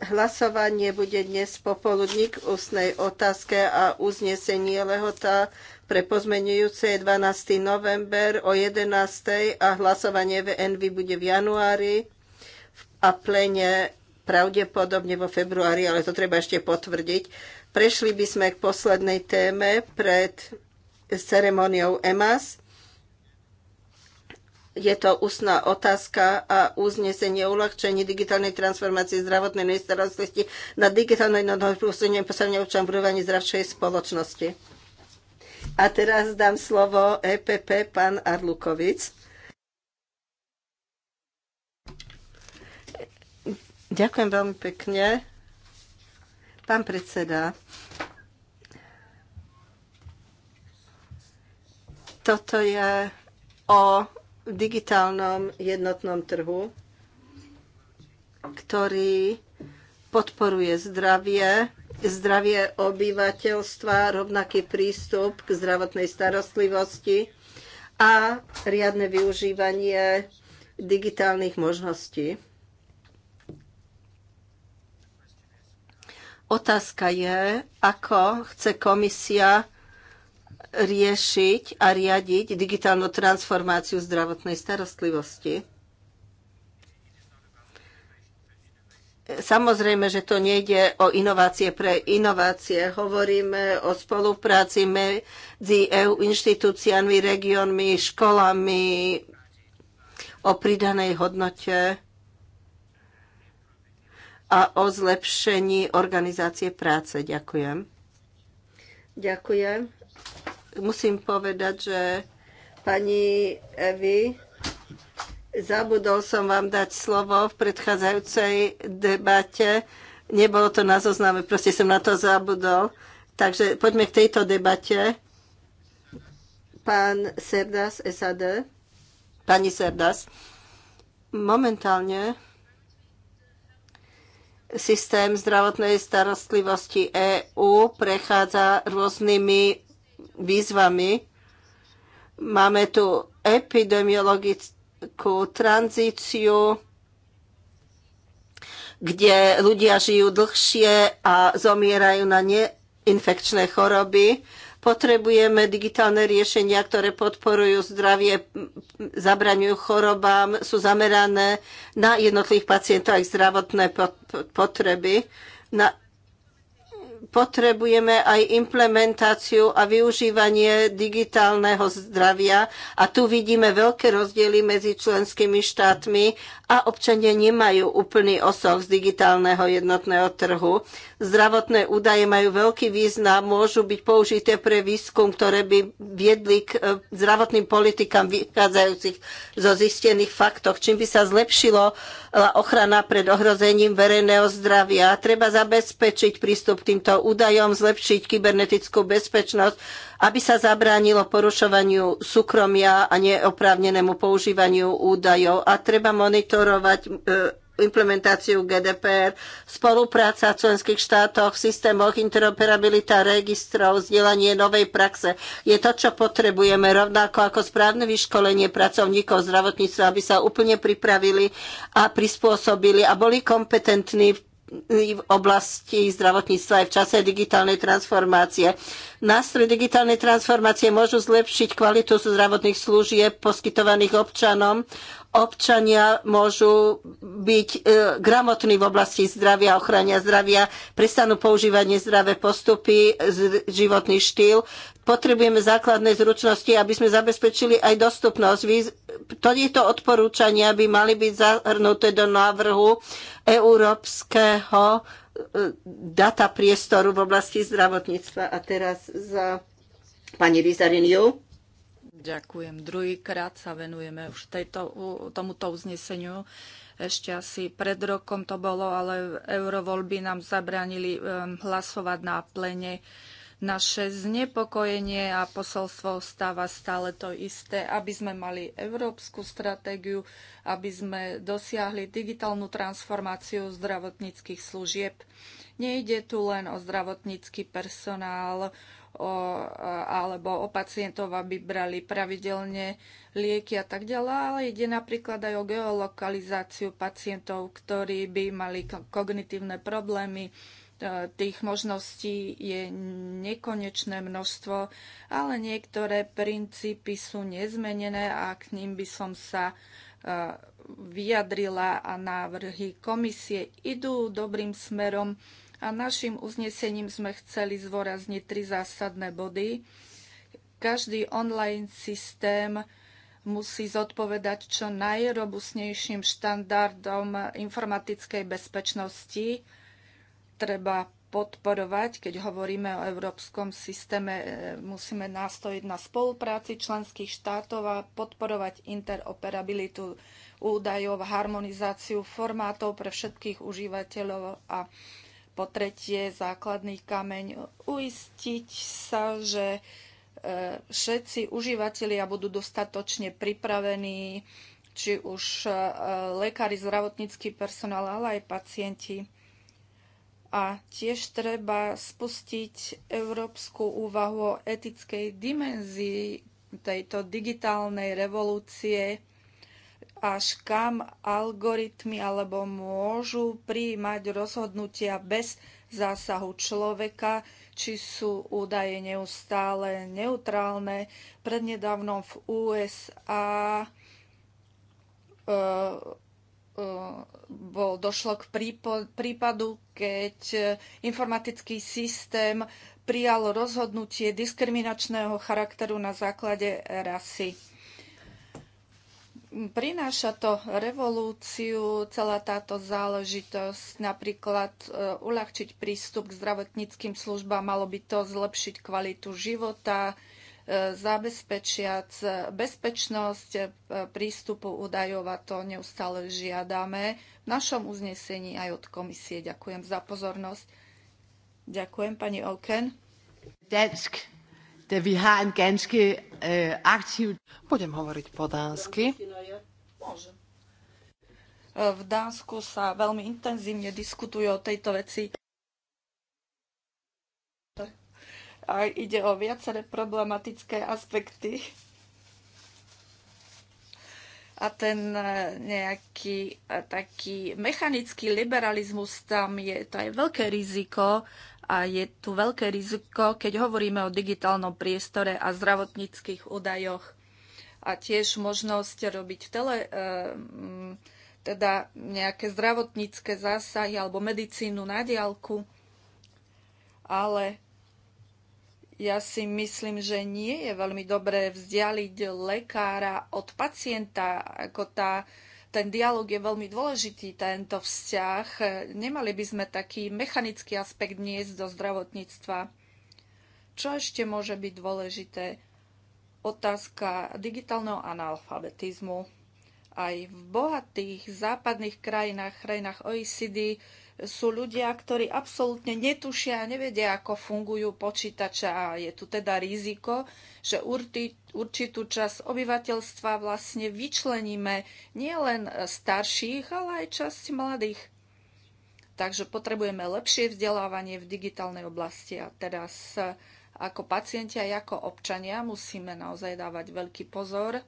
Hlasovanie bude dnes popoludní k ústnej otázke a uznesenie lehota pre pozmenujúce 12. november o 11. a hlasovanie VNV bude v januári a plene pravdepodobne vo februári, ale to treba ešte potvrdiť. Prešli by sme k poslednej téme pred ceremoniou EMAS je to ústna otázka a uznesenie o uľahčení digitálnej transformácie zdravotnej nestarostlivosti na digitálnej nadhodnostenie postavenia občan v budovaní zdravšej spoločnosti. A teraz dám slovo EPP pán Arlukovic. Ďakujem veľmi pekne. Pán predseda, toto je o digitálnom jednotnom trhu, ktorý podporuje zdravie, zdravie obyvateľstva, rovnaký prístup k zdravotnej starostlivosti a riadne využívanie digitálnych možností. Otázka je, ako chce komisia riešiť a riadiť digitálnu transformáciu zdravotnej starostlivosti. Samozrejme, že to nejde o inovácie pre inovácie. Hovoríme o spolupráci medzi EU inštitúciami, regiónmi, školami, o pridanej hodnote a o zlepšení organizácie práce. Ďakujem. Ďakujem musím povedať, že pani Evi, zabudol som vám dať slovo v predchádzajúcej debate. Nebolo to na zozname, proste som na to zabudol. Takže poďme k tejto debate. Pán Serdas, SAD. Pani Serdas, momentálne systém zdravotnej starostlivosti EÚ prechádza rôznymi výzvami. Máme tu epidemiologickú tranzíciu, kde ľudia žijú dlhšie a zomierajú na neinfekčné choroby. Potrebujeme digitálne riešenia, ktoré podporujú zdravie, zabraňujú chorobám, sú zamerané na jednotlivých pacientov aj zdravotné potreby. Na potrebujeme aj implementáciu a využívanie digitálneho zdravia a tu vidíme veľké rozdiely medzi členskými štátmi a občania nemajú úplný osoch z digitálneho jednotného trhu. Zdravotné údaje majú veľký význam, môžu byť použité pre výskum, ktoré by viedli k e, zdravotným politikám vychádzajúcich zo zistených faktoch, čím by sa zlepšilo e, ochrana pred ohrozením verejného zdravia. Treba zabezpečiť prístup k týmto údajom, zlepšiť kybernetickú bezpečnosť, aby sa zabránilo porušovaniu súkromia a neoprávnenému používaniu údajov a treba monitorovať e, implementáciu GDPR, spolupráca v členských štátoch, systémoch, interoperabilita registrov, vzdelanie novej praxe. Je to, čo potrebujeme, rovnako ako správne vyškolenie pracovníkov zdravotníctva, aby sa úplne pripravili a prispôsobili a boli kompetentní v v oblasti zdravotníctva aj v čase digitálnej transformácie. Nástroj digitálnej transformácie môžu zlepšiť kvalitu zdravotných služieb poskytovaných občanom občania môžu byť e, gramotní v oblasti zdravia, ochrania zdravia, prestanú používať nezdravé postupy, z, životný štýl. Potrebujeme základné zručnosti, aby sme zabezpečili aj dostupnosť. Vy, to tieto odporúčania by mali byť zahrnuté do návrhu európskeho e, data priestoru v oblasti zdravotníctva. A teraz za pani Rizariniu. Ďakujem. Druhýkrát sa venujeme už tejto, tomuto uzneseniu. Ešte asi pred rokom to bolo, ale eurovoľby nám zabránili ehm, hlasovať na plene. Naše znepokojenie a posolstvo stáva stále to isté, aby sme mali európsku stratégiu, aby sme dosiahli digitálnu transformáciu zdravotníckých služieb. Nejde tu len o zdravotnícky personál, o, alebo o pacientov, aby brali pravidelne lieky a tak ďalej, ale ide napríklad aj o geolokalizáciu pacientov, ktorí by mali kognitívne problémy, e, tých možností je nekonečné množstvo, ale niektoré princípy sú nezmenené a k ním by som sa e, vyjadrila a návrhy komisie idú dobrým smerom. A našim uznesením sme chceli zvorazniť tri zásadné body. Každý online systém musí zodpovedať čo najrobustnejším štandardom informatickej bezpečnosti. Treba podporovať, keď hovoríme o európskom systéme, e, musíme nastojiť na spolupráci členských štátov a podporovať interoperabilitu údajov, harmonizáciu formátov pre všetkých užívateľov a po tretie, základný kameň, uistiť sa, že e, všetci užívateľia budú dostatočne pripravení, či už e, lekári, zdravotnícky personál, ale aj pacienti. A tiež treba spustiť európsku úvahu o etickej dimenzii tejto digitálnej revolúcie až kam algoritmy alebo môžu prijímať rozhodnutia bez zásahu človeka, či sú údaje neustále neutrálne. Prednedávnom v USA e, e, bol, došlo k prípadu, keď informatický systém prijal rozhodnutie diskriminačného charakteru na základe rasy prináša to revolúciu, celá táto záležitosť, napríklad e, uľahčiť prístup k zdravotníckým službám, malo by to zlepšiť kvalitu života, e, zabezpečiac bezpečnosť e, prístupu údajov a to neustále žiadame v našom uznesení aj od komisie. Ďakujem za pozornosť. Ďakujem pani Oken. Desk da vi har en ganske uh, aktiv... Budem hovoriť po dánsky. V Dánsku sa veľmi intenzívne diskutuje o tejto veci. A ide o viaceré problematické aspekty. A ten e, nejaký e, taký mechanický liberalizmus tam je, to je veľké riziko a je tu veľké riziko, keď hovoríme o digitálnom priestore a zdravotníckých údajoch. A tiež možnosť robiť tele, ehm, teda nejaké zdravotnícke zásahy alebo medicínu na diálku. Ale ja si myslím, že nie je veľmi dobré vzdialiť lekára od pacienta, ako tá ten dialog je veľmi dôležitý, tento vzťah. Nemali by sme taký mechanický aspekt niesť do zdravotníctva. Čo ešte môže byť dôležité? Otázka digitálneho analfabetizmu. Aj v bohatých západných krajinách, krajinách OECD, sú ľudia, ktorí absolútne netušia a nevedia, ako fungujú počítače a je tu teda riziko, že urti, určitú časť obyvateľstva vlastne vyčleníme nielen starších, ale aj časť mladých. Takže potrebujeme lepšie vzdelávanie v digitálnej oblasti a teraz ako pacienti aj ako občania musíme naozaj dávať veľký pozor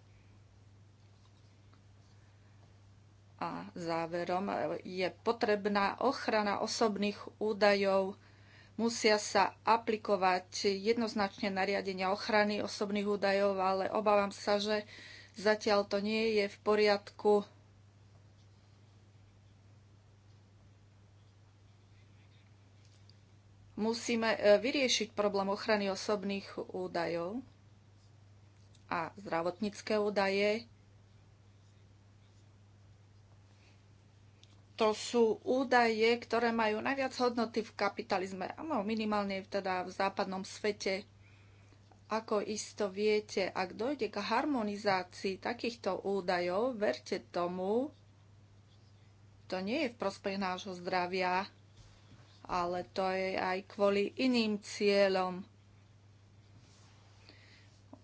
A záverom e, je potrebná ochrana osobných údajov. Musia sa aplikovať jednoznačne nariadenia ochrany osobných údajov, ale obávam sa, že zatiaľ to nie je v poriadku. Musíme e, vyriešiť problém ochrany osobných údajov a zdravotnícke údaje to sú údaje, ktoré majú najviac hodnoty v kapitalizme. Áno, minimálne teda v západnom svete. Ako isto viete, ak dojde k harmonizácii takýchto údajov, verte tomu, to nie je v prospech nášho zdravia, ale to je aj kvôli iným cieľom.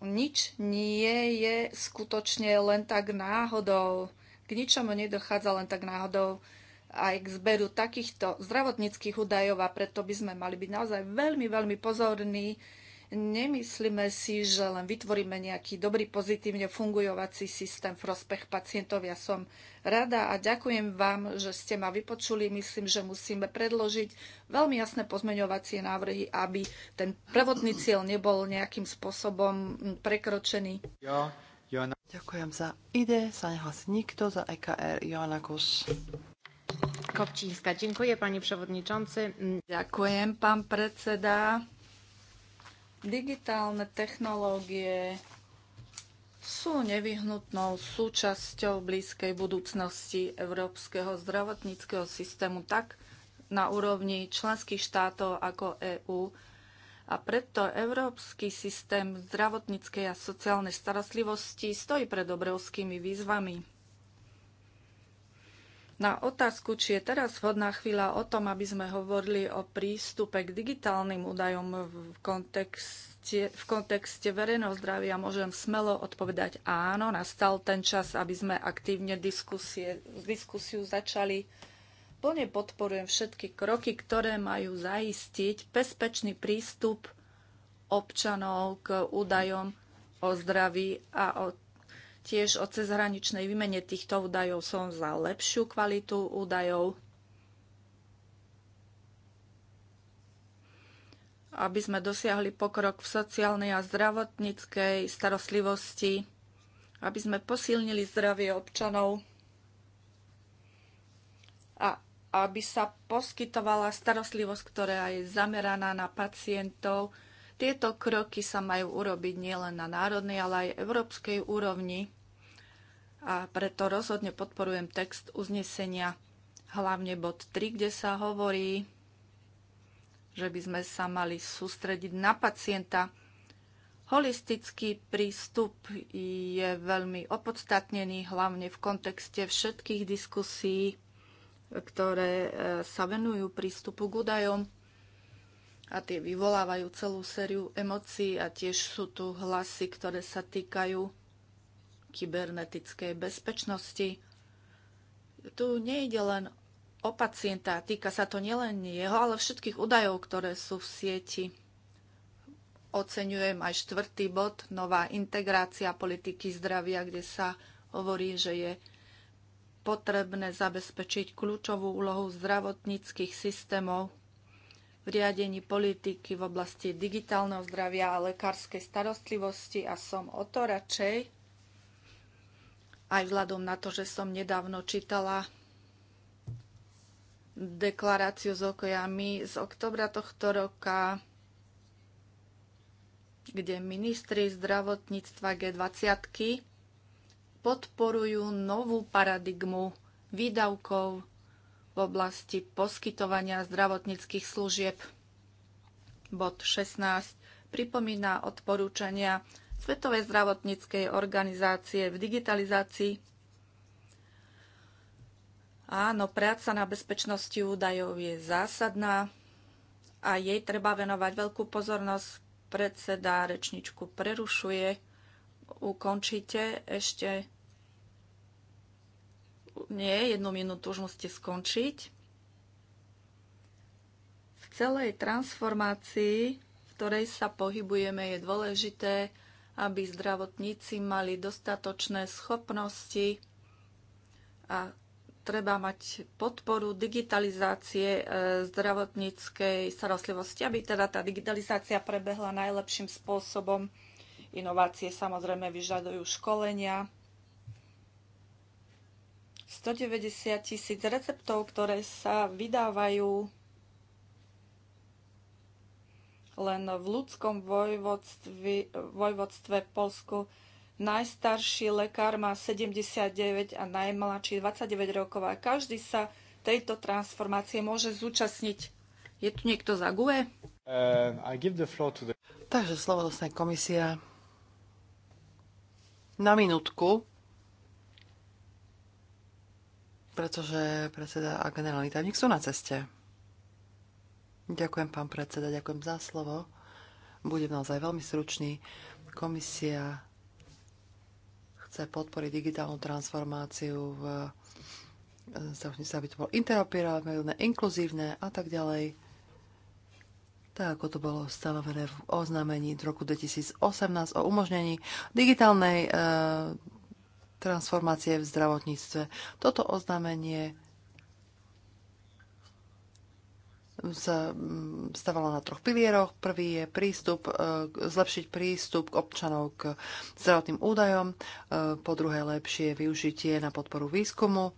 Nič nie je skutočne len tak náhodou. K ničomu nedochádza len tak náhodou aj k zberu takýchto zdravotníckých údajov a preto by sme mali byť naozaj veľmi, veľmi pozorní. Nemyslíme si, že len vytvoríme nejaký dobrý, pozitívne fungujúci systém v prospech pacientov. Ja som rada a ďakujem vám, že ste ma vypočuli. Myslím, že musíme predložiť veľmi jasné pozmeňovacie návrhy, aby ten prvotný cieľ nebol nejakým spôsobom prekročený. Ja, Joana. Ďakujem za ide, sa nehlasí nikto, za EKR Joana Kus. Ďakujem, pani Ďakujem, pán predseda. Digitálne technológie sú nevyhnutnou súčasťou blízkej budúcnosti európskeho zdravotníckého systému tak na úrovni členských štátov ako EÚ. A preto európsky systém zdravotníckej a sociálnej starostlivosti stojí pred obrovskými výzvami. Na otázku, či je teraz vhodná chvíľa o tom, aby sme hovorili o prístupe k digitálnym údajom v kontexte, v kontexte verejného zdravia, môžem smelo odpovedať áno. Nastal ten čas, aby sme aktívne diskusiu začali. Plne podporujem všetky kroky, ktoré majú zaistiť bezpečný prístup občanov k údajom o zdraví a o Tiež o cezhraničnej výmene týchto údajov som za lepšiu kvalitu údajov, aby sme dosiahli pokrok v sociálnej a zdravotníckej starostlivosti, aby sme posilnili zdravie občanov a aby sa poskytovala starostlivosť, ktorá je zameraná na pacientov. Tieto kroky sa majú urobiť nielen na národnej, ale aj európskej úrovni a preto rozhodne podporujem text uznesenia, hlavne bod 3, kde sa hovorí, že by sme sa mali sústrediť na pacienta. Holistický prístup je veľmi opodstatnený, hlavne v kontexte všetkých diskusí, ktoré e, sa venujú prístupu k údajom a tie vyvolávajú celú sériu emócií a tiež sú tu hlasy, ktoré sa týkajú kybernetickej bezpečnosti. Tu nejde len o pacienta, týka sa to nielen jeho, ale všetkých údajov, ktoré sú v sieti. Oceňujem aj štvrtý bod, nová integrácia politiky zdravia, kde sa hovorí, že je potrebné zabezpečiť kľúčovú úlohu zdravotníckých systémov v riadení politiky v oblasti digitálneho zdravia a lekárskej starostlivosti a som o to radšej, aj vzhľadom na to, že som nedávno čítala deklaráciu s okojami z oktobra tohto roka, kde ministri zdravotníctva G20 podporujú novú paradigmu výdavkov v oblasti poskytovania zdravotníckých služieb. Bod 16 pripomína odporúčania Svetovej zdravotníckej organizácie v digitalizácii. Áno, práca na bezpečnosti údajov je zásadná a jej treba venovať veľkú pozornosť. Predseda rečničku prerušuje. Ukončíte ešte nie, jednu minútu už musíte skončiť. V celej transformácii, v ktorej sa pohybujeme, je dôležité aby zdravotníci mali dostatočné schopnosti a treba mať podporu digitalizácie e, zdravotníckej starostlivosti, aby teda tá digitalizácia prebehla najlepším spôsobom. Inovácie samozrejme vyžadujú školenia. 190 tisíc receptov, ktoré sa vydávajú len v ľudskom vojvodstve, vojvodstve v Polsku najstarší lekár má 79 a najmladší 29 rokov a každý sa tejto transformácie môže zúčastniť. Je tu niekto za GUE? Uh, the... Takže slovo dostane komisia na minútku, pretože predseda a generálny tajomník sú na ceste. Ďakujem, pán predseda, ďakujem za slovo. Budem naozaj veľmi stručný. Komisia chce podporiť digitálnu transformáciu v sa, aby to bolo interoperabilné, inkluzívne a tak ďalej. Tak ako to bolo stanovené v oznámení z roku 2018 o umožnení digitálnej e, transformácie v zdravotníctve. Toto oznámenie sa mm, stavala na troch pilieroch. Prvý je prístup, e, zlepšiť prístup k občanov k zdravotným údajom, e, po druhé lepšie využitie na podporu výskumu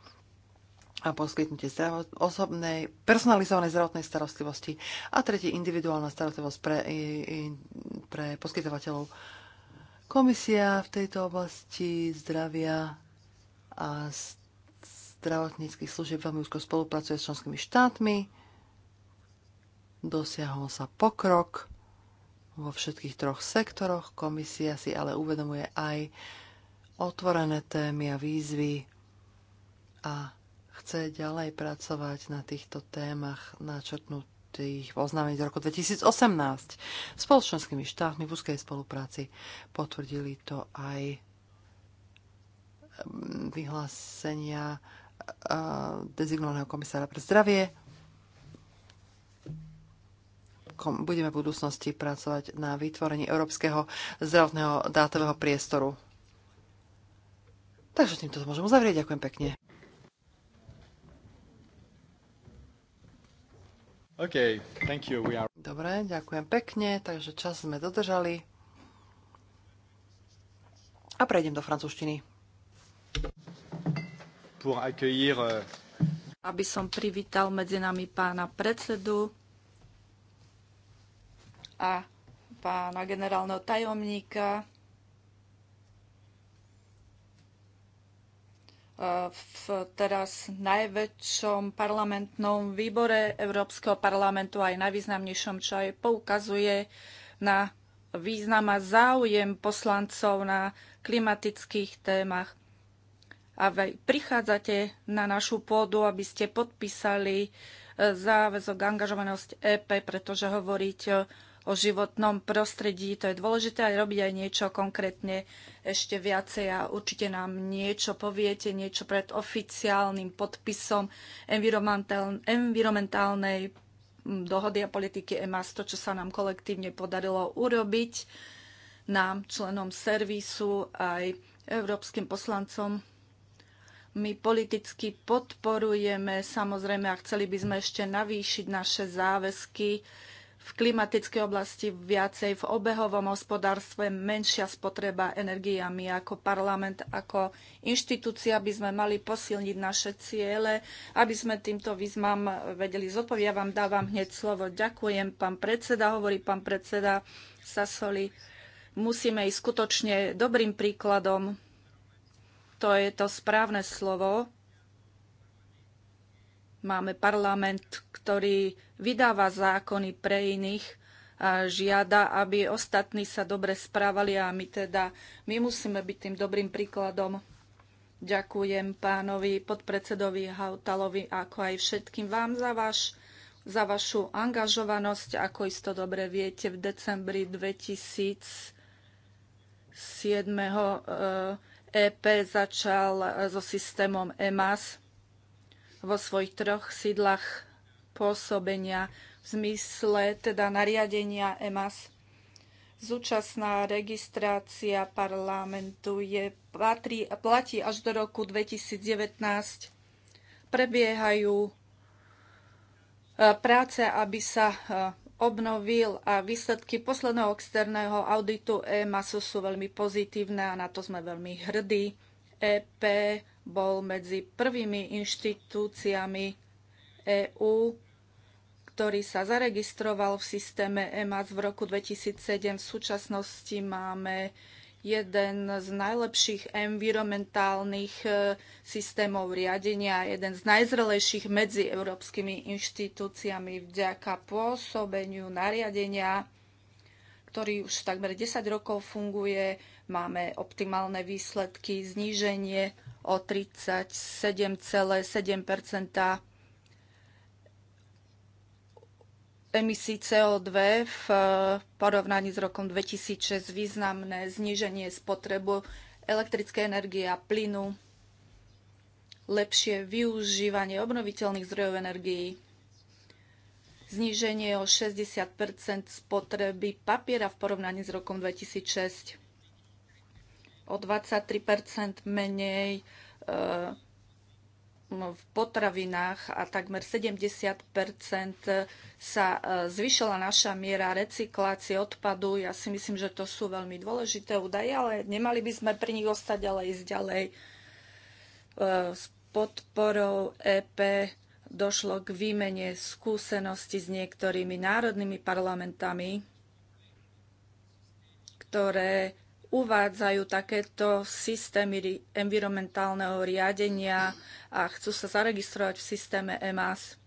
a poskytnutie zdravot, osobnej, personalizovanej zdravotnej starostlivosti a tretí individuálna starostlivosť pre, pre poskytovateľov. Komisia v tejto oblasti zdravia a zdravotníckých služieb veľmi úzko spolupracuje s členskými štátmi Dosiahol sa pokrok vo všetkých troch sektoroch. Komisia si ale uvedomuje aj otvorené témy a výzvy a chce ďalej pracovať na týchto témach načrtnutých v oznámení z roku 2018. spoločenskými štátmi v úzkej spolupráci potvrdili to aj mm, vyhlásenia dezignovaného komisára pre zdravie budeme v budúcnosti pracovať na vytvorení Európskeho zdravotného dátového priestoru. Takže týmto to môžem uzavrieť. Ďakujem pekne. Okay, thank you. We are... Dobre, ďakujem pekne. Takže čas sme dodržali. A prejdem do francúzštiny. Pour accueillir... Euh, Aby som privítal medzi nami pána predsedu a pána generálneho tajomníka e, v teraz najväčšom parlamentnom výbore Európskeho parlamentu aj najvýznamnejšom, čo aj poukazuje na význam a záujem poslancov na klimatických témach. A vy prichádzate na našu pôdu, aby ste podpísali e, záväzok angažovanosť EP, pretože hovoríte o životnom prostredí. To je dôležité aj robiť aj niečo konkrétne ešte viacej a určite nám niečo poviete, niečo pred oficiálnym podpisom environmentálnej dohody a politiky EMAS, to, čo sa nám kolektívne podarilo urobiť nám, členom servisu, aj európskym poslancom. My politicky podporujeme, samozrejme, a chceli by sme ešte navýšiť naše záväzky v klimatickej oblasti viacej v obehovom hospodárstve, menšia spotreba energiami ako parlament, ako inštitúcia by sme mali posilniť naše ciele, aby sme týmto výzmam vedeli zodpovedať. Ja vám dávam hneď slovo. Ďakujem, pán predseda, hovorí pán predseda Sasoli. Musíme ísť skutočne dobrým príkladom. To je to správne slovo Máme parlament, ktorý vydáva zákony pre iných a žiada, aby ostatní sa dobre správali a my teda, my musíme byť tým dobrým príkladom. Ďakujem pánovi podpredsedovi Hautalovi, ako aj všetkým vám za, váš, za vašu angažovanosť. Ako isto dobre viete, v decembri 2007 EP eh, e začal eh, so systémom EMAS vo svojich troch sídlach pôsobenia v zmysle teda nariadenia EMAS. Zúčasná registrácia parlamentu je, patrí, platí až do roku 2019. Prebiehajú e, práce, aby sa e, obnovil a výsledky posledného externého auditu EMASu sú veľmi pozitívne a na to sme veľmi hrdí. EP bol medzi prvými inštitúciami EÚ, ktorý sa zaregistroval v systéme EMAS v roku 2007. V súčasnosti máme jeden z najlepších environmentálnych e, systémov riadenia, jeden z najzrelejších medzi európskymi inštitúciami vďaka pôsobeniu nariadenia, ktorý už takmer 10 rokov funguje. Máme optimálne výsledky, zníženie o 37,7 emisí CO2 v eh, porovnaní s rokom 2006 významné zníženie spotrebu elektrickej energie a plynu, lepšie využívanie obnoviteľných zdrojov energií, zníženie o 60 spotreby papiera v porovnaní s rokom 2006 o 23 menej eh, v potravinách a takmer 70 sa eh, zvyšila naša miera recyklácie odpadu. Ja si myslím, že to sú veľmi dôležité údaje, ale nemali by sme pri nich ostať, ale ísť ďalej. Eh, s podporou EP došlo k výmene skúsenosti s niektorými národnými parlamentami, ktoré uvádzajú takéto systémy environmentálneho riadenia a chcú sa zaregistrovať v systéme EMAS.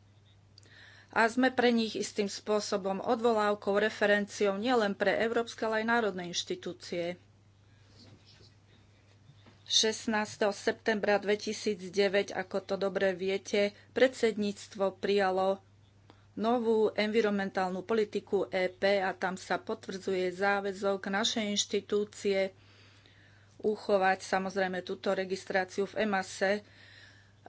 A sme pre nich istým spôsobom odvolávkou, referenciou nielen pre európske, ale aj národné inštitúcie. 16. septembra 2009, ako to dobre viete, predsedníctvo prijalo novú environmentálnu politiku EP a tam sa potvrdzuje záväzok našej inštitúcie uchovať samozrejme túto registráciu v EMASE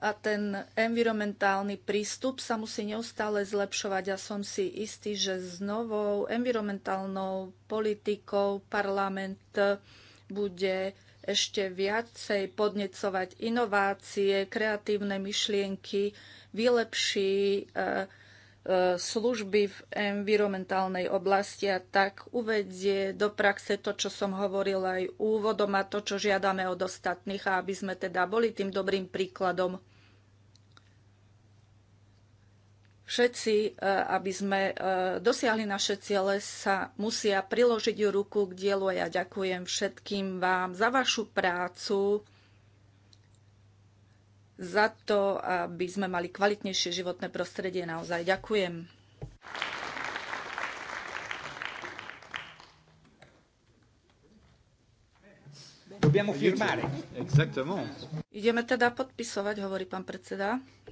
a ten environmentálny prístup sa musí neustále zlepšovať a ja som si istý, že s novou environmentálnou politikou parlament bude ešte viacej podnecovať inovácie, kreatívne myšlienky, vylepší e, E, služby v environmentálnej oblasti a tak uvedie do praxe to, čo som hovorila, aj úvodom a to, čo žiadame od ostatných aby sme teda boli tým dobrým príkladom. Všetci, e, aby sme e, dosiahli naše ciele, sa musia priložiť ruku k dielu. A Ja ďakujem všetkým vám za vašu prácu za to, aby sme mali kvalitnejšie životné prostredie. Naozaj ďakujem. Ideme teda podpisovať, hovorí pán predseda.